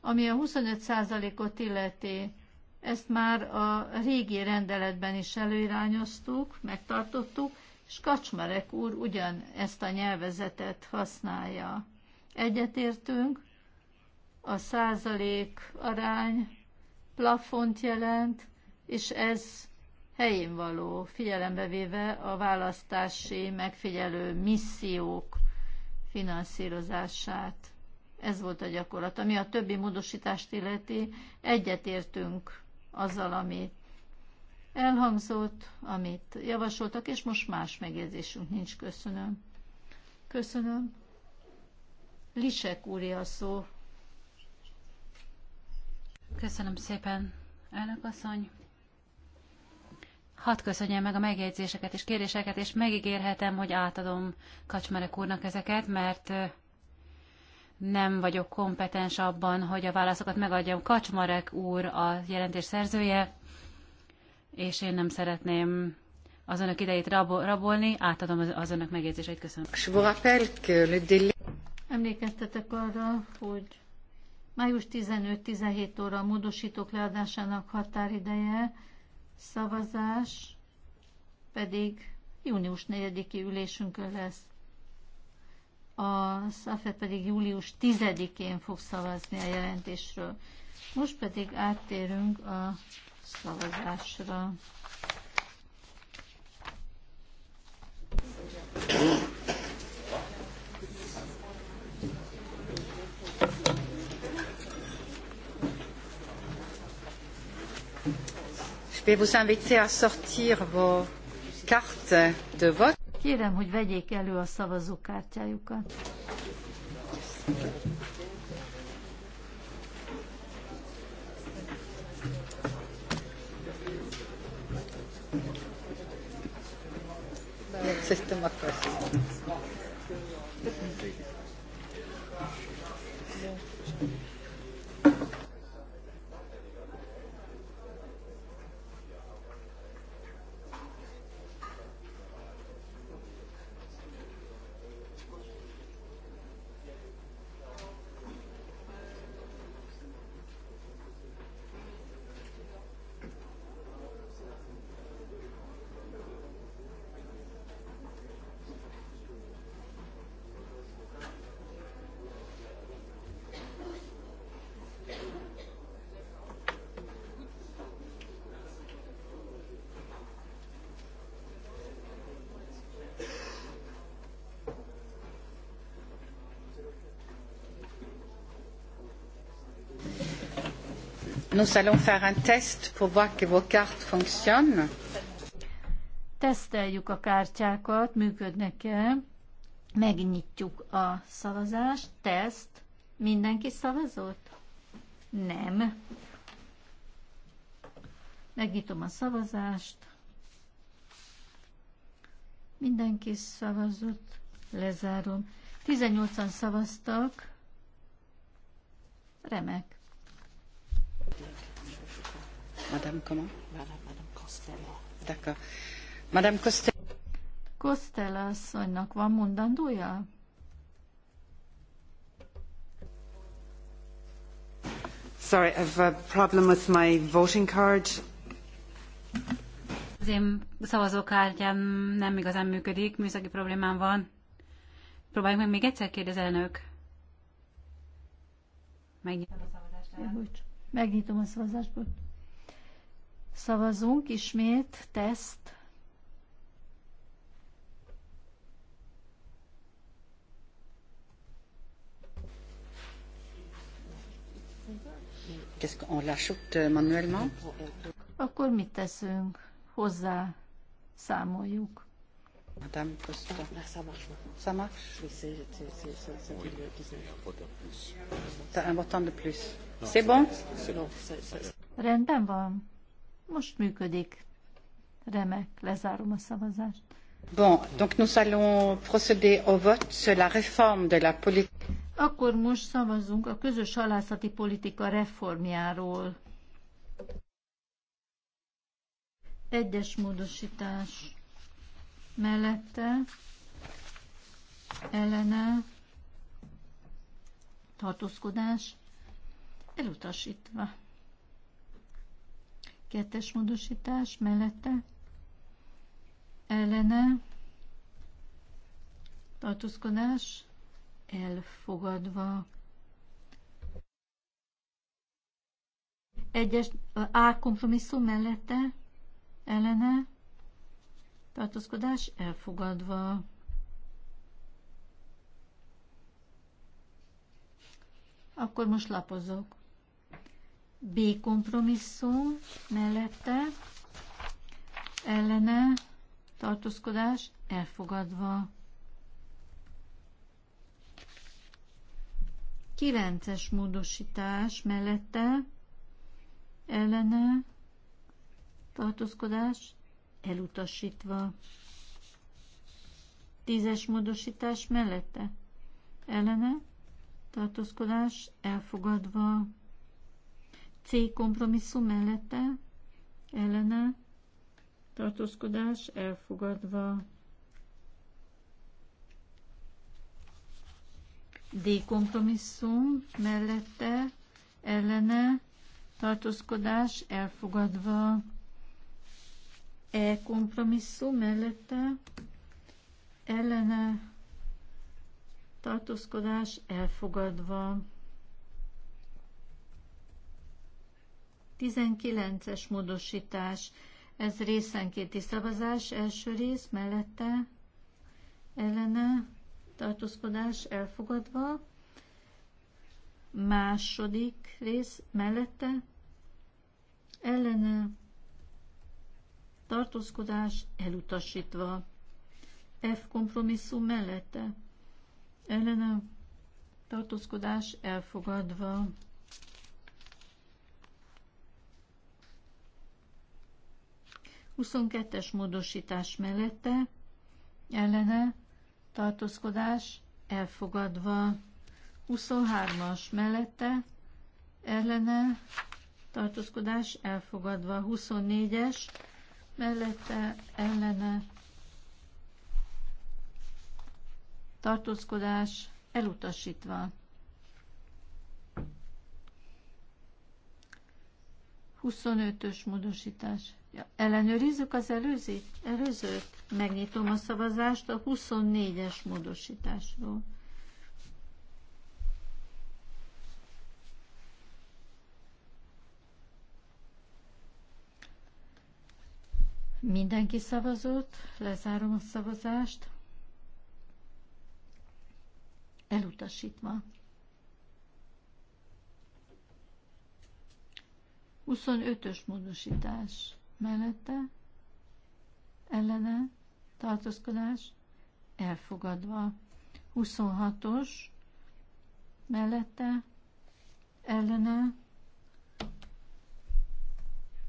Ami a 25%-ot illeti, ezt már a régi rendeletben is előirányoztuk, megtartottuk, és Kacsmarek úr ugyan ezt a nyelvezetet használja egyetértünk, a százalék arány plafont jelent, és ez helyén való, figyelembe véve a választási megfigyelő missziók finanszírozását. Ez volt a gyakorlat. Ami a többi módosítást illeti, egyetértünk azzal, amit elhangzott, amit javasoltak, és most más megjegyzésünk nincs. Köszönöm. Köszönöm. Lisek úri a szó. Köszönöm szépen, elnök asszony. Hadd köszönjem meg a megjegyzéseket és kérdéseket, és megígérhetem, hogy átadom Kacsmerek úrnak ezeket, mert nem vagyok kompetens abban, hogy a válaszokat megadjam. Kacsmarek úr a jelentés szerzője, és én nem szeretném az önök idejét rabolni, átadom az, az önök megjegyzéseit. Köszönöm. Emlékeztetek arra, hogy május 15-17 óra a módosítók leadásának határideje, szavazás pedig június 4-i ülésünkön lesz. A SZAFE pedig július 10-én fog szavazni a jelentésről. Most pedig áttérünk a szavazásra. vais vous inviter à sortir vos cartes de vote. Kérem, hogy vegyék elő a szavazókártyájukat. C'est a Nous allons faire un test pour voir que vos cartes fonctionnent. Teszteljük a kártyákat, működnek-e. Megnyitjuk a szavazást. Teszt. Mindenki szavazott? Nem. Megnyitom a szavazást. Mindenki szavazott. Lezárom. 18-an szavaztak. Remek. Madame comment Madame, Madame Costello. D'accord. Madame Costello. Costello asszonynak van mondandója? Sorry, I have a problem with my voting card. Az én szavazókártyám nem igazán működik, műszaki problémám van. Próbáljuk meg még egyszer, kérdez elnök. Megnyitom a szavazást. Ja, Megnyitom a szavazásból. Szavazunk, ismét, teszt. Euh, Akkor mit teszünk? Hozzá számoljuk. Madame Costa. Là, ça marche. Ça marche Oui, c'est oui. T'as un botton de plusz. C'est bon Rendben van. Most működik. Remek, lezárom a szavazást. Bon, donc nous allons procéder au vote sur la réforme de la politique. Akkor most szavazunk a közös halászati politika reformjáról. Egyes módosítás mellette ellene tartózkodás elutasítva. Kettes módosítás mellette ellene tartózkodás elfogadva. Egyes A kompromisszum mellette ellene tartózkodás elfogadva. Akkor most lapozok. B kompromisszum mellette ellene tartózkodás elfogadva. 9-es módosítás mellette ellene tartózkodás elutasítva. Tízes módosítás mellette ellene tartózkodás elfogadva. C kompromisszum mellette ellene tartózkodás elfogadva. D kompromisszum mellette ellene tartózkodás elfogadva. E kompromisszum mellette ellene tartózkodás elfogadva. 19-es módosítás, ez részenkéti szavazás, első rész mellette ellene tartózkodás elfogadva, második rész mellette ellene tartózkodás elutasítva. F kompromisszum mellette ellene tartózkodás elfogadva. Huszonkettes módosítás mellette ellene tartózkodás elfogadva. 23-as mellette ellene tartózkodás elfogadva. 24-es mellette ellene tartózkodás elutasítva. 25-ös módosítás. Ja, ellenőrizzük az előzőt? Előzőt. Megnyitom a szavazást a 24-es módosításról. Mindenki szavazott, lezárom a szavazást. Elutasítva. 25-ös módosítás mellette, ellene, tartózkodás, elfogadva. 26-os mellette, ellene,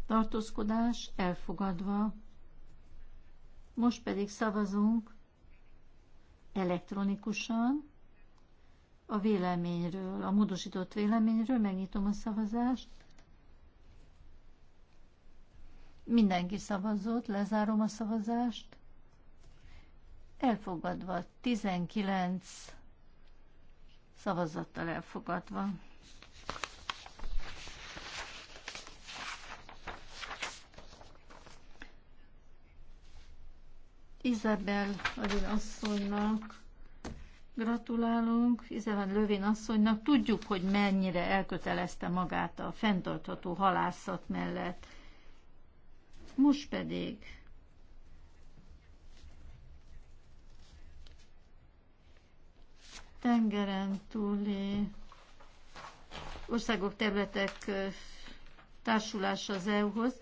tartózkodás, elfogadva. Most pedig szavazunk elektronikusan a véleményről, a módosított véleményről. Megnyitom a szavazást. Mindenki szavazott, lezárom a szavazást. Elfogadva, 19 szavazattal elfogadva. Izabel Lövin asszonynak gratulálunk, Izabel Lövin asszonynak. Tudjuk, hogy mennyire elkötelezte magát a fenntartható halászat mellett. Most pedig tengeren túli országok, területek társulása az EU-hoz.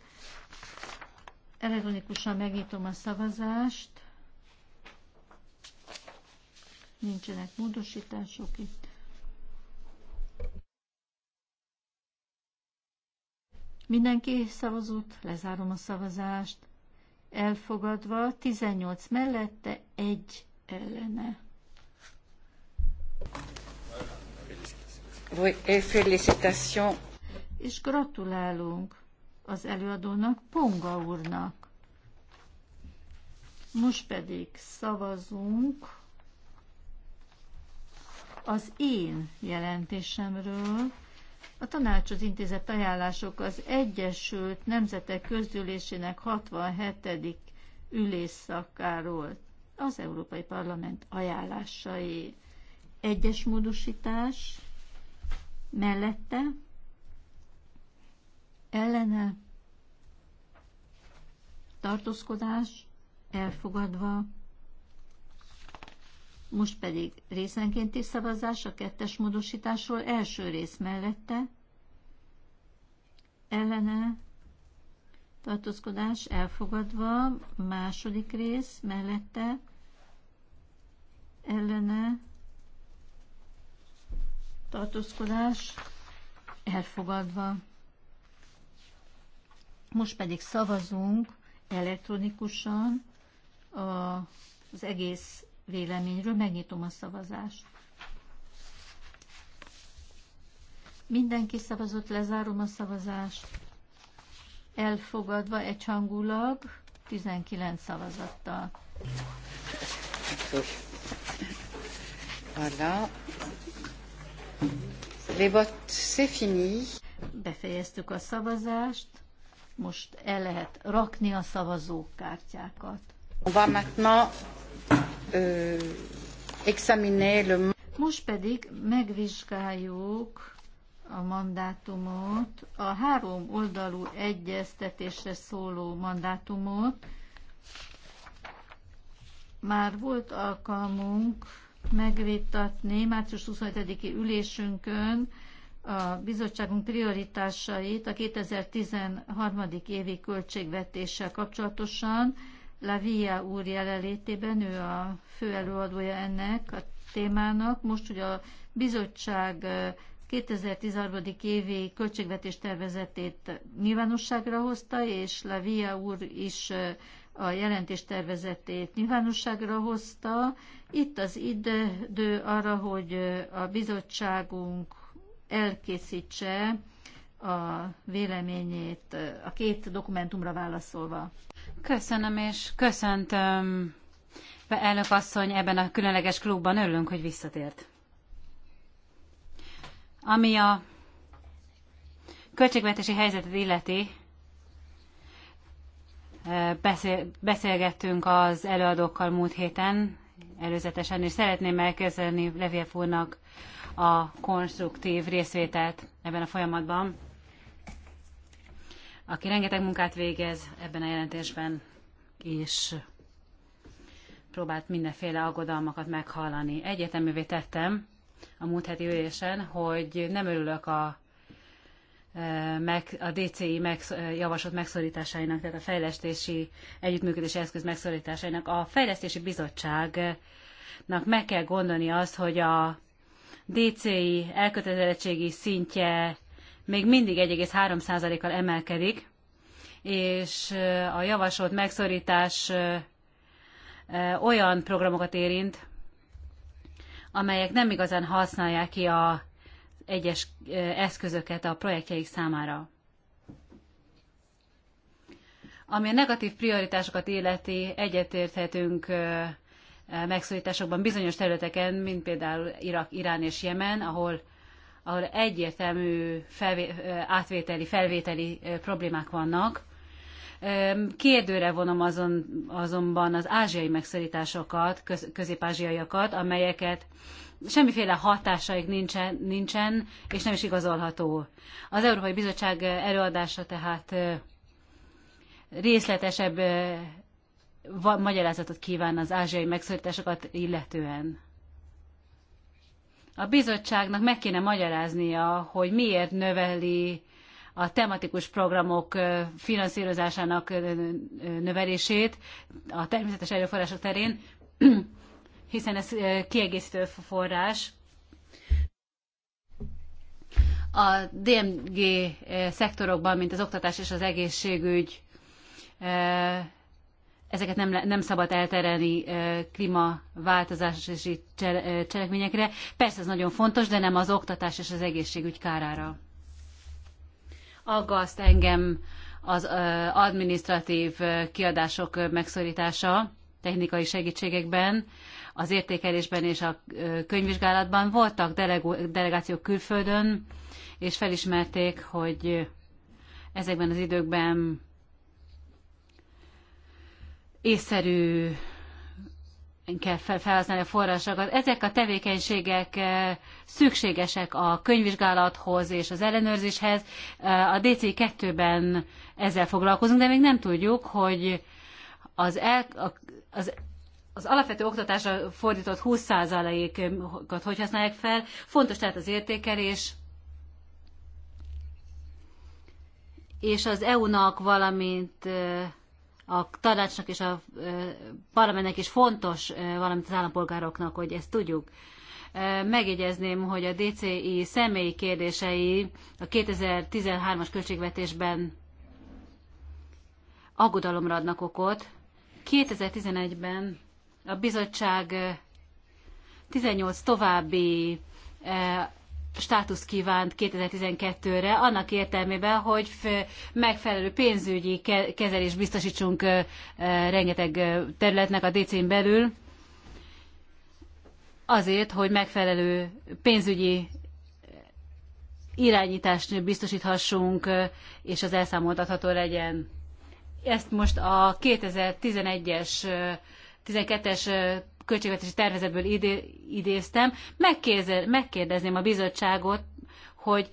Elektronikusan megnyitom a szavazást. Nincsenek módosítások itt. Mindenki szavazott, lezárom a szavazást. Elfogadva 18 mellette, egy ellene. Oui, et félicitations. És gratulálunk az előadónak, Ponga úrnak. Most pedig szavazunk az én jelentésemről. A az intézett ajánlások az Egyesült Nemzetek Közgyűlésének 67. ülésszakáról. Az Európai Parlament ajánlásai. Egyes módosítás mellette ellene tartózkodás elfogadva, most pedig részenkénti szavazás a kettes módosításról első rész mellette, ellene tartózkodás elfogadva, második rész mellette, ellene tartózkodás elfogadva. Most pedig szavazunk elektronikusan a, az egész véleményről. Megnyitom a szavazást. Mindenki szavazott, lezárom a szavazást. Elfogadva egyhangulag 19 szavazattal. Voilà. Les votes, c'est fini. Befejeztük a szavazást most el lehet rakni a szavazókártyákat. Euh, most pedig megvizsgáljuk a mandátumot, a három oldalú egyeztetésre szóló mandátumot. Már volt alkalmunk megvitatni március 25-i ülésünkön, a bizottságunk prioritásait a 2013. évi költségvetéssel kapcsolatosan. Villa úr jelenlétében, ő a fő előadója ennek a témának. Most, hogy a bizottság 2013. évi költségvetés tervezetét nyilvánosságra hozta, és Villa úr is a jelentés tervezetét nyilvánosságra hozta. Itt az idő arra, hogy a bizottságunk elkészítse a véleményét a két dokumentumra válaszolva. Köszönöm, és köszöntöm elnök asszony ebben a különleges klubban. Örülünk, hogy visszatért. Ami a költségvetési helyzetet illeti, eh, beszélgettünk az előadókkal múlt héten előzetesen, és szeretném elkezdeni Leviev úrnak a konstruktív részvételt ebben a folyamatban, aki rengeteg munkát végez ebben a jelentésben, és próbált mindenféle aggodalmakat meghallani. Egyeteművé tettem a múlt heti ülésen, hogy nem örülök a, e, a DCI e, javasolt megszorításainak, tehát a fejlesztési együttműködési eszköz megszorításainak. A fejlesztési bizottságnak meg kell gondolni azt, hogy a DCI elkötelezettségi szintje még mindig 1,3%-kal emelkedik, és a javasolt megszorítás olyan programokat érint, amelyek nem igazán használják ki a egyes eszközöket a projektjeik számára. Ami a negatív prioritásokat illeti, egyetérthetünk megszólításokban bizonyos területeken, mint például Irak, Irán és Jemen, ahol, ahol egyértelmű felvé, átvételi, felvételi problémák vannak. Kérdőre vonom azon, azonban az ázsiai megszorításokat, köz, közép-ázsiaiakat, amelyeket semmiféle hatásaik nincsen, nincsen, és nem is igazolható. Az Európai Bizottság előadása tehát részletesebb magyarázatot kíván az ázsiai megszorításokat illetően. A bizottságnak meg kéne magyaráznia, hogy miért növeli a tematikus programok finanszírozásának növelését a természetes erőforrások terén, hiszen ez kiegészítő forrás. A DMG szektorokban, mint az oktatás és az egészségügy ezeket nem, nem szabad elterelni klímaváltozási cselekményekre. Persze ez nagyon fontos, de nem az oktatás és az egészségügy kárára. Aggaszt engem az administratív kiadások megszorítása technikai segítségekben, az értékelésben és a könyvvizsgálatban. Voltak delegációk külföldön, és felismerték, hogy ezekben az időkben észszerű kell felhasználni a forrásokat. Ezek a tevékenységek eh, szükségesek a könyvvizsgálathoz és az ellenőrzéshez. Eh, a DC2-ben ezzel foglalkozunk, de még nem tudjuk, hogy az, el, az, az alapvető oktatásra fordított 20%-ot hogy használják fel. Fontos tehát az értékelés, és az EU-nak, valamint eh, a tanácsnak és a parlamentnek is fontos, valamint az állampolgároknak, hogy ezt tudjuk. Megjegyezném, hogy a DCI személyi kérdései a 2013-as költségvetésben aggodalomra adnak okot. 2011-ben a bizottság 18 további státusz kívánt 2012-re, annak értelmében, hogy megfelelő pénzügyi kezelést biztosítsunk rengeteg területnek a DC-n belül, azért, hogy megfelelő pénzügyi irányítást biztosíthassunk, és az elszámoltatható legyen. Ezt most a 2011-es 12-es költségvetési tervezetből idé, idéztem, megkérdez, megkérdezném a bizottságot, hogy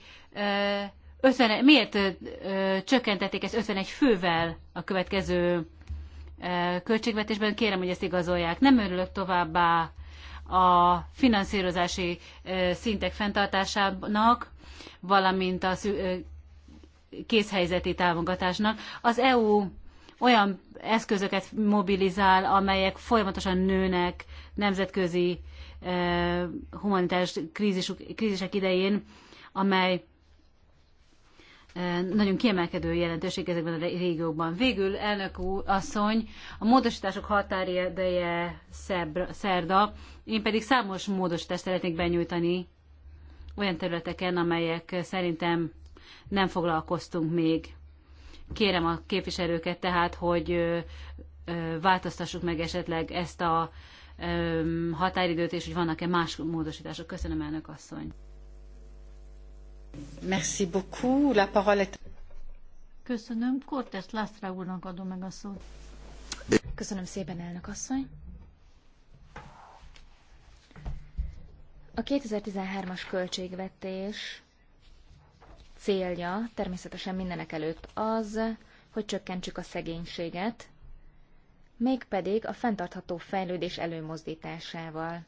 50, miért csökkentették ezt 51 fővel a következő költségvetésben. Kérem, hogy ezt igazolják. Nem örülök továbbá a finanszírozási szintek fenntartásának, valamint a készhelyzeti támogatásnak. Az EU olyan eszközöket mobilizál, amelyek folyamatosan nőnek nemzetközi eh, krízisuk, krízisek idején, amely eh, nagyon kiemelkedő jelentőség ezekben a régiókban. Végül, elnök úr, asszony, a módosítások határideje szerda, én pedig számos módosítást szeretnék benyújtani olyan területeken, amelyek szerintem nem foglalkoztunk még. Kérem a képviselőket tehát, hogy változtassuk meg esetleg ezt a határidőt, és hogy vannak-e más módosítások. Köszönöm, elnök asszony. Merci beaucoup. La parole est... Köszönöm. Cortez Lászra úrnak adom meg a szót. Köszönöm szépen, elnök asszony. A 2013-as költségvetés célja természetesen mindenek előtt az, hogy csökkentsük a szegénységet, mégpedig a fenntartható fejlődés előmozdításával.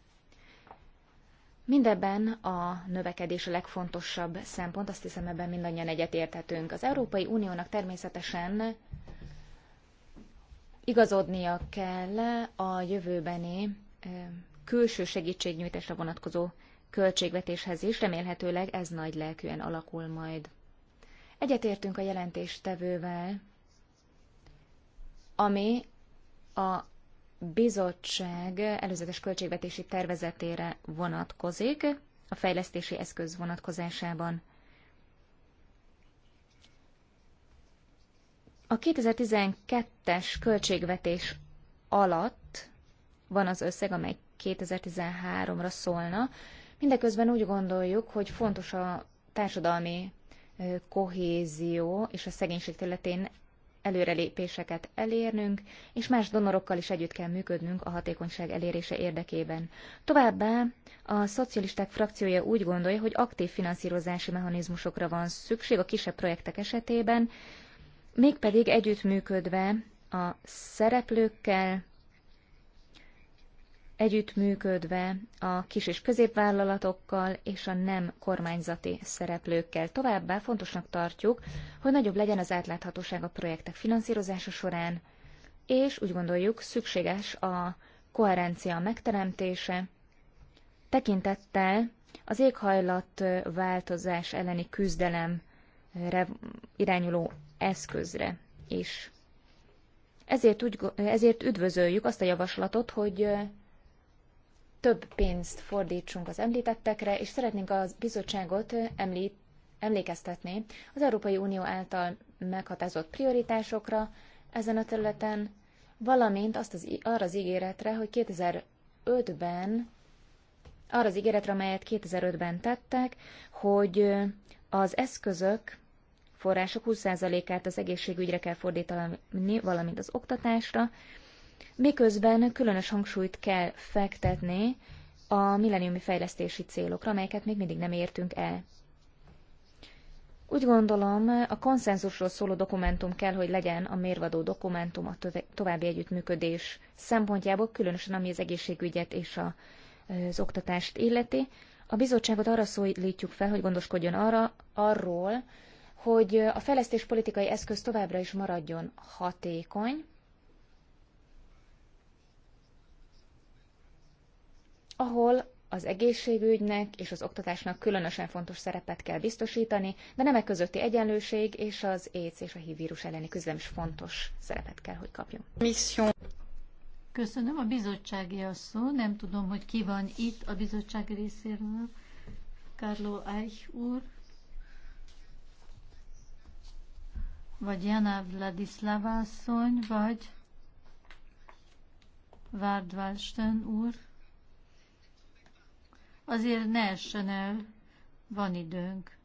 Mindebben a növekedés a legfontosabb szempont, azt hiszem ebben mindannyian egyetérthetünk. Az Európai Uniónak természetesen igazodnia kell a jövőbeni külső segítségnyújtásra vonatkozó költségvetéshez is, remélhetőleg ez nagy lelkűen alakul majd. Egyetértünk a jelentéstevővel, ami a bizottság előzetes költségvetési tervezetére vonatkozik, a fejlesztési eszköz vonatkozásában. A 2012-es költségvetés alatt van az összeg, amely 2013-ra szólna, Mindeközben úgy gondoljuk, hogy fontos a társadalmi kohézió és a szegénység területén előrelépéseket elérnünk, és más donorokkal is együtt kell működnünk a hatékonyság elérése érdekében. Továbbá a szocialisták frakciója úgy gondolja, hogy aktív finanszírozási mechanizmusokra van szükség a kisebb projektek esetében, mégpedig együttműködve a szereplőkkel, együttműködve a kis- és középvállalatokkal és a nem kormányzati szereplőkkel. Továbbá fontosnak tartjuk, hogy nagyobb legyen az átláthatóság a projektek finanszírozása során, és úgy gondoljuk szükséges a koherencia megteremtése, tekintettel az éghajlat változás elleni küzdelemre irányuló eszközre is. Ezért, úgy, ezért üdvözöljük azt a javaslatot, hogy több pénzt fordítsunk az említettekre, és szeretnénk a bizottságot említ, emlékeztetni az Európai Unió által meghatározott prioritásokra ezen a területen, valamint azt az, arra az ígéretre, hogy 2005-ben, arra az ígéretre, amelyet 2005-ben tettek, hogy az eszközök, források 20%-át az egészségügyre kell fordítani, valamint az oktatásra, miközben különös hangsúlyt kell fektetni a milleniumi fejlesztési célokra, amelyeket még mindig nem értünk el. Úgy gondolom, a konszenzusról szóló dokumentum kell, hogy legyen a mérvadó dokumentum a további együttműködés szempontjából, különösen ami az egészségügyet és a, az oktatást illeti. A bizottságot arra szólítjuk fel, hogy gondoskodjon arra, arról, hogy a fejlesztés politikai eszköz továbbra is maradjon hatékony, ahol az egészségügynek és az oktatásnak különösen fontos szerepet kell biztosítani, de nemek közötti egyenlőség és az AIDS és a HIV vírus elleni küzdelem is fontos szerepet kell, hogy kapjon. Mission. Köszönöm a bizottsági Nem tudom, hogy ki van itt a bizottság részéről. Carlo Eich úr, vagy Jana Vladislava asszony, vagy Várd Wallstön úr. Azért ne essen el, van időnk.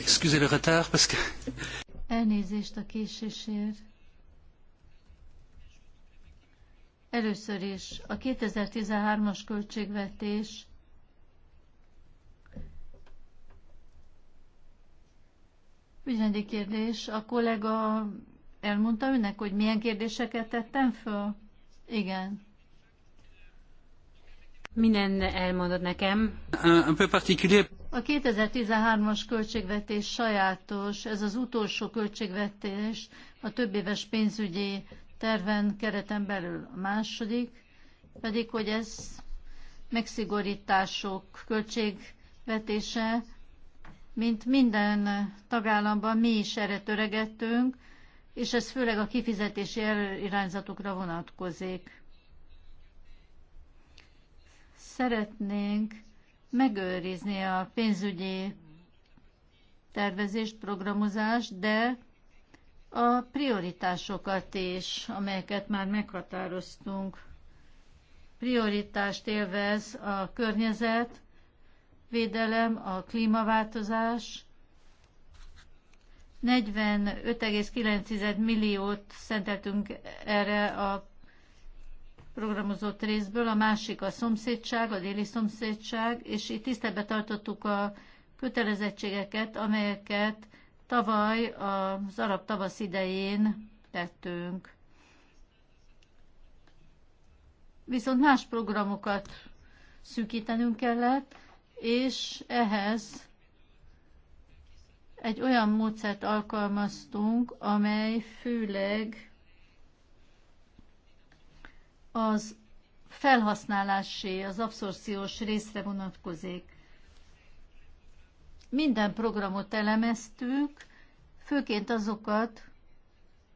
Excusez le retard, parce que... Elnézést a késésért. Először is a 2013-as költségvetés ügyrendi kérdés. A kollega elmondta önnek, hogy milyen kérdéseket tettem föl? Igen. Minden elmondod nekem. A 2013-as költségvetés sajátos, ez az utolsó költségvetés a több éves pénzügyi terven kereten belül. A második pedig, hogy ez megszigorítások költségvetése, mint minden tagállamban mi is erre töregettünk, és ez főleg a kifizetési irányzatokra vonatkozik. Szeretnénk megőrizni a pénzügyi tervezést, programozást, de a prioritásokat is, amelyeket már meghatároztunk. Prioritást élvez a környezet, védelem, a klímaváltozás. 45,9 milliót szenteltünk erre a programozott részből, a másik a szomszédság, a déli szomszédság, és itt tisztelbe tartottuk a kötelezettségeket, amelyeket Tavaly az arab tavasz idején tettünk. Viszont más programokat szűkítenünk kellett, és ehhez egy olyan módszert alkalmaztunk, amely főleg az felhasználási, az abszorciós részre vonatkozik. Minden programot elemeztünk, főként azokat,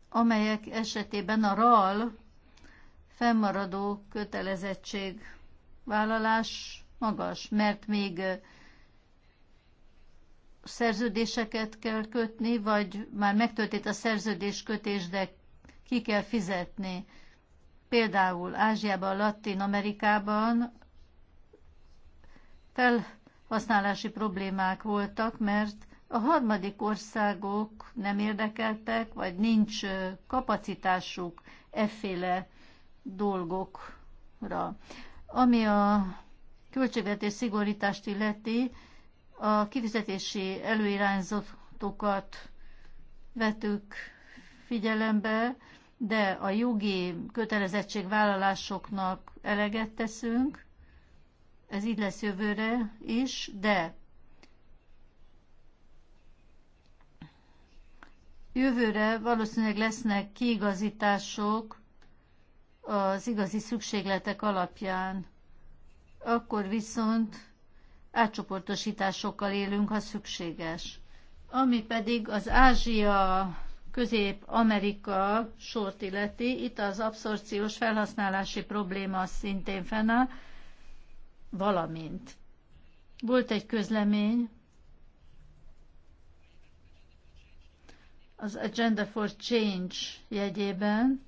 amelyek esetében a RAL fennmaradó kötelezettség vállalás magas, mert még szerződéseket kell kötni, vagy már megtörtént a szerződéskötés, de ki kell fizetni. Például Ázsiában, Latin Amerikában fel használási problémák voltak, mert a harmadik országok nem érdekeltek, vagy nincs kapacitásuk efféle dolgokra. Ami a költségvetés szigorítást illeti, a kifizetési előirányzatokat vetük figyelembe, de a jogi kötelezettségvállalásoknak eleget teszünk, ez így lesz jövőre is, de jövőre valószínűleg lesznek kiigazítások az igazi szükségletek alapján. Akkor viszont átcsoportosításokkal élünk, ha szükséges. Ami pedig az Ázsia Közép-Amerika sort illeti, itt az abszorciós felhasználási probléma szintén fennáll, valamint volt egy közlemény, az Agenda for Change jegyében,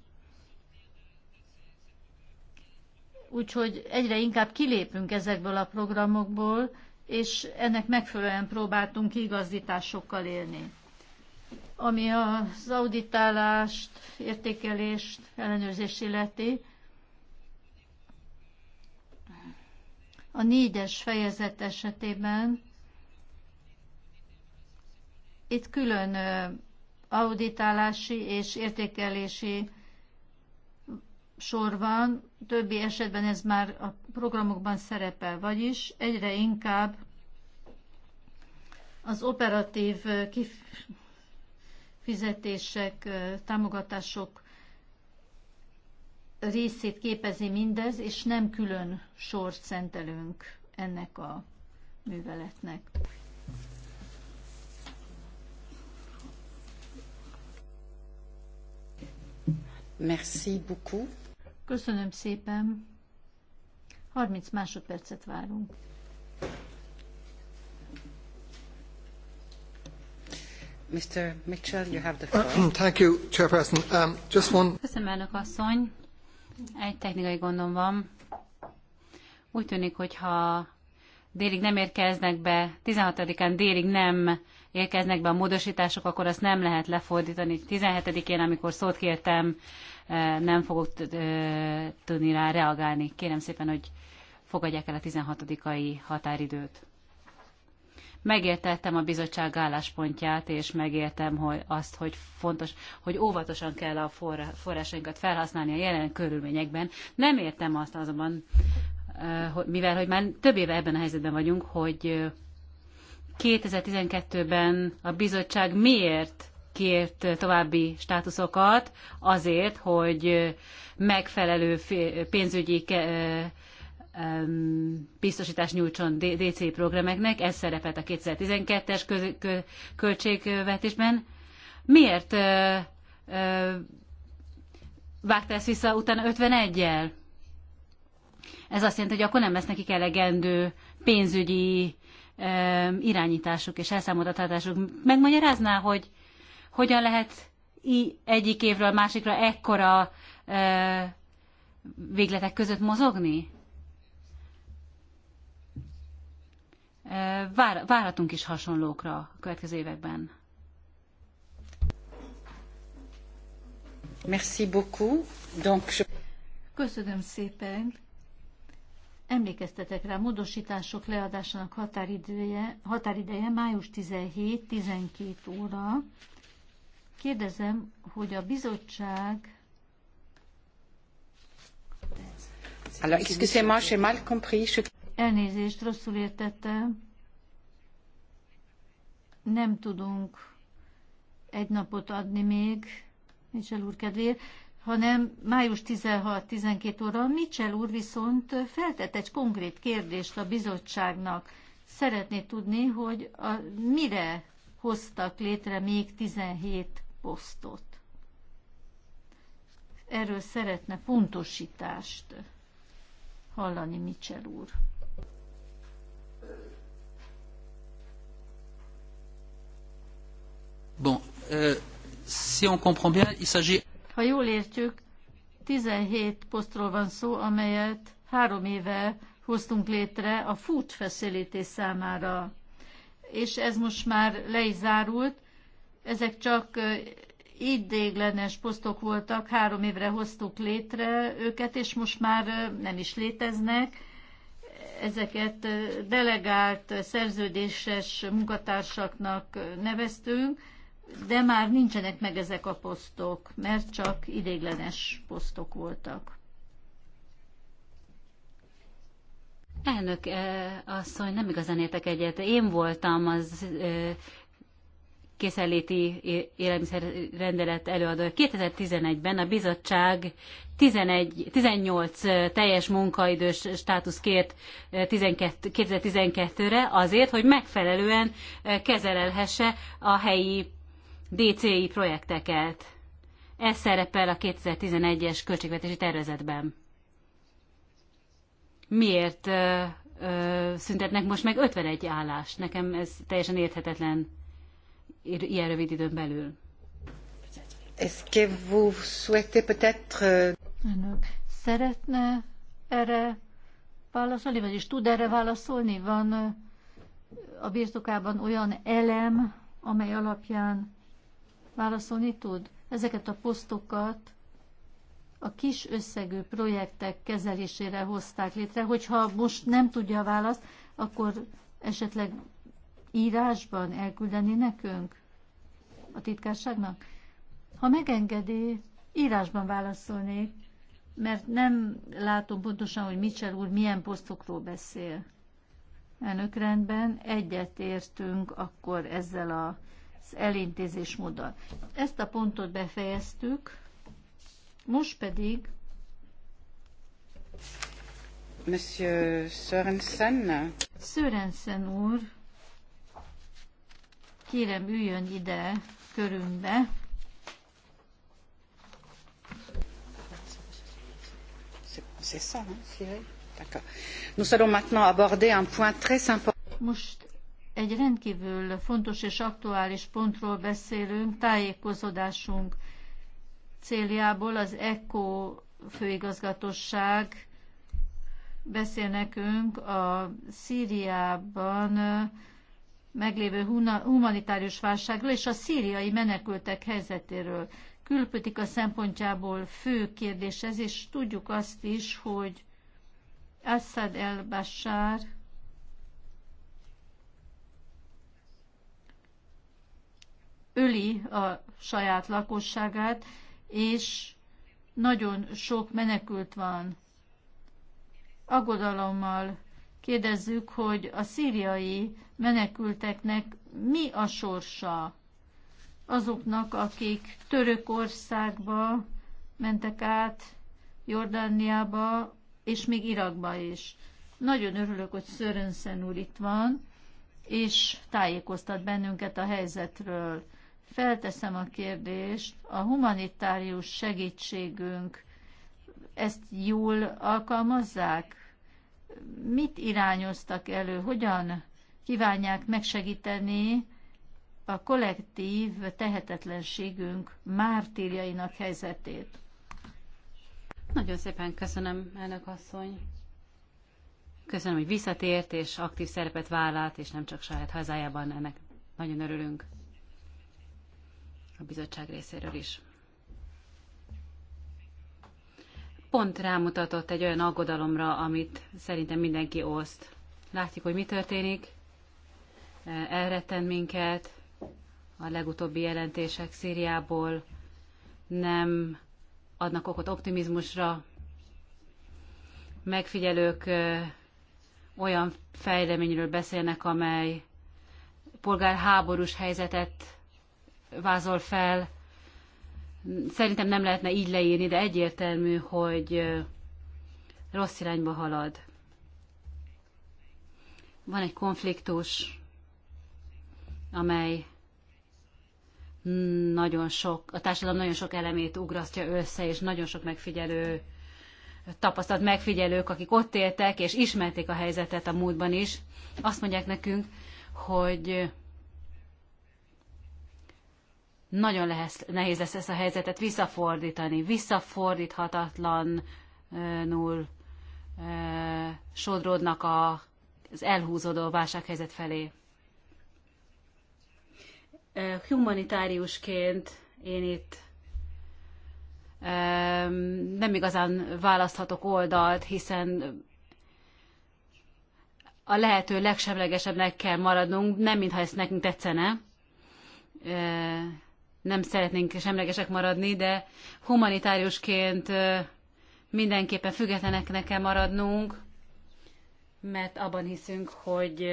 úgyhogy egyre inkább kilépünk ezekből a programokból, és ennek megfelelően próbáltunk igazításokkal élni. Ami az auditálást, értékelést, ellenőrzést illeti, A négyes fejezet esetében itt külön auditálási és értékelési sor van, többi esetben ez már a programokban szerepel, vagyis egyre inkább az operatív kifizetések, támogatások részét képezi mindez, és nem külön sort szentelünk ennek a műveletnek. Merci beaucoup. Köszönöm szépen. 30 másodpercet várunk. Mr. Mitchell, you have the uh, floor. Thank you, Chairperson. Um, just one... Köszönöm, elnök asszony. Egy technikai gondom van. Úgy tűnik, hogy ha délig nem érkeznek be, 16-án délig nem érkeznek be a módosítások, akkor azt nem lehet lefordítani. 17-én, amikor szót kértem, eh, nem fogok eh, tudni rá reagálni. Kérem szépen, hogy fogadják el a 16-ai határidőt megértettem a bizottság álláspontját, és megértem hogy azt, hogy fontos, hogy óvatosan kell a forrásainkat felhasználni a jelen körülményekben. Nem értem azt azonban, mivel hogy már több éve ebben a helyzetben vagyunk, hogy 2012-ben a bizottság miért kért további státuszokat azért, hogy megfelelő pénzügyi biztosítást nyújtson DC programeknek, ez szerepelt a 2012-es költségvetésben. Miért vágta ezt vissza utána 51-jel? Ez azt jelenti, hogy akkor nem lesz nekik elegendő pénzügyi irányításuk és elszámoltatásuk. Megmagyarázná, hogy hogyan lehet egyik évről a másikra ekkora végletek között mozogni? vár, várhatunk is hasonlókra a következő években. Merci beaucoup. Donc, je... Köszönöm szépen. Emlékeztetek rá, módosítások leadásának határideje, határideje május 17-12 óra. Kérdezem, hogy a bizottság... Alors, excusez-moi, j'ai mal compris. Je... Elnézést, rosszul értettem. Nem tudunk egy napot adni még, Mitchell úr kedvéért, hanem május 16-12 óra Mitchell úr viszont feltett egy konkrét kérdést a bizottságnak. Szeretné tudni, hogy a, mire hoztak létre még 17 posztot. Erről szeretne pontosítást hallani Mitchell úr. Bon, euh, si on comprend bien, il s'agit... Ha jól értjük, 17 posztról van szó, amelyet három éve hoztunk létre a Food Facility számára. És ez most már le is zárult. Ezek csak idéglenes posztok voltak, három évre hoztuk létre őket, és most már nem is léteznek. Ezeket delegált szerződéses munkatársaknak neveztünk, de már nincsenek meg ezek a posztok, mert csak idéglenes posztok voltak. Elnök eh, asszony, nem igazán értek egyet. Én voltam az eh, készenléti élelmiszerrendelet előadó. 2011-ben a bizottság 11, 18 eh, teljes munkaidős státusz kért 12, 2012-re azért, hogy megfelelően kezelelhesse a helyi DCI projekteket. Ez szerepel a 2011-es költségvetési tervezetben. Miért ö, ö, szüntetnek most meg 51 állást? Nekem ez teljesen érthetetlen ilyen rövid időn belül. Euh, Önök szeretne erre válaszolni, vagyis tud erre válaszolni? Van a birtokában olyan elem, amely alapján válaszolni tud. Ezeket a posztokat a kis összegű projektek kezelésére hozták létre. Hogyha most nem tudja a választ, akkor esetleg írásban elküldeni nekünk a titkárságnak? Ha megengedi, írásban válaszolnék, mert nem látom pontosan, hogy Mitchell úr milyen posztokról beszél. Elnök rendben, egyetértünk akkor ezzel a elintézés móddal. Ezt a pontot befejeztük, most pedig Monsieur Sörensen. Sörensen úr, kérem üljön ide körünkbe. C'est ça, hein, Cyril Nous allons maintenant aborder un point très important. Most egy rendkívül fontos és aktuális pontról beszélünk, tájékozódásunk céljából az ECO főigazgatóság beszél nekünk a Szíriában meglévő humanitárius válságról és a szíriai menekültek helyzetéről. Külpolitika szempontjából fő kérdés ez, és tudjuk azt is, hogy Assad el-Bashar öli a saját lakosságát, és nagyon sok menekült van. Aggodalommal kérdezzük, hogy a szíriai menekülteknek mi a sorsa azoknak, akik Törökországba mentek át, Jordániába, és még Irakba is. Nagyon örülök, hogy Szörönszen úr itt van, és tájékoztat bennünket a helyzetről. Felteszem a kérdést, a humanitárius segítségünk ezt jól alkalmazzák? Mit irányoztak elő? Hogyan kívánják megsegíteni a kollektív tehetetlenségünk mártírjainak helyzetét? Nagyon szépen köszönöm, elnök asszony. Köszönöm, hogy visszatért és aktív szerepet vállalt, és nem csak saját hazájában ennek nagyon örülünk a bizottság részéről is. Pont rámutatott egy olyan aggodalomra, amit szerintem mindenki oszt. Látjuk, hogy mi történik, elretten minket a legutóbbi jelentések Szíriából, nem adnak okot optimizmusra. Megfigyelők olyan fejleményről beszélnek, amely polgárháborús helyzetet vázol fel. Szerintem nem lehetne így leírni, de egyértelmű, hogy rossz irányba halad. Van egy konfliktus, amely nagyon sok, a társadalom nagyon sok elemét ugrasztja össze, és nagyon sok megfigyelő, tapasztalt megfigyelők, akik ott éltek, és ismerték a helyzetet a múltban is, azt mondják nekünk, hogy nagyon lehez, nehéz lesz ezt a helyzetet visszafordítani. Visszafordíthatatlanul sodródnak a, az elhúzódó válsághelyzet felé. Humanitáriusként én itt nem igazán választhatok oldalt, hiszen a lehető legsemlegesebbnek kell maradnunk, nem mintha ezt nekünk tetszene nem szeretnénk semlegesek maradni, de humanitáriusként mindenképpen függetleneknek kell maradnunk, mert abban hiszünk, hogy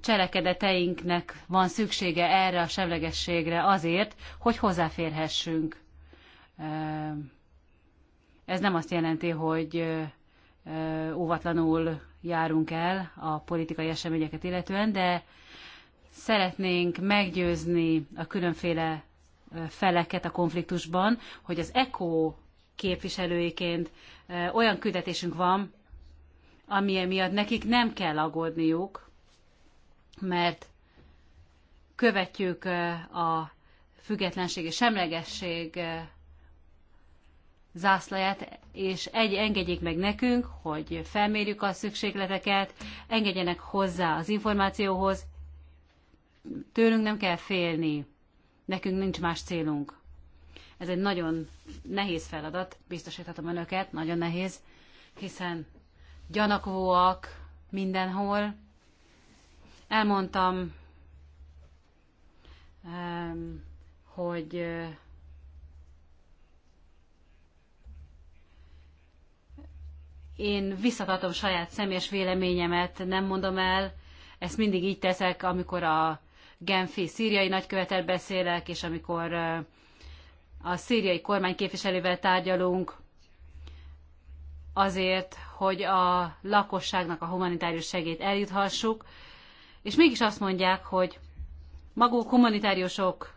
cselekedeteinknek van szüksége erre a semlegességre azért, hogy hozzáférhessünk. Ez nem azt jelenti, hogy óvatlanul járunk el a politikai eseményeket illetően, de szeretnénk meggyőzni a különféle feleket a konfliktusban, hogy az ECO képviselőiként olyan küldetésünk van, ami miatt nekik nem kell aggódniuk, mert követjük a függetlenség és semlegesség zászlaját, és egy, engedjék meg nekünk, hogy felmérjük a szükségleteket, engedjenek hozzá az információhoz, tőlünk nem kell félni, nekünk nincs más célunk. Ez egy nagyon nehéz feladat, biztosíthatom önöket, nagyon nehéz, hiszen gyanakvóak mindenhol. Elmondtam, hogy én visszatartom saját személyes véleményemet, nem mondom el, ezt mindig így teszek, amikor a Genfi szíriai nagykövetel beszélek, és amikor a szíriai kormány képviselővel tárgyalunk, azért, hogy a lakosságnak a humanitárius segélyt eljuthassuk, és mégis azt mondják, hogy maguk humanitáriusok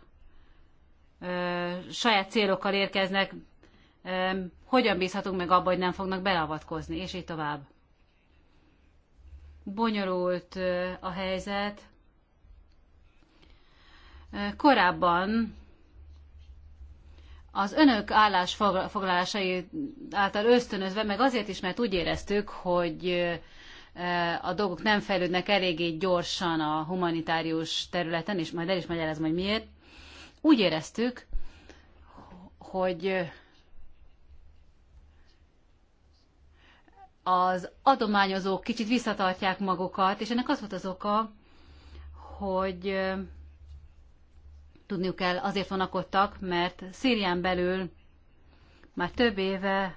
ö, saját célokkal érkeznek, ö, hogyan bízhatunk meg abba, hogy nem fognak beavatkozni és így tovább. Bonyolult ö, a helyzet, korábban az önök állásfoglalásai által ösztönözve, meg azért is, mert úgy éreztük, hogy a dolgok nem fejlődnek eléggé gyorsan a humanitárius területen, és majd el is magyarázom, hogy miért. Úgy éreztük, hogy az adományozók kicsit visszatartják magukat, és ennek az volt az oka, hogy tudniuk kell, azért vonakodtak, mert Szírián belül már több éve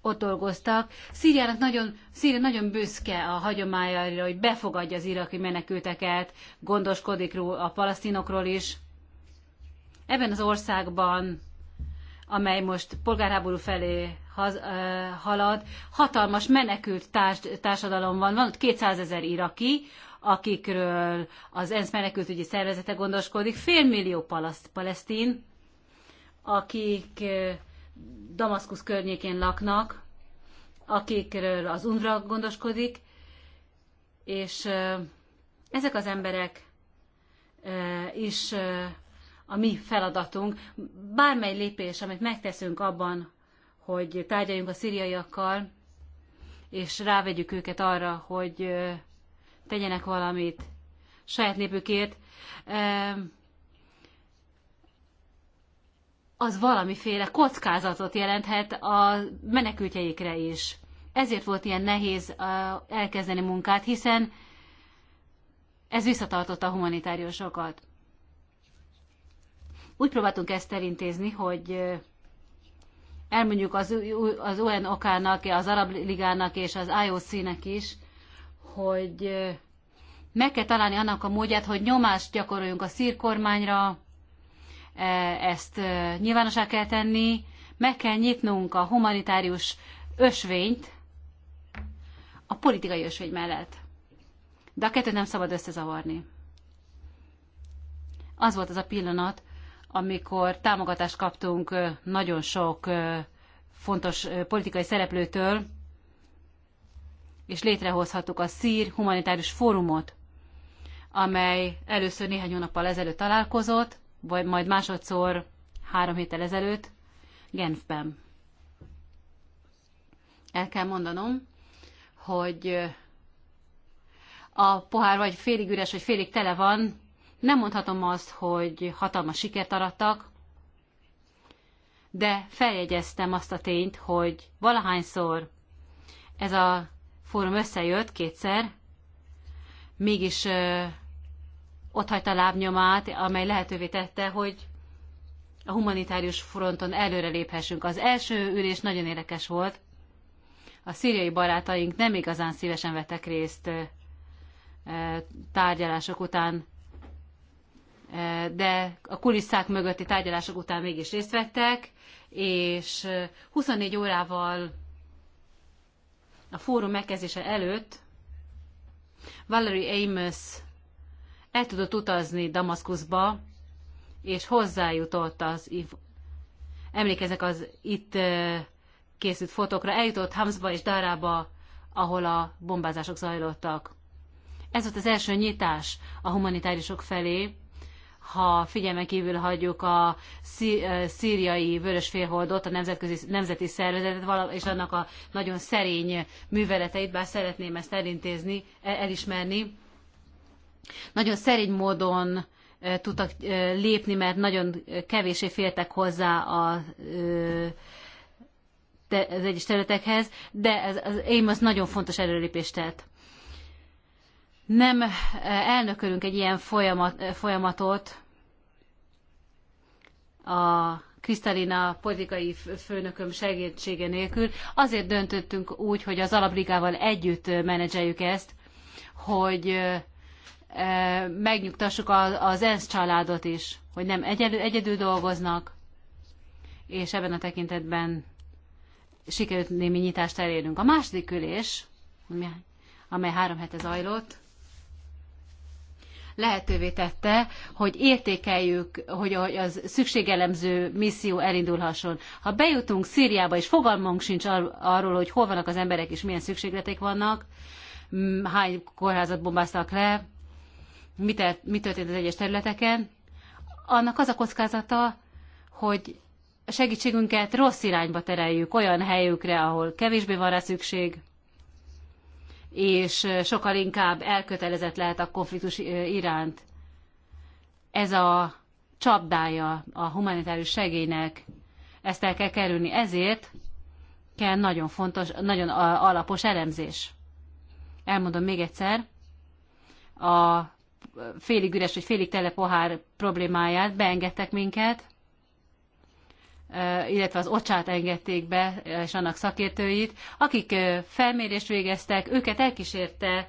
ott dolgoztak. Szíriának nagyon, Szíria nagyon büszke a hagyományára, hogy befogadja az iraki menekülteket, gondoskodik róla a palasztinokról is. Ebben az országban, amely most polgárháború felé haz, uh, halad, hatalmas menekült társ, társadalom van. Van ott 200 ezer iraki, akikről az ENSZ menekültügyi szervezete gondoskodik, félmillió palesztin, akik Damaszkusz környékén laknak, akikről az UNRWA gondoskodik, és ezek az emberek is a mi feladatunk. Bármely lépés, amit megteszünk abban, hogy tárgyaljunk a szíriaiakkal, és rávegyük őket arra, hogy tegyenek valamit saját népükért, az valamiféle kockázatot jelenthet a menekültjeikre is. Ezért volt ilyen nehéz elkezdeni munkát, hiszen ez visszatartotta a humanitáriusokat. Úgy próbáltunk ezt elintézni, hogy elmondjuk az, az UNOK-nak, az Arab Ligának és az IOC-nek is, hogy meg kell találni annak a módját, hogy nyomást gyakoroljunk a szírkormányra, ezt nyilvánosá kell tenni, meg kell nyitnunk a humanitárius ösvényt a politikai ösvény mellett. De a kettőt nem szabad összezavarni. Az volt az a pillanat, amikor támogatást kaptunk nagyon sok fontos politikai szereplőtől, és létrehozhattuk a Szír Humanitárius Fórumot, amely először néhány hónappal ezelőtt találkozott, vagy majd másodszor három héttel ezelőtt Genfben. El kell mondanom, hogy a pohár vagy félig üres, vagy félig tele van, nem mondhatom azt, hogy hatalmas sikert arattak, de feljegyeztem azt a tényt, hogy valahányszor ez a fórum összejött kétszer, mégis ö, ott hagyta lábnyomát, amely lehetővé tette, hogy a humanitárius fronton előre léphessünk. Az első ülés nagyon érdekes volt. A szíriai barátaink nem igazán szívesen vettek részt ö, tárgyalások után, ö, de a kulisszák mögötti tárgyalások után mégis részt vettek, és 24 órával a fórum megkezdése előtt Valerie Amos el tudott utazni Damaszkuszba, és hozzájutott az, emlékeznek az itt készült fotókra, eljutott Hamzba és Darába, ahol a bombázások zajlottak. Ez volt az első nyitás a humanitáriusok felé, ha figyelmen kívül hagyjuk a szíriai félholdot a nemzetközi, nemzeti szervezetet, és annak a nagyon szerény műveleteit, bár szeretném ezt elintézni, elismerni, nagyon szerény módon tudtak lépni, mert nagyon kevésé féltek hozzá a az egyes területekhez, de ez, az AIM az nagyon fontos előrelépést tett nem eh, elnökölünk egy ilyen folyamat, eh, folyamatot, a Krisztalina politikai főnököm segítsége nélkül. Azért döntöttünk úgy, hogy az alapligával együtt eh, menedzseljük ezt, hogy megnyugtassuk az ENSZ családot is, hogy nem egyedül, egyedül dolgoznak, és ebben a tekintetben sikerült némi nyitást elérünk. A második ülés, amely három hete zajlott, lehetővé tette, hogy értékeljük, hogy az szükségelemző misszió elindulhasson. Ha bejutunk Szíriába, és fogalmunk sincs ar- arról, hogy hol vannak az emberek, és milyen szükségletek vannak, hány kórházat bombáztak le, mi történt az egyes területeken, annak az a kockázata, hogy segítségünket rossz irányba tereljük olyan helyükre, ahol kevésbé van rá szükség, és sokkal inkább elkötelezett lehet a konfliktus iránt. Ez a csapdája a humanitárius segélynek, ezt el kell kerülni. Ezért kell nagyon fontos, nagyon alapos elemzés. Elmondom még egyszer, a félig üres vagy félig tele pohár problémáját beengedtek minket, illetve az ocsát engedték be, és annak szakértőit, akik felmérést végeztek, őket elkísérte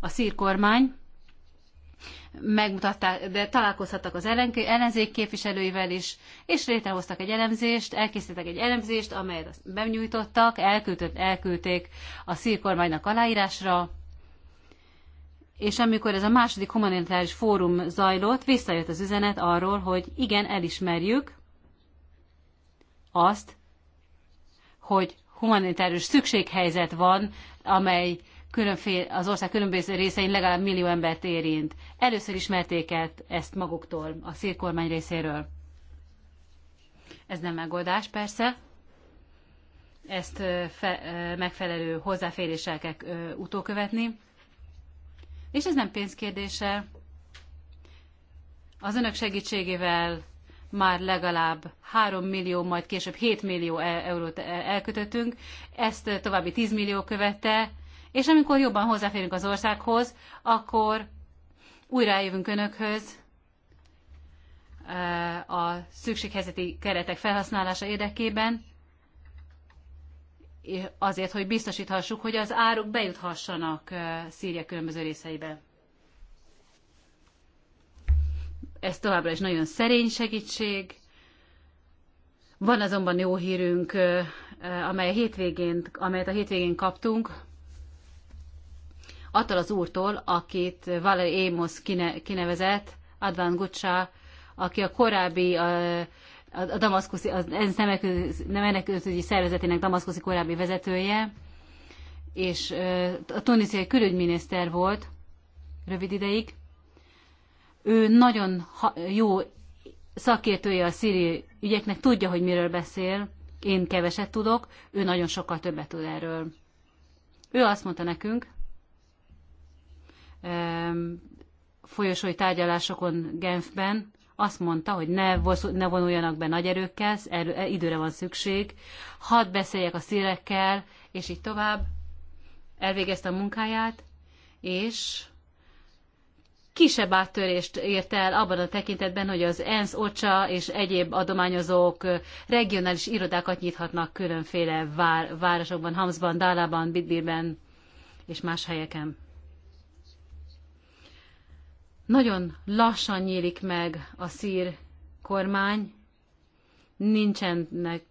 a szírkormány, megmutatták, de találkozhattak az ellenzék képviselőivel is, és létrehoztak egy elemzést, elkészítettek egy elemzést, amelyet benyújtottak, elküldött, elküldték a szírkormánynak aláírásra, és amikor ez a második humanitárius fórum zajlott, visszajött az üzenet arról, hogy igen, elismerjük, azt, hogy humanitárius szükséghelyzet van, amely különféle, az ország különböző részein legalább millió embert érint. Először ismerték el ezt maguktól, a szírkormány részéről. Ez nem megoldás, persze. Ezt fe, megfelelő hozzáféréssel kell utókövetni. És ez nem pénzkérdése. Az önök segítségével már legalább 3 millió, majd később 7 millió e- eurót e- elkötöttünk, ezt további 10 millió követte, és amikor jobban hozzáférünk az országhoz, akkor újra eljövünk Önökhöz e, a szükséghelyzeti keretek felhasználása érdekében, azért, hogy biztosíthassuk, hogy az áruk bejuthassanak Szíria különböző részeibe. ez továbbra is nagyon szerény segítség. Van azonban jó hírünk, amely a hétvégén, amelyet a hétvégén kaptunk, attól az úrtól, akit Valery Amos kine, kinevezett, Advan Gucsa, aki a korábbi a, a damaszkuszi, az ENSZ menekültügyi szervezetének damaszkuszi korábbi vezetője, és a tunisziai külügyminiszter volt rövid ideig, ő nagyon jó szakértője a szíri ügyeknek, tudja, hogy miről beszél, én keveset tudok, ő nagyon sokkal többet tud erről. Ő azt mondta nekünk, folyosói tárgyalásokon Genfben, azt mondta, hogy ne, ne vonuljanak be nagy erőkkel, erő, e, időre van szükség, hadd beszéljek a szírekkel, és így tovább. Elvégezte a munkáját, és kisebb áttörést ért el abban a tekintetben, hogy az ENSZ, OCSA és egyéb adományozók regionális irodákat nyithatnak különféle vár, városokban, Hamsban, Dálában, Bidbirben és más helyeken. Nagyon lassan nyílik meg a szír kormány, nincsenek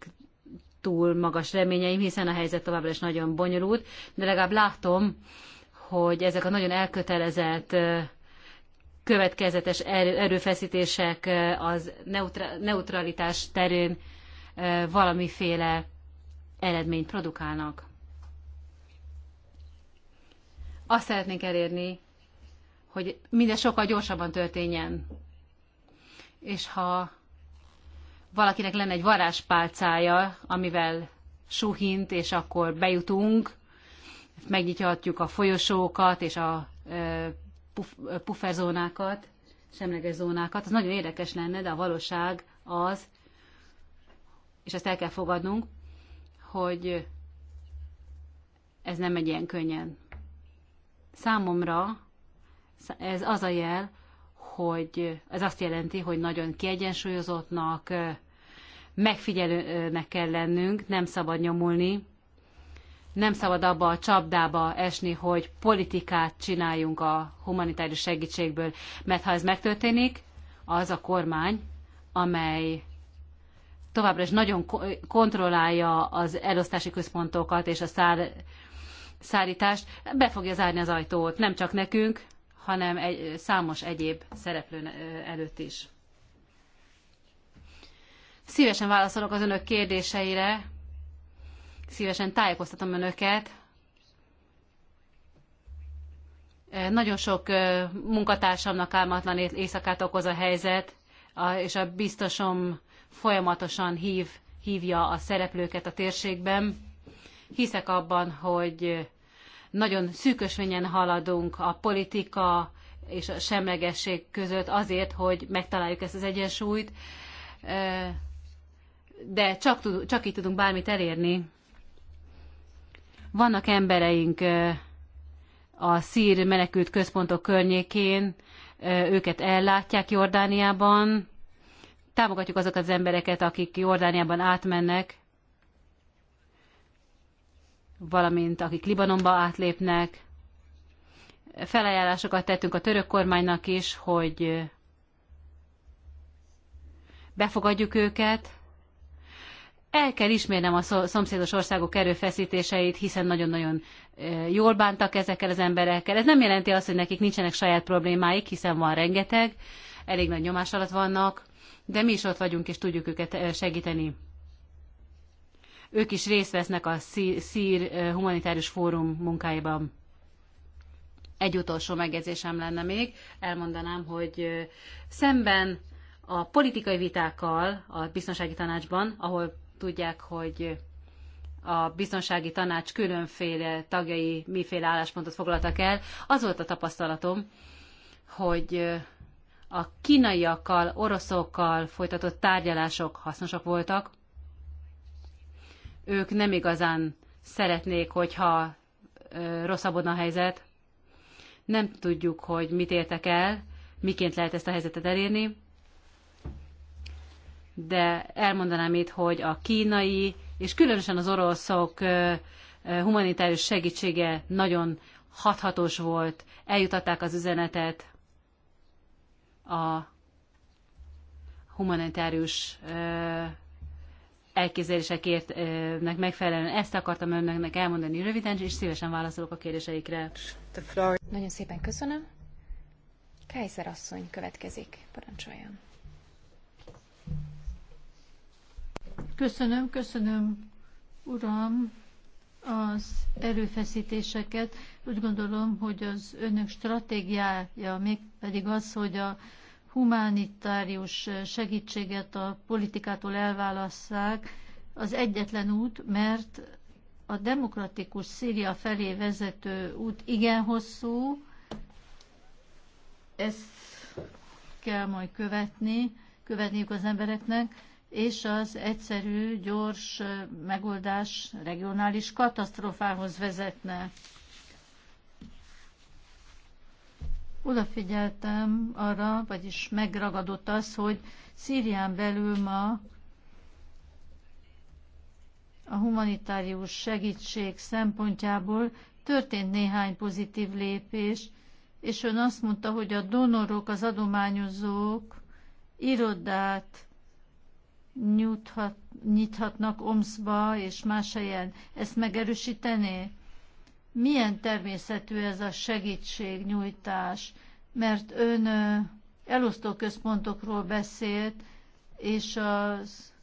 túl magas reményeim, hiszen a helyzet továbbra is nagyon bonyolult, de legalább látom, hogy ezek a nagyon elkötelezett következetes erőfeszítések az neutralitás terén valamiféle eredményt produkálnak. Azt szeretnénk elérni, hogy minden sokkal gyorsabban történjen. És ha valakinek lenne egy varázspálcája, amivel suhint, és akkor bejutunk, megnyithatjuk a folyosókat és a puf, pufferzónákat, semleges zónákat. Az nagyon érdekes lenne, de a valóság az, és ezt el kell fogadnunk, hogy ez nem megy ilyen könnyen. Számomra ez az a jel, hogy ez azt jelenti, hogy nagyon kiegyensúlyozottnak, megfigyelőnek kell lennünk, nem szabad nyomulni, nem szabad abba a csapdába esni, hogy politikát csináljunk a humanitárius segítségből, mert ha ez megtörténik, az a kormány, amely továbbra is nagyon kontrollálja az elosztási központokat és a szár, szállítást, be fogja zárni az ajtót, nem csak nekünk, hanem egy, számos egyéb szereplő előtt is. Szívesen válaszolok az önök kérdéseire, szívesen tájékoztatom önöket. Nagyon sok munkatársamnak álmatlan éjszakát okoz a helyzet, és a biztosom folyamatosan hív, hívja a szereplőket a térségben. Hiszek abban, hogy nagyon szűkösvényen haladunk a politika és a semlegesség között azért, hogy megtaláljuk ezt az egyensúlyt, de csak, csak így tudunk bármit elérni. Vannak embereink a szír menekült központok környékén, őket ellátják Jordániában, támogatjuk azokat az embereket, akik Jordániában átmennek, valamint akik Libanonba átlépnek. Felajánlásokat tettünk a török kormánynak is, hogy befogadjuk őket, el kell ismérnem a szomszédos országok erőfeszítéseit, hiszen nagyon-nagyon jól bántak ezekkel az emberekkel. Ez nem jelenti azt, hogy nekik nincsenek saját problémáik, hiszen van rengeteg, elég nagy nyomás alatt vannak, de mi is ott vagyunk, és tudjuk őket segíteni. Ők is részt vesznek a Szír Humanitárius Fórum munkáiban. Egy utolsó megjegyzésem lenne még, elmondanám, hogy szemben a politikai vitákkal a biztonsági tanácsban, ahol tudják, hogy a biztonsági tanács különféle tagjai miféle álláspontot foglaltak el. Az volt a tapasztalatom, hogy a kínaiakkal, oroszokkal folytatott tárgyalások hasznosak voltak. Ők nem igazán szeretnék, hogyha rosszabbodna a helyzet. Nem tudjuk, hogy mit értek el, miként lehet ezt a helyzetet elérni de elmondanám itt, hogy a kínai és különösen az oroszok humanitárius segítsége nagyon hathatós volt, eljutatták az üzenetet a humanitárius elképzeléseknek megfelelően. Ezt akartam önöknek elmondani röviden, és szívesen válaszolok a kérdéseikre. Nagyon szépen köszönöm. Kaiser asszony következik. Parancsoljon. Köszönöm, köszönöm, uram, az erőfeszítéseket. Úgy gondolom, hogy az önök stratégiája mégpedig az, hogy a humanitárius segítséget a politikától elválasszák, az egyetlen út, mert a demokratikus Szíria felé vezető út igen hosszú, ezt kell majd követni, követniük az embereknek, és az egyszerű, gyors megoldás regionális katasztrofához vezetne. Odafigyeltem arra, vagyis megragadott az, hogy Szírián belül ma a humanitárius segítség szempontjából történt néhány pozitív lépés, és ön azt mondta, hogy a donorok, az adományozók irodát nyújthat, nyithatnak Omszba és más helyen. Ezt megerősítené? Milyen természetű ez a segítségnyújtás? Mert ön elosztó központokról beszélt, és az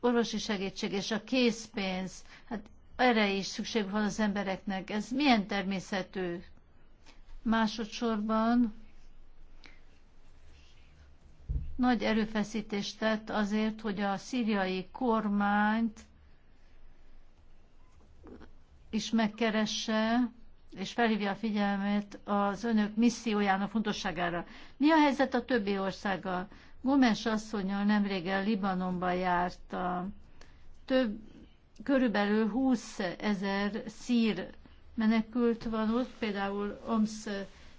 orvosi segítség és a készpénz, hát erre is szükség van az embereknek. Ez milyen természetű? Másodszorban nagy erőfeszítést tett azért, hogy a szíriai kormányt is megkeresse, és felhívja a figyelmet az önök missziójának fontosságára. Mi a helyzet a többi országgal? Gomes asszonyal nemrégen Libanonba a Több, körülbelül 20 ezer szír menekült van ott, például Omsz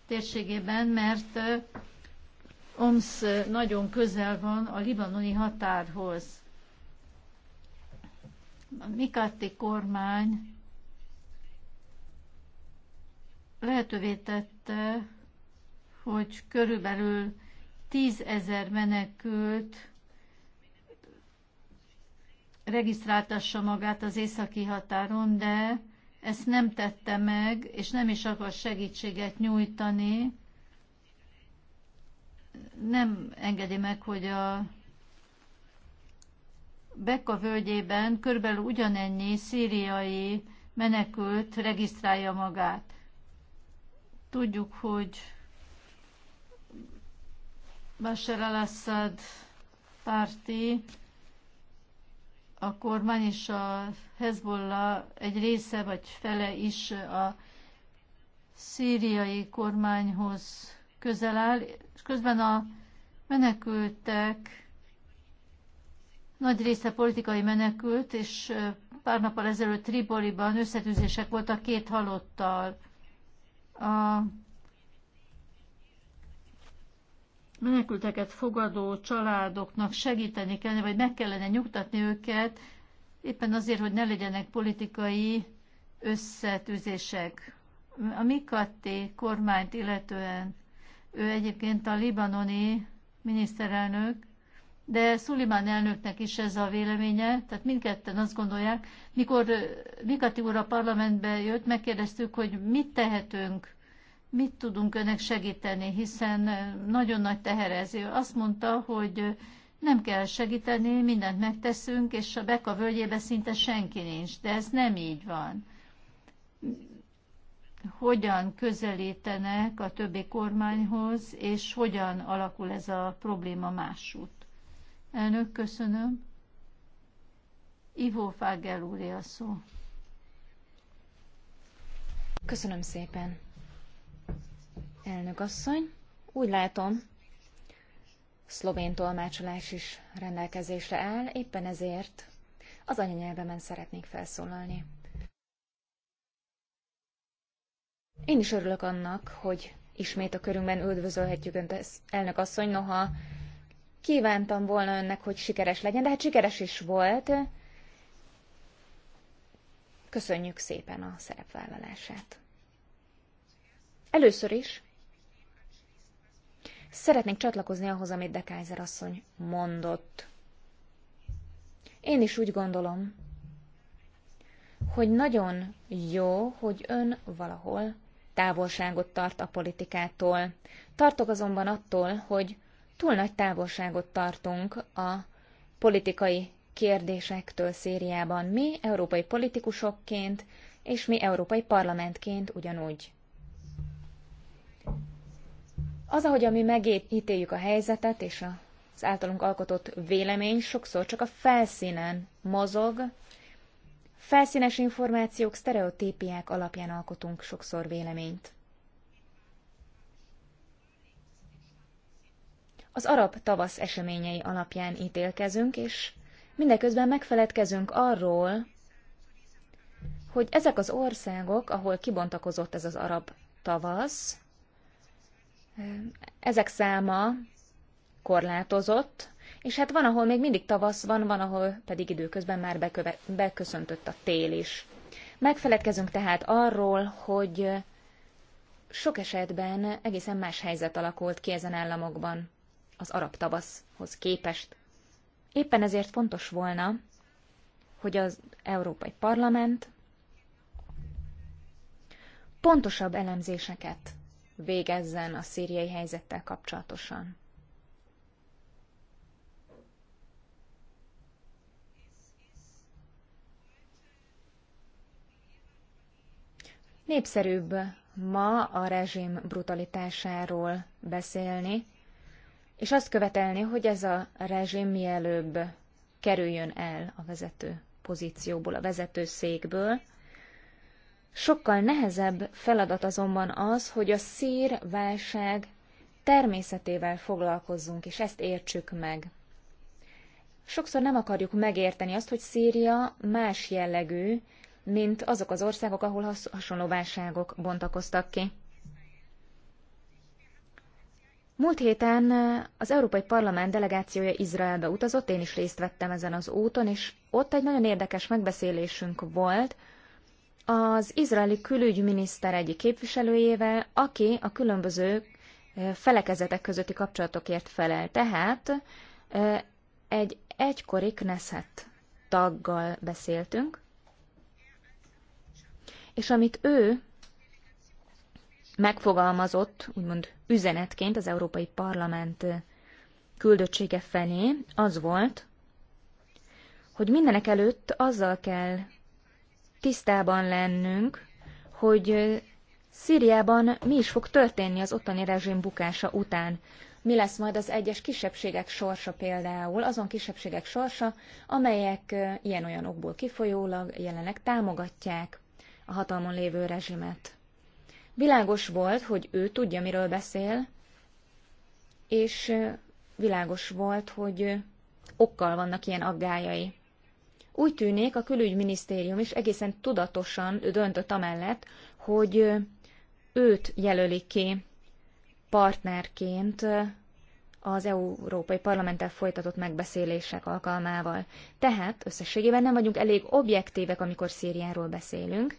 térségében, mert Oms nagyon közel van a libanoni határhoz. A Mikati kormány lehetővé tette, hogy körülbelül tízezer menekült regisztráltassa magát az északi határon, de ezt nem tette meg, és nem is akar segítséget nyújtani nem engedi meg, hogy a Bekka völgyében körülbelül ugyanennyi szíriai menekült regisztrálja magát. Tudjuk, hogy Bashar al-Assad párti, a kormány és a Hezbollah egy része vagy fele is a szíriai kormányhoz közel áll, közben a menekültek nagy része politikai menekült, és pár nappal ezelőtt Triboliban összetűzések voltak két halottal. A menekülteket fogadó családoknak segíteni kellene, vagy meg kellene nyugtatni őket, éppen azért, hogy ne legyenek politikai összetűzések. A Mikatti kormányt illetően ő egyébként a libanoni miniszterelnök, de Szulimán elnöknek is ez a véleménye, tehát mindketten azt gondolják, mikor Mikati úr a parlamentbe jött, megkérdeztük, hogy mit tehetünk, mit tudunk önnek segíteni, hiszen nagyon nagy teherező. Azt mondta, hogy nem kell segíteni, mindent megteszünk, és a Beka völgyébe szinte senki nincs, de ez nem így van hogyan közelítenek a többi kormányhoz, és hogyan alakul ez a probléma másút. Elnök, köszönöm. Ivo Fágel úré a szó. Köszönöm szépen. Elnök asszony, úgy látom, szlovén tolmácsolás is rendelkezésre áll, éppen ezért az anyanyelvemen szeretnék felszólalni. Én is örülök annak, hogy ismét a körünkben üldvözölhetjük Önt, elnök asszony, noha kívántam volna Önnek, hogy sikeres legyen, de hát sikeres is volt. Köszönjük szépen a szerepvállalását. Először is szeretnék csatlakozni ahhoz, amit de Kaiser asszony mondott. Én is úgy gondolom, hogy nagyon jó, hogy ön valahol távolságot tart a politikától. Tartok azonban attól, hogy túl nagy távolságot tartunk a politikai kérdésektől szériában, mi, európai politikusokként, és mi, európai parlamentként ugyanúgy. Az, ahogy mi megítéljük a helyzetet és az általunk alkotott vélemény sokszor csak a felszínen mozog, Felszínes információk, sztereotípiák alapján alkotunk sokszor véleményt. Az arab tavasz eseményei alapján ítélkezünk, és mindeközben megfeledkezünk arról, hogy ezek az országok, ahol kibontakozott ez az arab tavasz, ezek száma korlátozott, és hát van, ahol még mindig tavasz van, van, ahol pedig időközben már beköve, beköszöntött a tél is. Megfeledkezünk tehát arról, hogy sok esetben egészen más helyzet alakult ki ezen államokban az arab tavaszhoz képest. Éppen ezért fontos volna, hogy az Európai Parlament pontosabb elemzéseket végezzen a szíriai helyzettel kapcsolatosan. Népszerűbb ma a rezsim brutalitásáról beszélni, és azt követelni, hogy ez a rezsim mielőbb kerüljön el a vezető pozícióból, a vezető székből. Sokkal nehezebb feladat azonban az, hogy a szír válság természetével foglalkozzunk, és ezt értsük meg. Sokszor nem akarjuk megérteni azt, hogy Szíria más jellegű, mint azok az országok, ahol hasonló válságok bontakoztak ki. Múlt héten eh, az Európai Parlament delegációja Izraelbe utazott, én is részt vettem ezen az úton, és ott egy nagyon érdekes megbeszélésünk volt az izraeli külügyminiszter egyik képviselőjével, aki a különböző eh, felekezetek közötti kapcsolatokért felel. Tehát eh, egy egykori Knesset taggal beszéltünk, és amit ő megfogalmazott, úgymond üzenetként az Európai Parlament küldöttsége felé, az volt, hogy mindenek előtt azzal kell tisztában lennünk, hogy Szíriában mi is fog történni az ottani rezsim bukása után. Mi lesz majd az egyes kisebbségek sorsa például, azon kisebbségek sorsa, amelyek ilyen-olyan okból kifolyólag jelenleg támogatják a hatalmon lévő rezsimet. Világos volt, hogy ő tudja, miről beszél, és világos volt, hogy okkal vannak ilyen aggájai. Úgy tűnik, a külügyminisztérium is egészen tudatosan döntött amellett, hogy őt jelölik ki partnerként az Európai Parlamenttel folytatott megbeszélések alkalmával. Tehát összességében nem vagyunk elég objektívek, amikor Szíriáról beszélünk,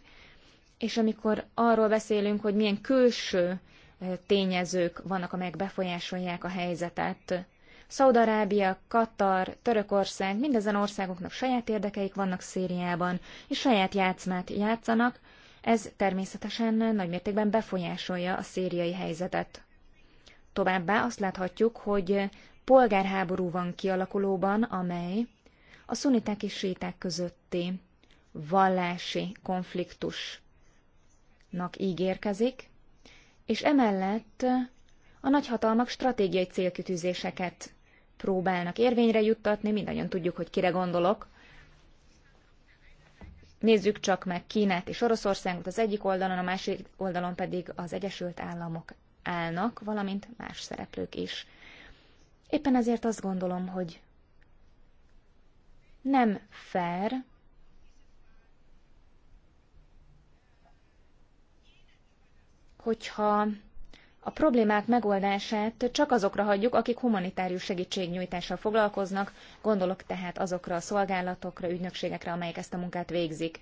és amikor arról beszélünk, hogy milyen külső eh, tényezők vannak, amelyek befolyásolják a helyzetet, Szaudarábia, Katar, Törökország, mindezen országoknak saját érdekeik vannak Szíriában, és saját játszmát játszanak, ez természetesen nagymértékben befolyásolja a szíriai helyzetet. Továbbá azt láthatjuk, hogy polgárháború van kialakulóban, amely a szunitek és síták közötti vallási konfliktus nak ígérkezik, és emellett a nagyhatalmak stratégiai célkitűzéseket próbálnak érvényre juttatni, mindannyian tudjuk, hogy kire gondolok. Nézzük csak meg Kínát és Oroszországot az egyik oldalon, a másik oldalon pedig az Egyesült Államok állnak, valamint más szereplők is. Éppen ezért azt gondolom, hogy nem fair, hogyha a problémák megoldását csak azokra hagyjuk, akik humanitárius segítségnyújtással foglalkoznak, gondolok tehát azokra a szolgálatokra, ügynökségekre, amelyek ezt a munkát végzik.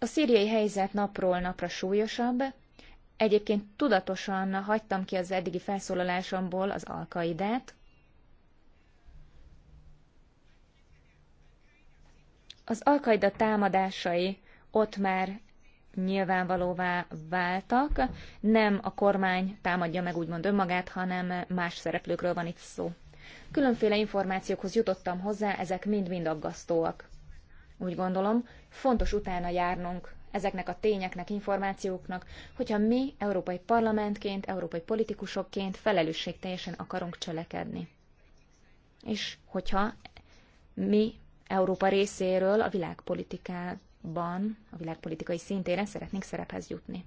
A szíriai helyzet napról napra súlyosabb. Egyébként tudatosan hagytam ki az eddigi felszólalásomból az alkaidát. Az alkaida támadásai ott már nyilvánvalóvá váltak. Nem a kormány támadja meg úgymond önmagát, hanem más szereplőkről van itt szó. Különféle információkhoz jutottam hozzá, ezek mind-mind aggasztóak. Úgy gondolom, fontos utána járnunk ezeknek a tényeknek, információknak, hogyha mi európai parlamentként, európai politikusokként felelősségteljesen akarunk cselekedni. És hogyha mi Európa részéről a világpolitikát világban, a világpolitikai szintére szeretnénk szerephez jutni.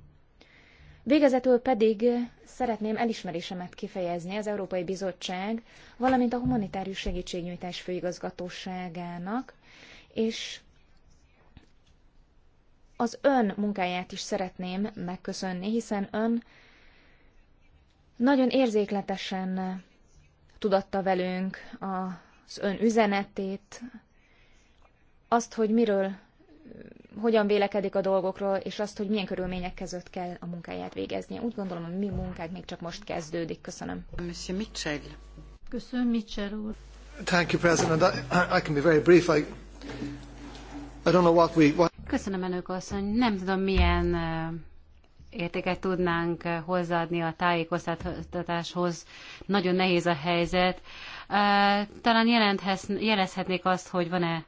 Végezetül pedig szeretném elismerésemet kifejezni az Európai Bizottság, valamint a Humanitárius Segítségnyújtás Főigazgatóságának, és az ön munkáját is szeretném megköszönni, hiszen ön nagyon érzékletesen tudatta velünk az ön üzenetét, azt, hogy miről hogyan vélekedik a dolgokról, és azt, hogy milyen körülmények között kell a munkáját végeznie. Úgy gondolom, a mi munkánk még csak most kezdődik. Köszönöm. Monsieur Mitchell. Köszönöm, Mitchell úr. Thank you, President. I, I can be very brief. I, I don't know what we... What... Köszönöm, elnök asszony. Nem tudom, milyen értéket tudnánk hozzáadni a tájékoztatáshoz. Nagyon nehéz a helyzet. Talán jelezhetnék azt, hogy van-e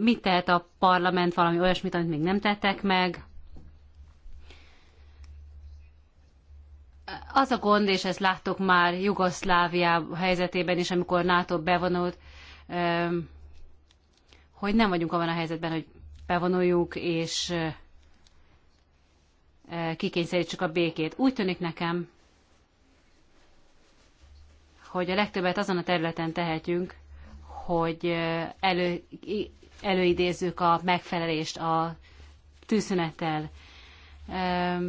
mit tehet a parlament valami olyasmit, amit még nem tettek meg. Az a gond, és ezt láttuk már Jugoszlávia helyzetében is, amikor NATO bevonult, hogy nem vagyunk abban a helyzetben, hogy bevonuljuk, és kikényszerítsük a békét. Úgy tűnik nekem, hogy a legtöbbet azon a területen tehetjünk, hogy elő, előidézzük a megfelelést a tűzszünettel.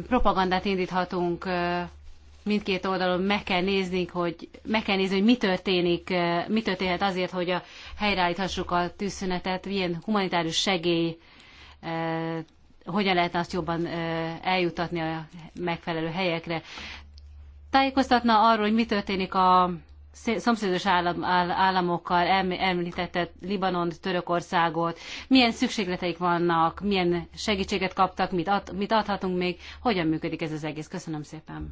Propagandát indíthatunk mindkét oldalon meg kell nézni, hogy meg kell nézni, hogy mi történik, mi történhet azért, hogy a helyreállíthassuk a tűzszünetet, ilyen humanitárius segély, hogyan lehetne azt jobban eljutatni a megfelelő helyekre. Tájékoztatna arról, hogy mi történik a szomszédos állam, államokkal, említette Libanon, Törökországot, milyen szükségleteik vannak, milyen segítséget kaptak, mit, ad, mit adhatunk még, hogyan működik ez az egész. Köszönöm szépen.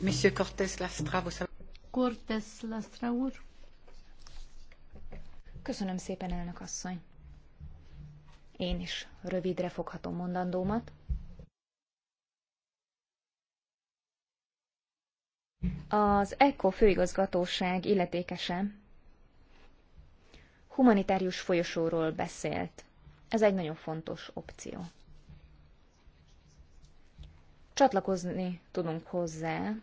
Monsieur Cortés Lastra, vous Cortés Lastra úr. Köszönöm szépen, elnök asszony. Én is rövidre foghatom mondandómat. Az ECO főigazgatóság illetékese humanitárius folyosóról beszélt. Ez egy nagyon fontos opció. Csatlakozni tudunk hozzá,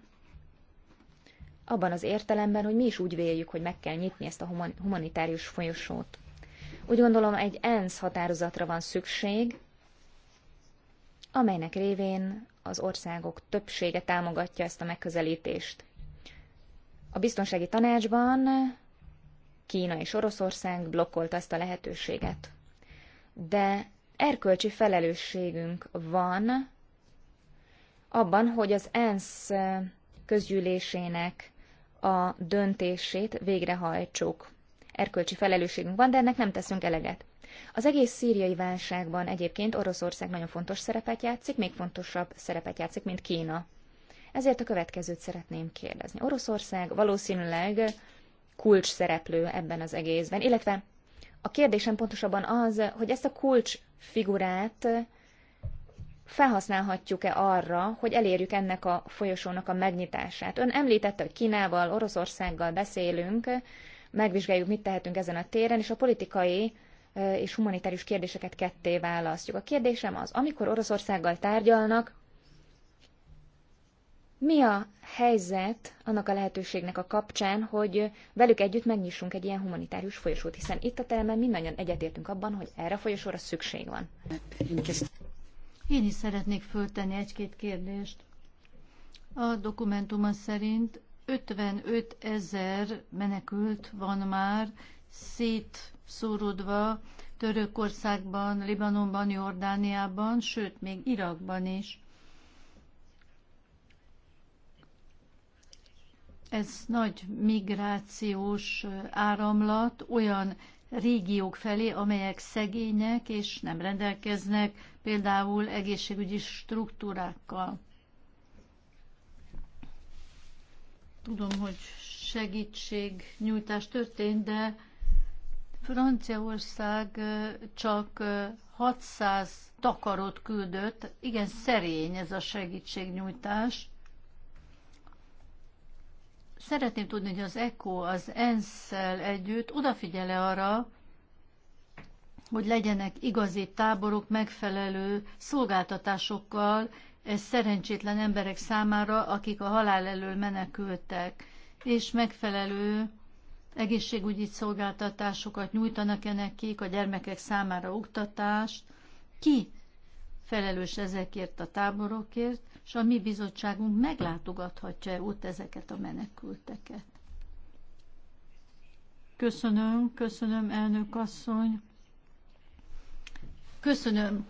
abban az értelemben, hogy mi is úgy véljük, hogy meg kell nyitni ezt a humanitárius folyosót. Úgy gondolom, egy ENSZ határozatra van szükség, amelynek révén az országok többsége támogatja ezt a megközelítést. A biztonsági tanácsban Kína és Oroszország blokkolt ezt a lehetőséget. De erkölcsi felelősségünk van abban, hogy az ENSZ közgyűlésének a döntését végrehajtsuk. Erkölcsi felelősségünk van, de ennek nem teszünk eleget. Az egész szíriai válságban egyébként Oroszország nagyon fontos szerepet játszik, még fontosabb szerepet játszik, mint Kína. Ezért a következőt szeretném kérdezni. Oroszország valószínűleg kulcs szereplő ebben az egészben, illetve a kérdésem pontosabban az, hogy ezt a kulcs figurát felhasználhatjuk-e arra, hogy elérjük ennek a folyosónak a megnyitását. Ön említette, hogy Kínával, Oroszországgal beszélünk, megvizsgáljuk, mit tehetünk ezen a téren, és a politikai és humanitárius kérdéseket ketté választjuk. A kérdésem az, amikor Oroszországgal tárgyalnak, mi a helyzet annak a lehetőségnek a kapcsán, hogy velük együtt megnyissunk egy ilyen humanitárius folyosót, hiszen itt a teremben mindannyian egyetértünk abban, hogy erre a folyosóra szükség van. Én is szeretnék föltenni egy-két kérdést. A dokumentuma szerint 55 ezer menekült van már szét szúródva Törökországban, Libanonban, Jordániában, sőt, még Irakban is. Ez nagy migrációs áramlat olyan régiók felé, amelyek szegények és nem rendelkeznek például egészségügyi struktúrákkal. Tudom, hogy segítség nyújtás történt, de Franciaország csak 600 takarót küldött, igen szerény ez a segítségnyújtás. Szeretném tudni, hogy az ECO az ENSZ-szel együtt odafigyele arra, hogy legyenek igazi táborok megfelelő szolgáltatásokkal ez szerencsétlen emberek számára, akik a halál elől menekültek, és megfelelő egészségügyi szolgáltatásokat nyújtanak-e nekik, a gyermekek számára oktatást, ki felelős ezekért a táborokért, és a mi bizottságunk meglátogathatja ott ezeket a menekülteket. Köszönöm, köszönöm, elnök asszony. Köszönöm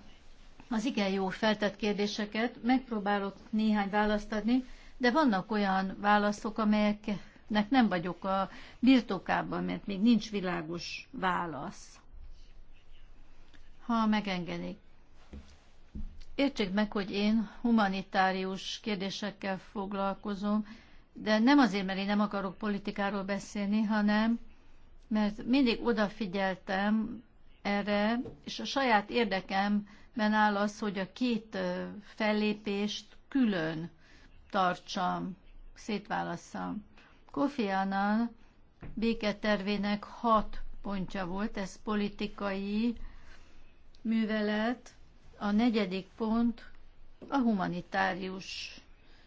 az igen jó feltett kérdéseket, megpróbálok néhány választ adni, de vannak olyan válaszok, amelyek nek nem vagyok a birtokában, mert még nincs világos válasz. Ha megengedik. Értsék meg, hogy én humanitárius kérdésekkel foglalkozom, de nem azért, mert én nem akarok politikáról beszélni, hanem mert mindig odafigyeltem erre, és a saját érdekemben áll az, hogy a két fellépést külön tartsam, szétválasszam. Kofi Annan béketervének hat pontja volt, ez politikai művelet. A negyedik pont a humanitárius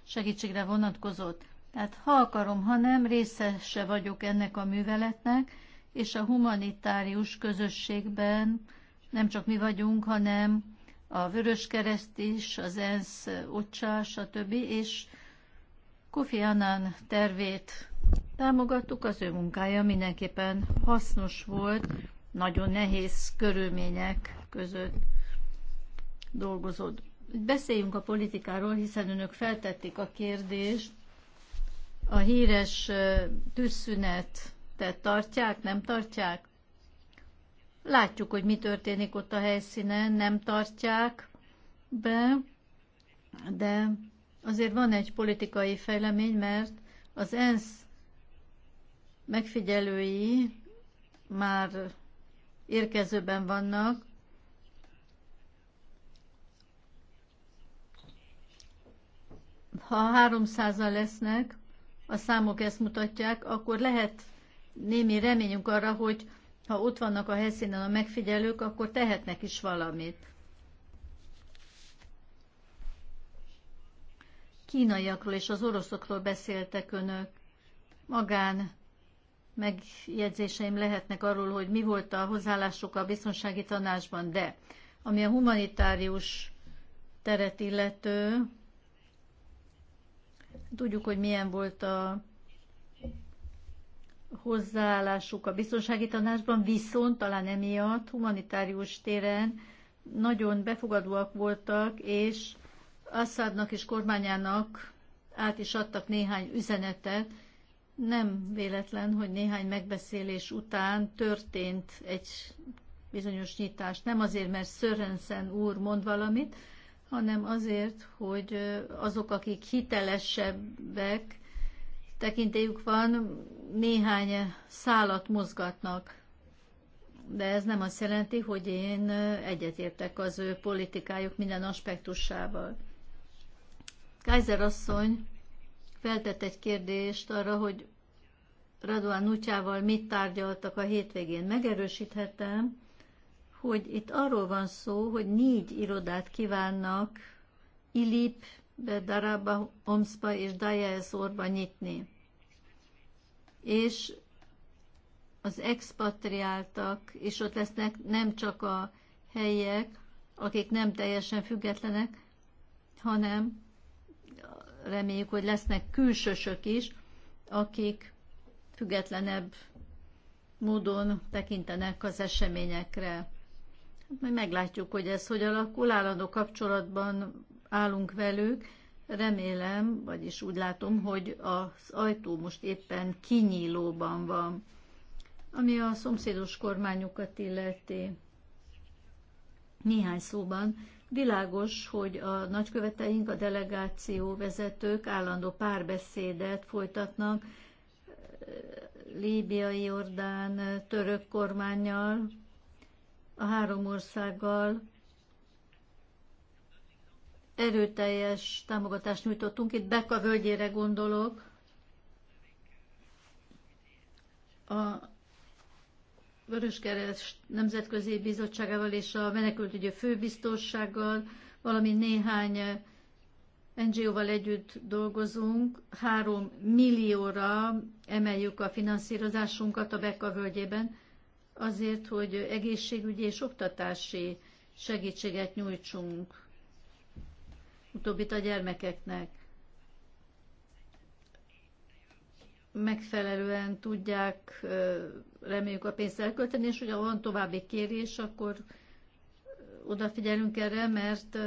segítségre vonatkozott. Tehát ha akarom, ha nem, részese vagyok ennek a műveletnek, és a humanitárius közösségben nem csak mi vagyunk, hanem a Vörös Kereszt is, az ENSZ, Ocsa, stb. És Kofi Annan tervét támogattuk, az ő munkája mindenképpen hasznos volt, nagyon nehéz körülmények között dolgozott. Beszéljünk a politikáról, hiszen önök feltették a kérdést. A híres tehát tartják, nem tartják? Látjuk, hogy mi történik ott a helyszínen, nem tartják be, de azért van egy politikai fejlemény, mert az ENSZ megfigyelői már érkezőben vannak, ha 300-an lesznek, a számok ezt mutatják, akkor lehet némi reményünk arra, hogy ha ott vannak a helyszínen a megfigyelők, akkor tehetnek is valamit. Kínaiakról és az oroszokról beszéltek önök. Magán megjegyzéseim lehetnek arról, hogy mi volt a hozzáállásuk a biztonsági tanácsban, de ami a humanitárius teret illető, tudjuk, hogy milyen volt a hozzáállásuk a biztonsági tanácsban, viszont talán emiatt humanitárius téren nagyon befogadóak voltak, és Assadnak és kormányának át is adtak néhány üzenetet, nem véletlen, hogy néhány megbeszélés után történt egy bizonyos nyitás. Nem azért, mert Sörensen úr mond valamit, hanem azért, hogy azok, akik hitelesebbek, tekintélyük van, néhány szálat mozgatnak. De ez nem azt jelenti, hogy én egyetértek az ő politikájuk minden aspektusával. Kaiser asszony feltett egy kérdést arra, hogy Radoán útjával mit tárgyaltak a hétvégén. Megerősíthetem, hogy itt arról van szó, hogy négy irodát kívánnak Ilip, Bedaraba, Omszpa és Dajelszorba nyitni. És az expatriáltak, és ott lesznek nem csak a helyiek, akik nem teljesen függetlenek, hanem reméljük, hogy lesznek külsősök is, akik függetlenebb módon tekintenek az eseményekre. Hát majd meglátjuk, hogy ez hogy alakul, állandó kapcsolatban állunk velük. Remélem, vagyis úgy látom, hogy az ajtó most éppen kinyílóban van, ami a szomszédos kormányokat illeti. Néhány szóban világos, hogy a nagyköveteink, a delegáció vezetők állandó párbeszédet folytatnak líbiai, jordán, török kormányjal, a három országgal erőteljes támogatást nyújtottunk. Itt Beka völgyére gondolok. A Vöröskereszt Nemzetközi Bizottságával és a Menekültügyi Főbiztossággal, valamint néhány NGO-val együtt dolgozunk, három millióra emeljük a finanszírozásunkat a Beka völgyében, azért, hogy egészségügyi és oktatási segítséget nyújtsunk. Utóbbit a gyermekeknek. Megfelelően tudják, reméljük a pénzt elkölteni, és hogyha van további kérés, akkor odafigyelünk erre, mert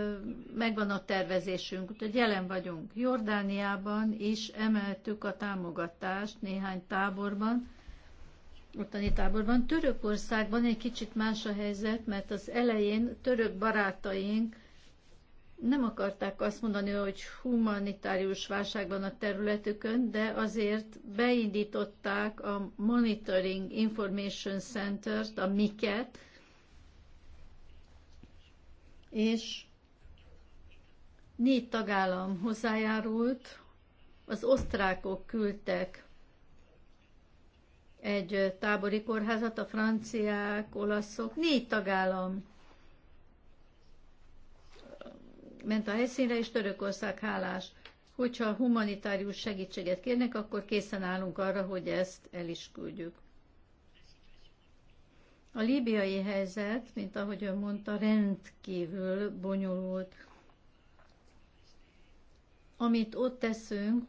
megvan a tervezésünk, úgyhogy jelen vagyunk. Jordániában is emeltük a támogatást néhány táborban, ottani táborban. Törökországban egy kicsit más a helyzet, mert az elején török barátaink nem akarták azt mondani, hogy humanitárius válság van a területükön, de azért beindították a Monitoring Information Center-t, a MIKET, és négy tagállam hozzájárult, az osztrákok küldtek egy tábori kórházat, a franciák, olaszok, négy tagállam ment a helyszínre, és Törökország hálás. Hogyha humanitárius segítséget kérnek, akkor készen állunk arra, hogy ezt el is küldjük. A líbiai helyzet, mint ahogy ön mondta, rendkívül bonyolult. Amit ott teszünk,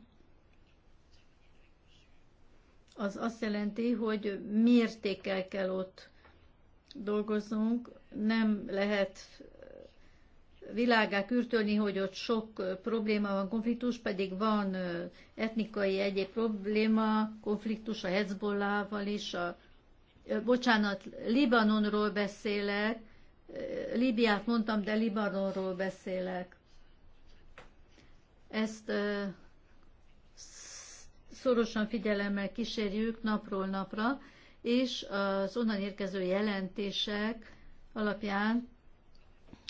az azt jelenti, hogy mértékkel kell ott dolgoznunk, nem lehet világá kürtölni, hogy ott sok probléma van, konfliktus, pedig van etnikai egyéb probléma, konfliktus a Hezbollával is, a bocsánat, Libanonról beszélek, Líbiát mondtam, de Libanonról beszélek. Ezt szorosan figyelemmel kísérjük napról napra, és az onnan érkező jelentések alapján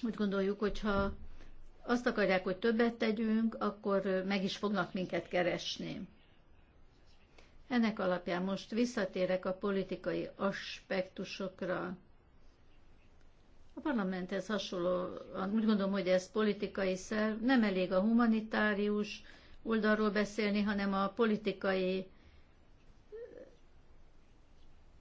úgy gondoljuk, hogyha azt akarják, hogy többet tegyünk, akkor meg is fognak minket keresni. Ennek alapján most visszatérek a politikai aspektusokra. A parlamenthez hasonlóan úgy gondolom, hogy ez politikai szerv. Nem elég a humanitárius oldalról beszélni, hanem a politikai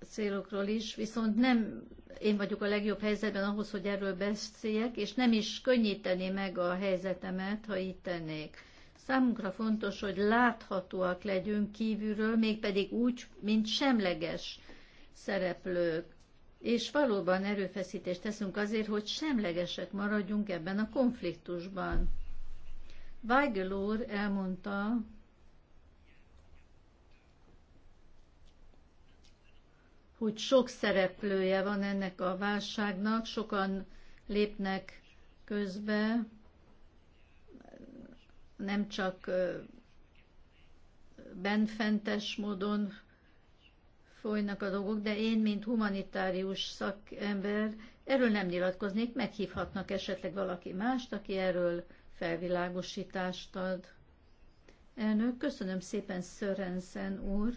célokról is, viszont nem én vagyok a legjobb helyzetben ahhoz, hogy erről beszéljek, és nem is könnyíteni meg a helyzetemet, ha így tennék. Számunkra fontos, hogy láthatóak legyünk kívülről, mégpedig úgy, mint semleges szereplők. És valóban erőfeszítést teszünk azért, hogy semlegesek maradjunk ebben a konfliktusban. Weigel úr elmondta, hogy sok szereplője van ennek a válságnak, sokan lépnek közbe, nem csak benfentes módon folynak a dolgok, de én, mint humanitárius szakember, erről nem nyilatkoznék, meghívhatnak esetleg valaki mást, aki erről felvilágosítást ad. Elnök, köszönöm szépen szörenszen úr.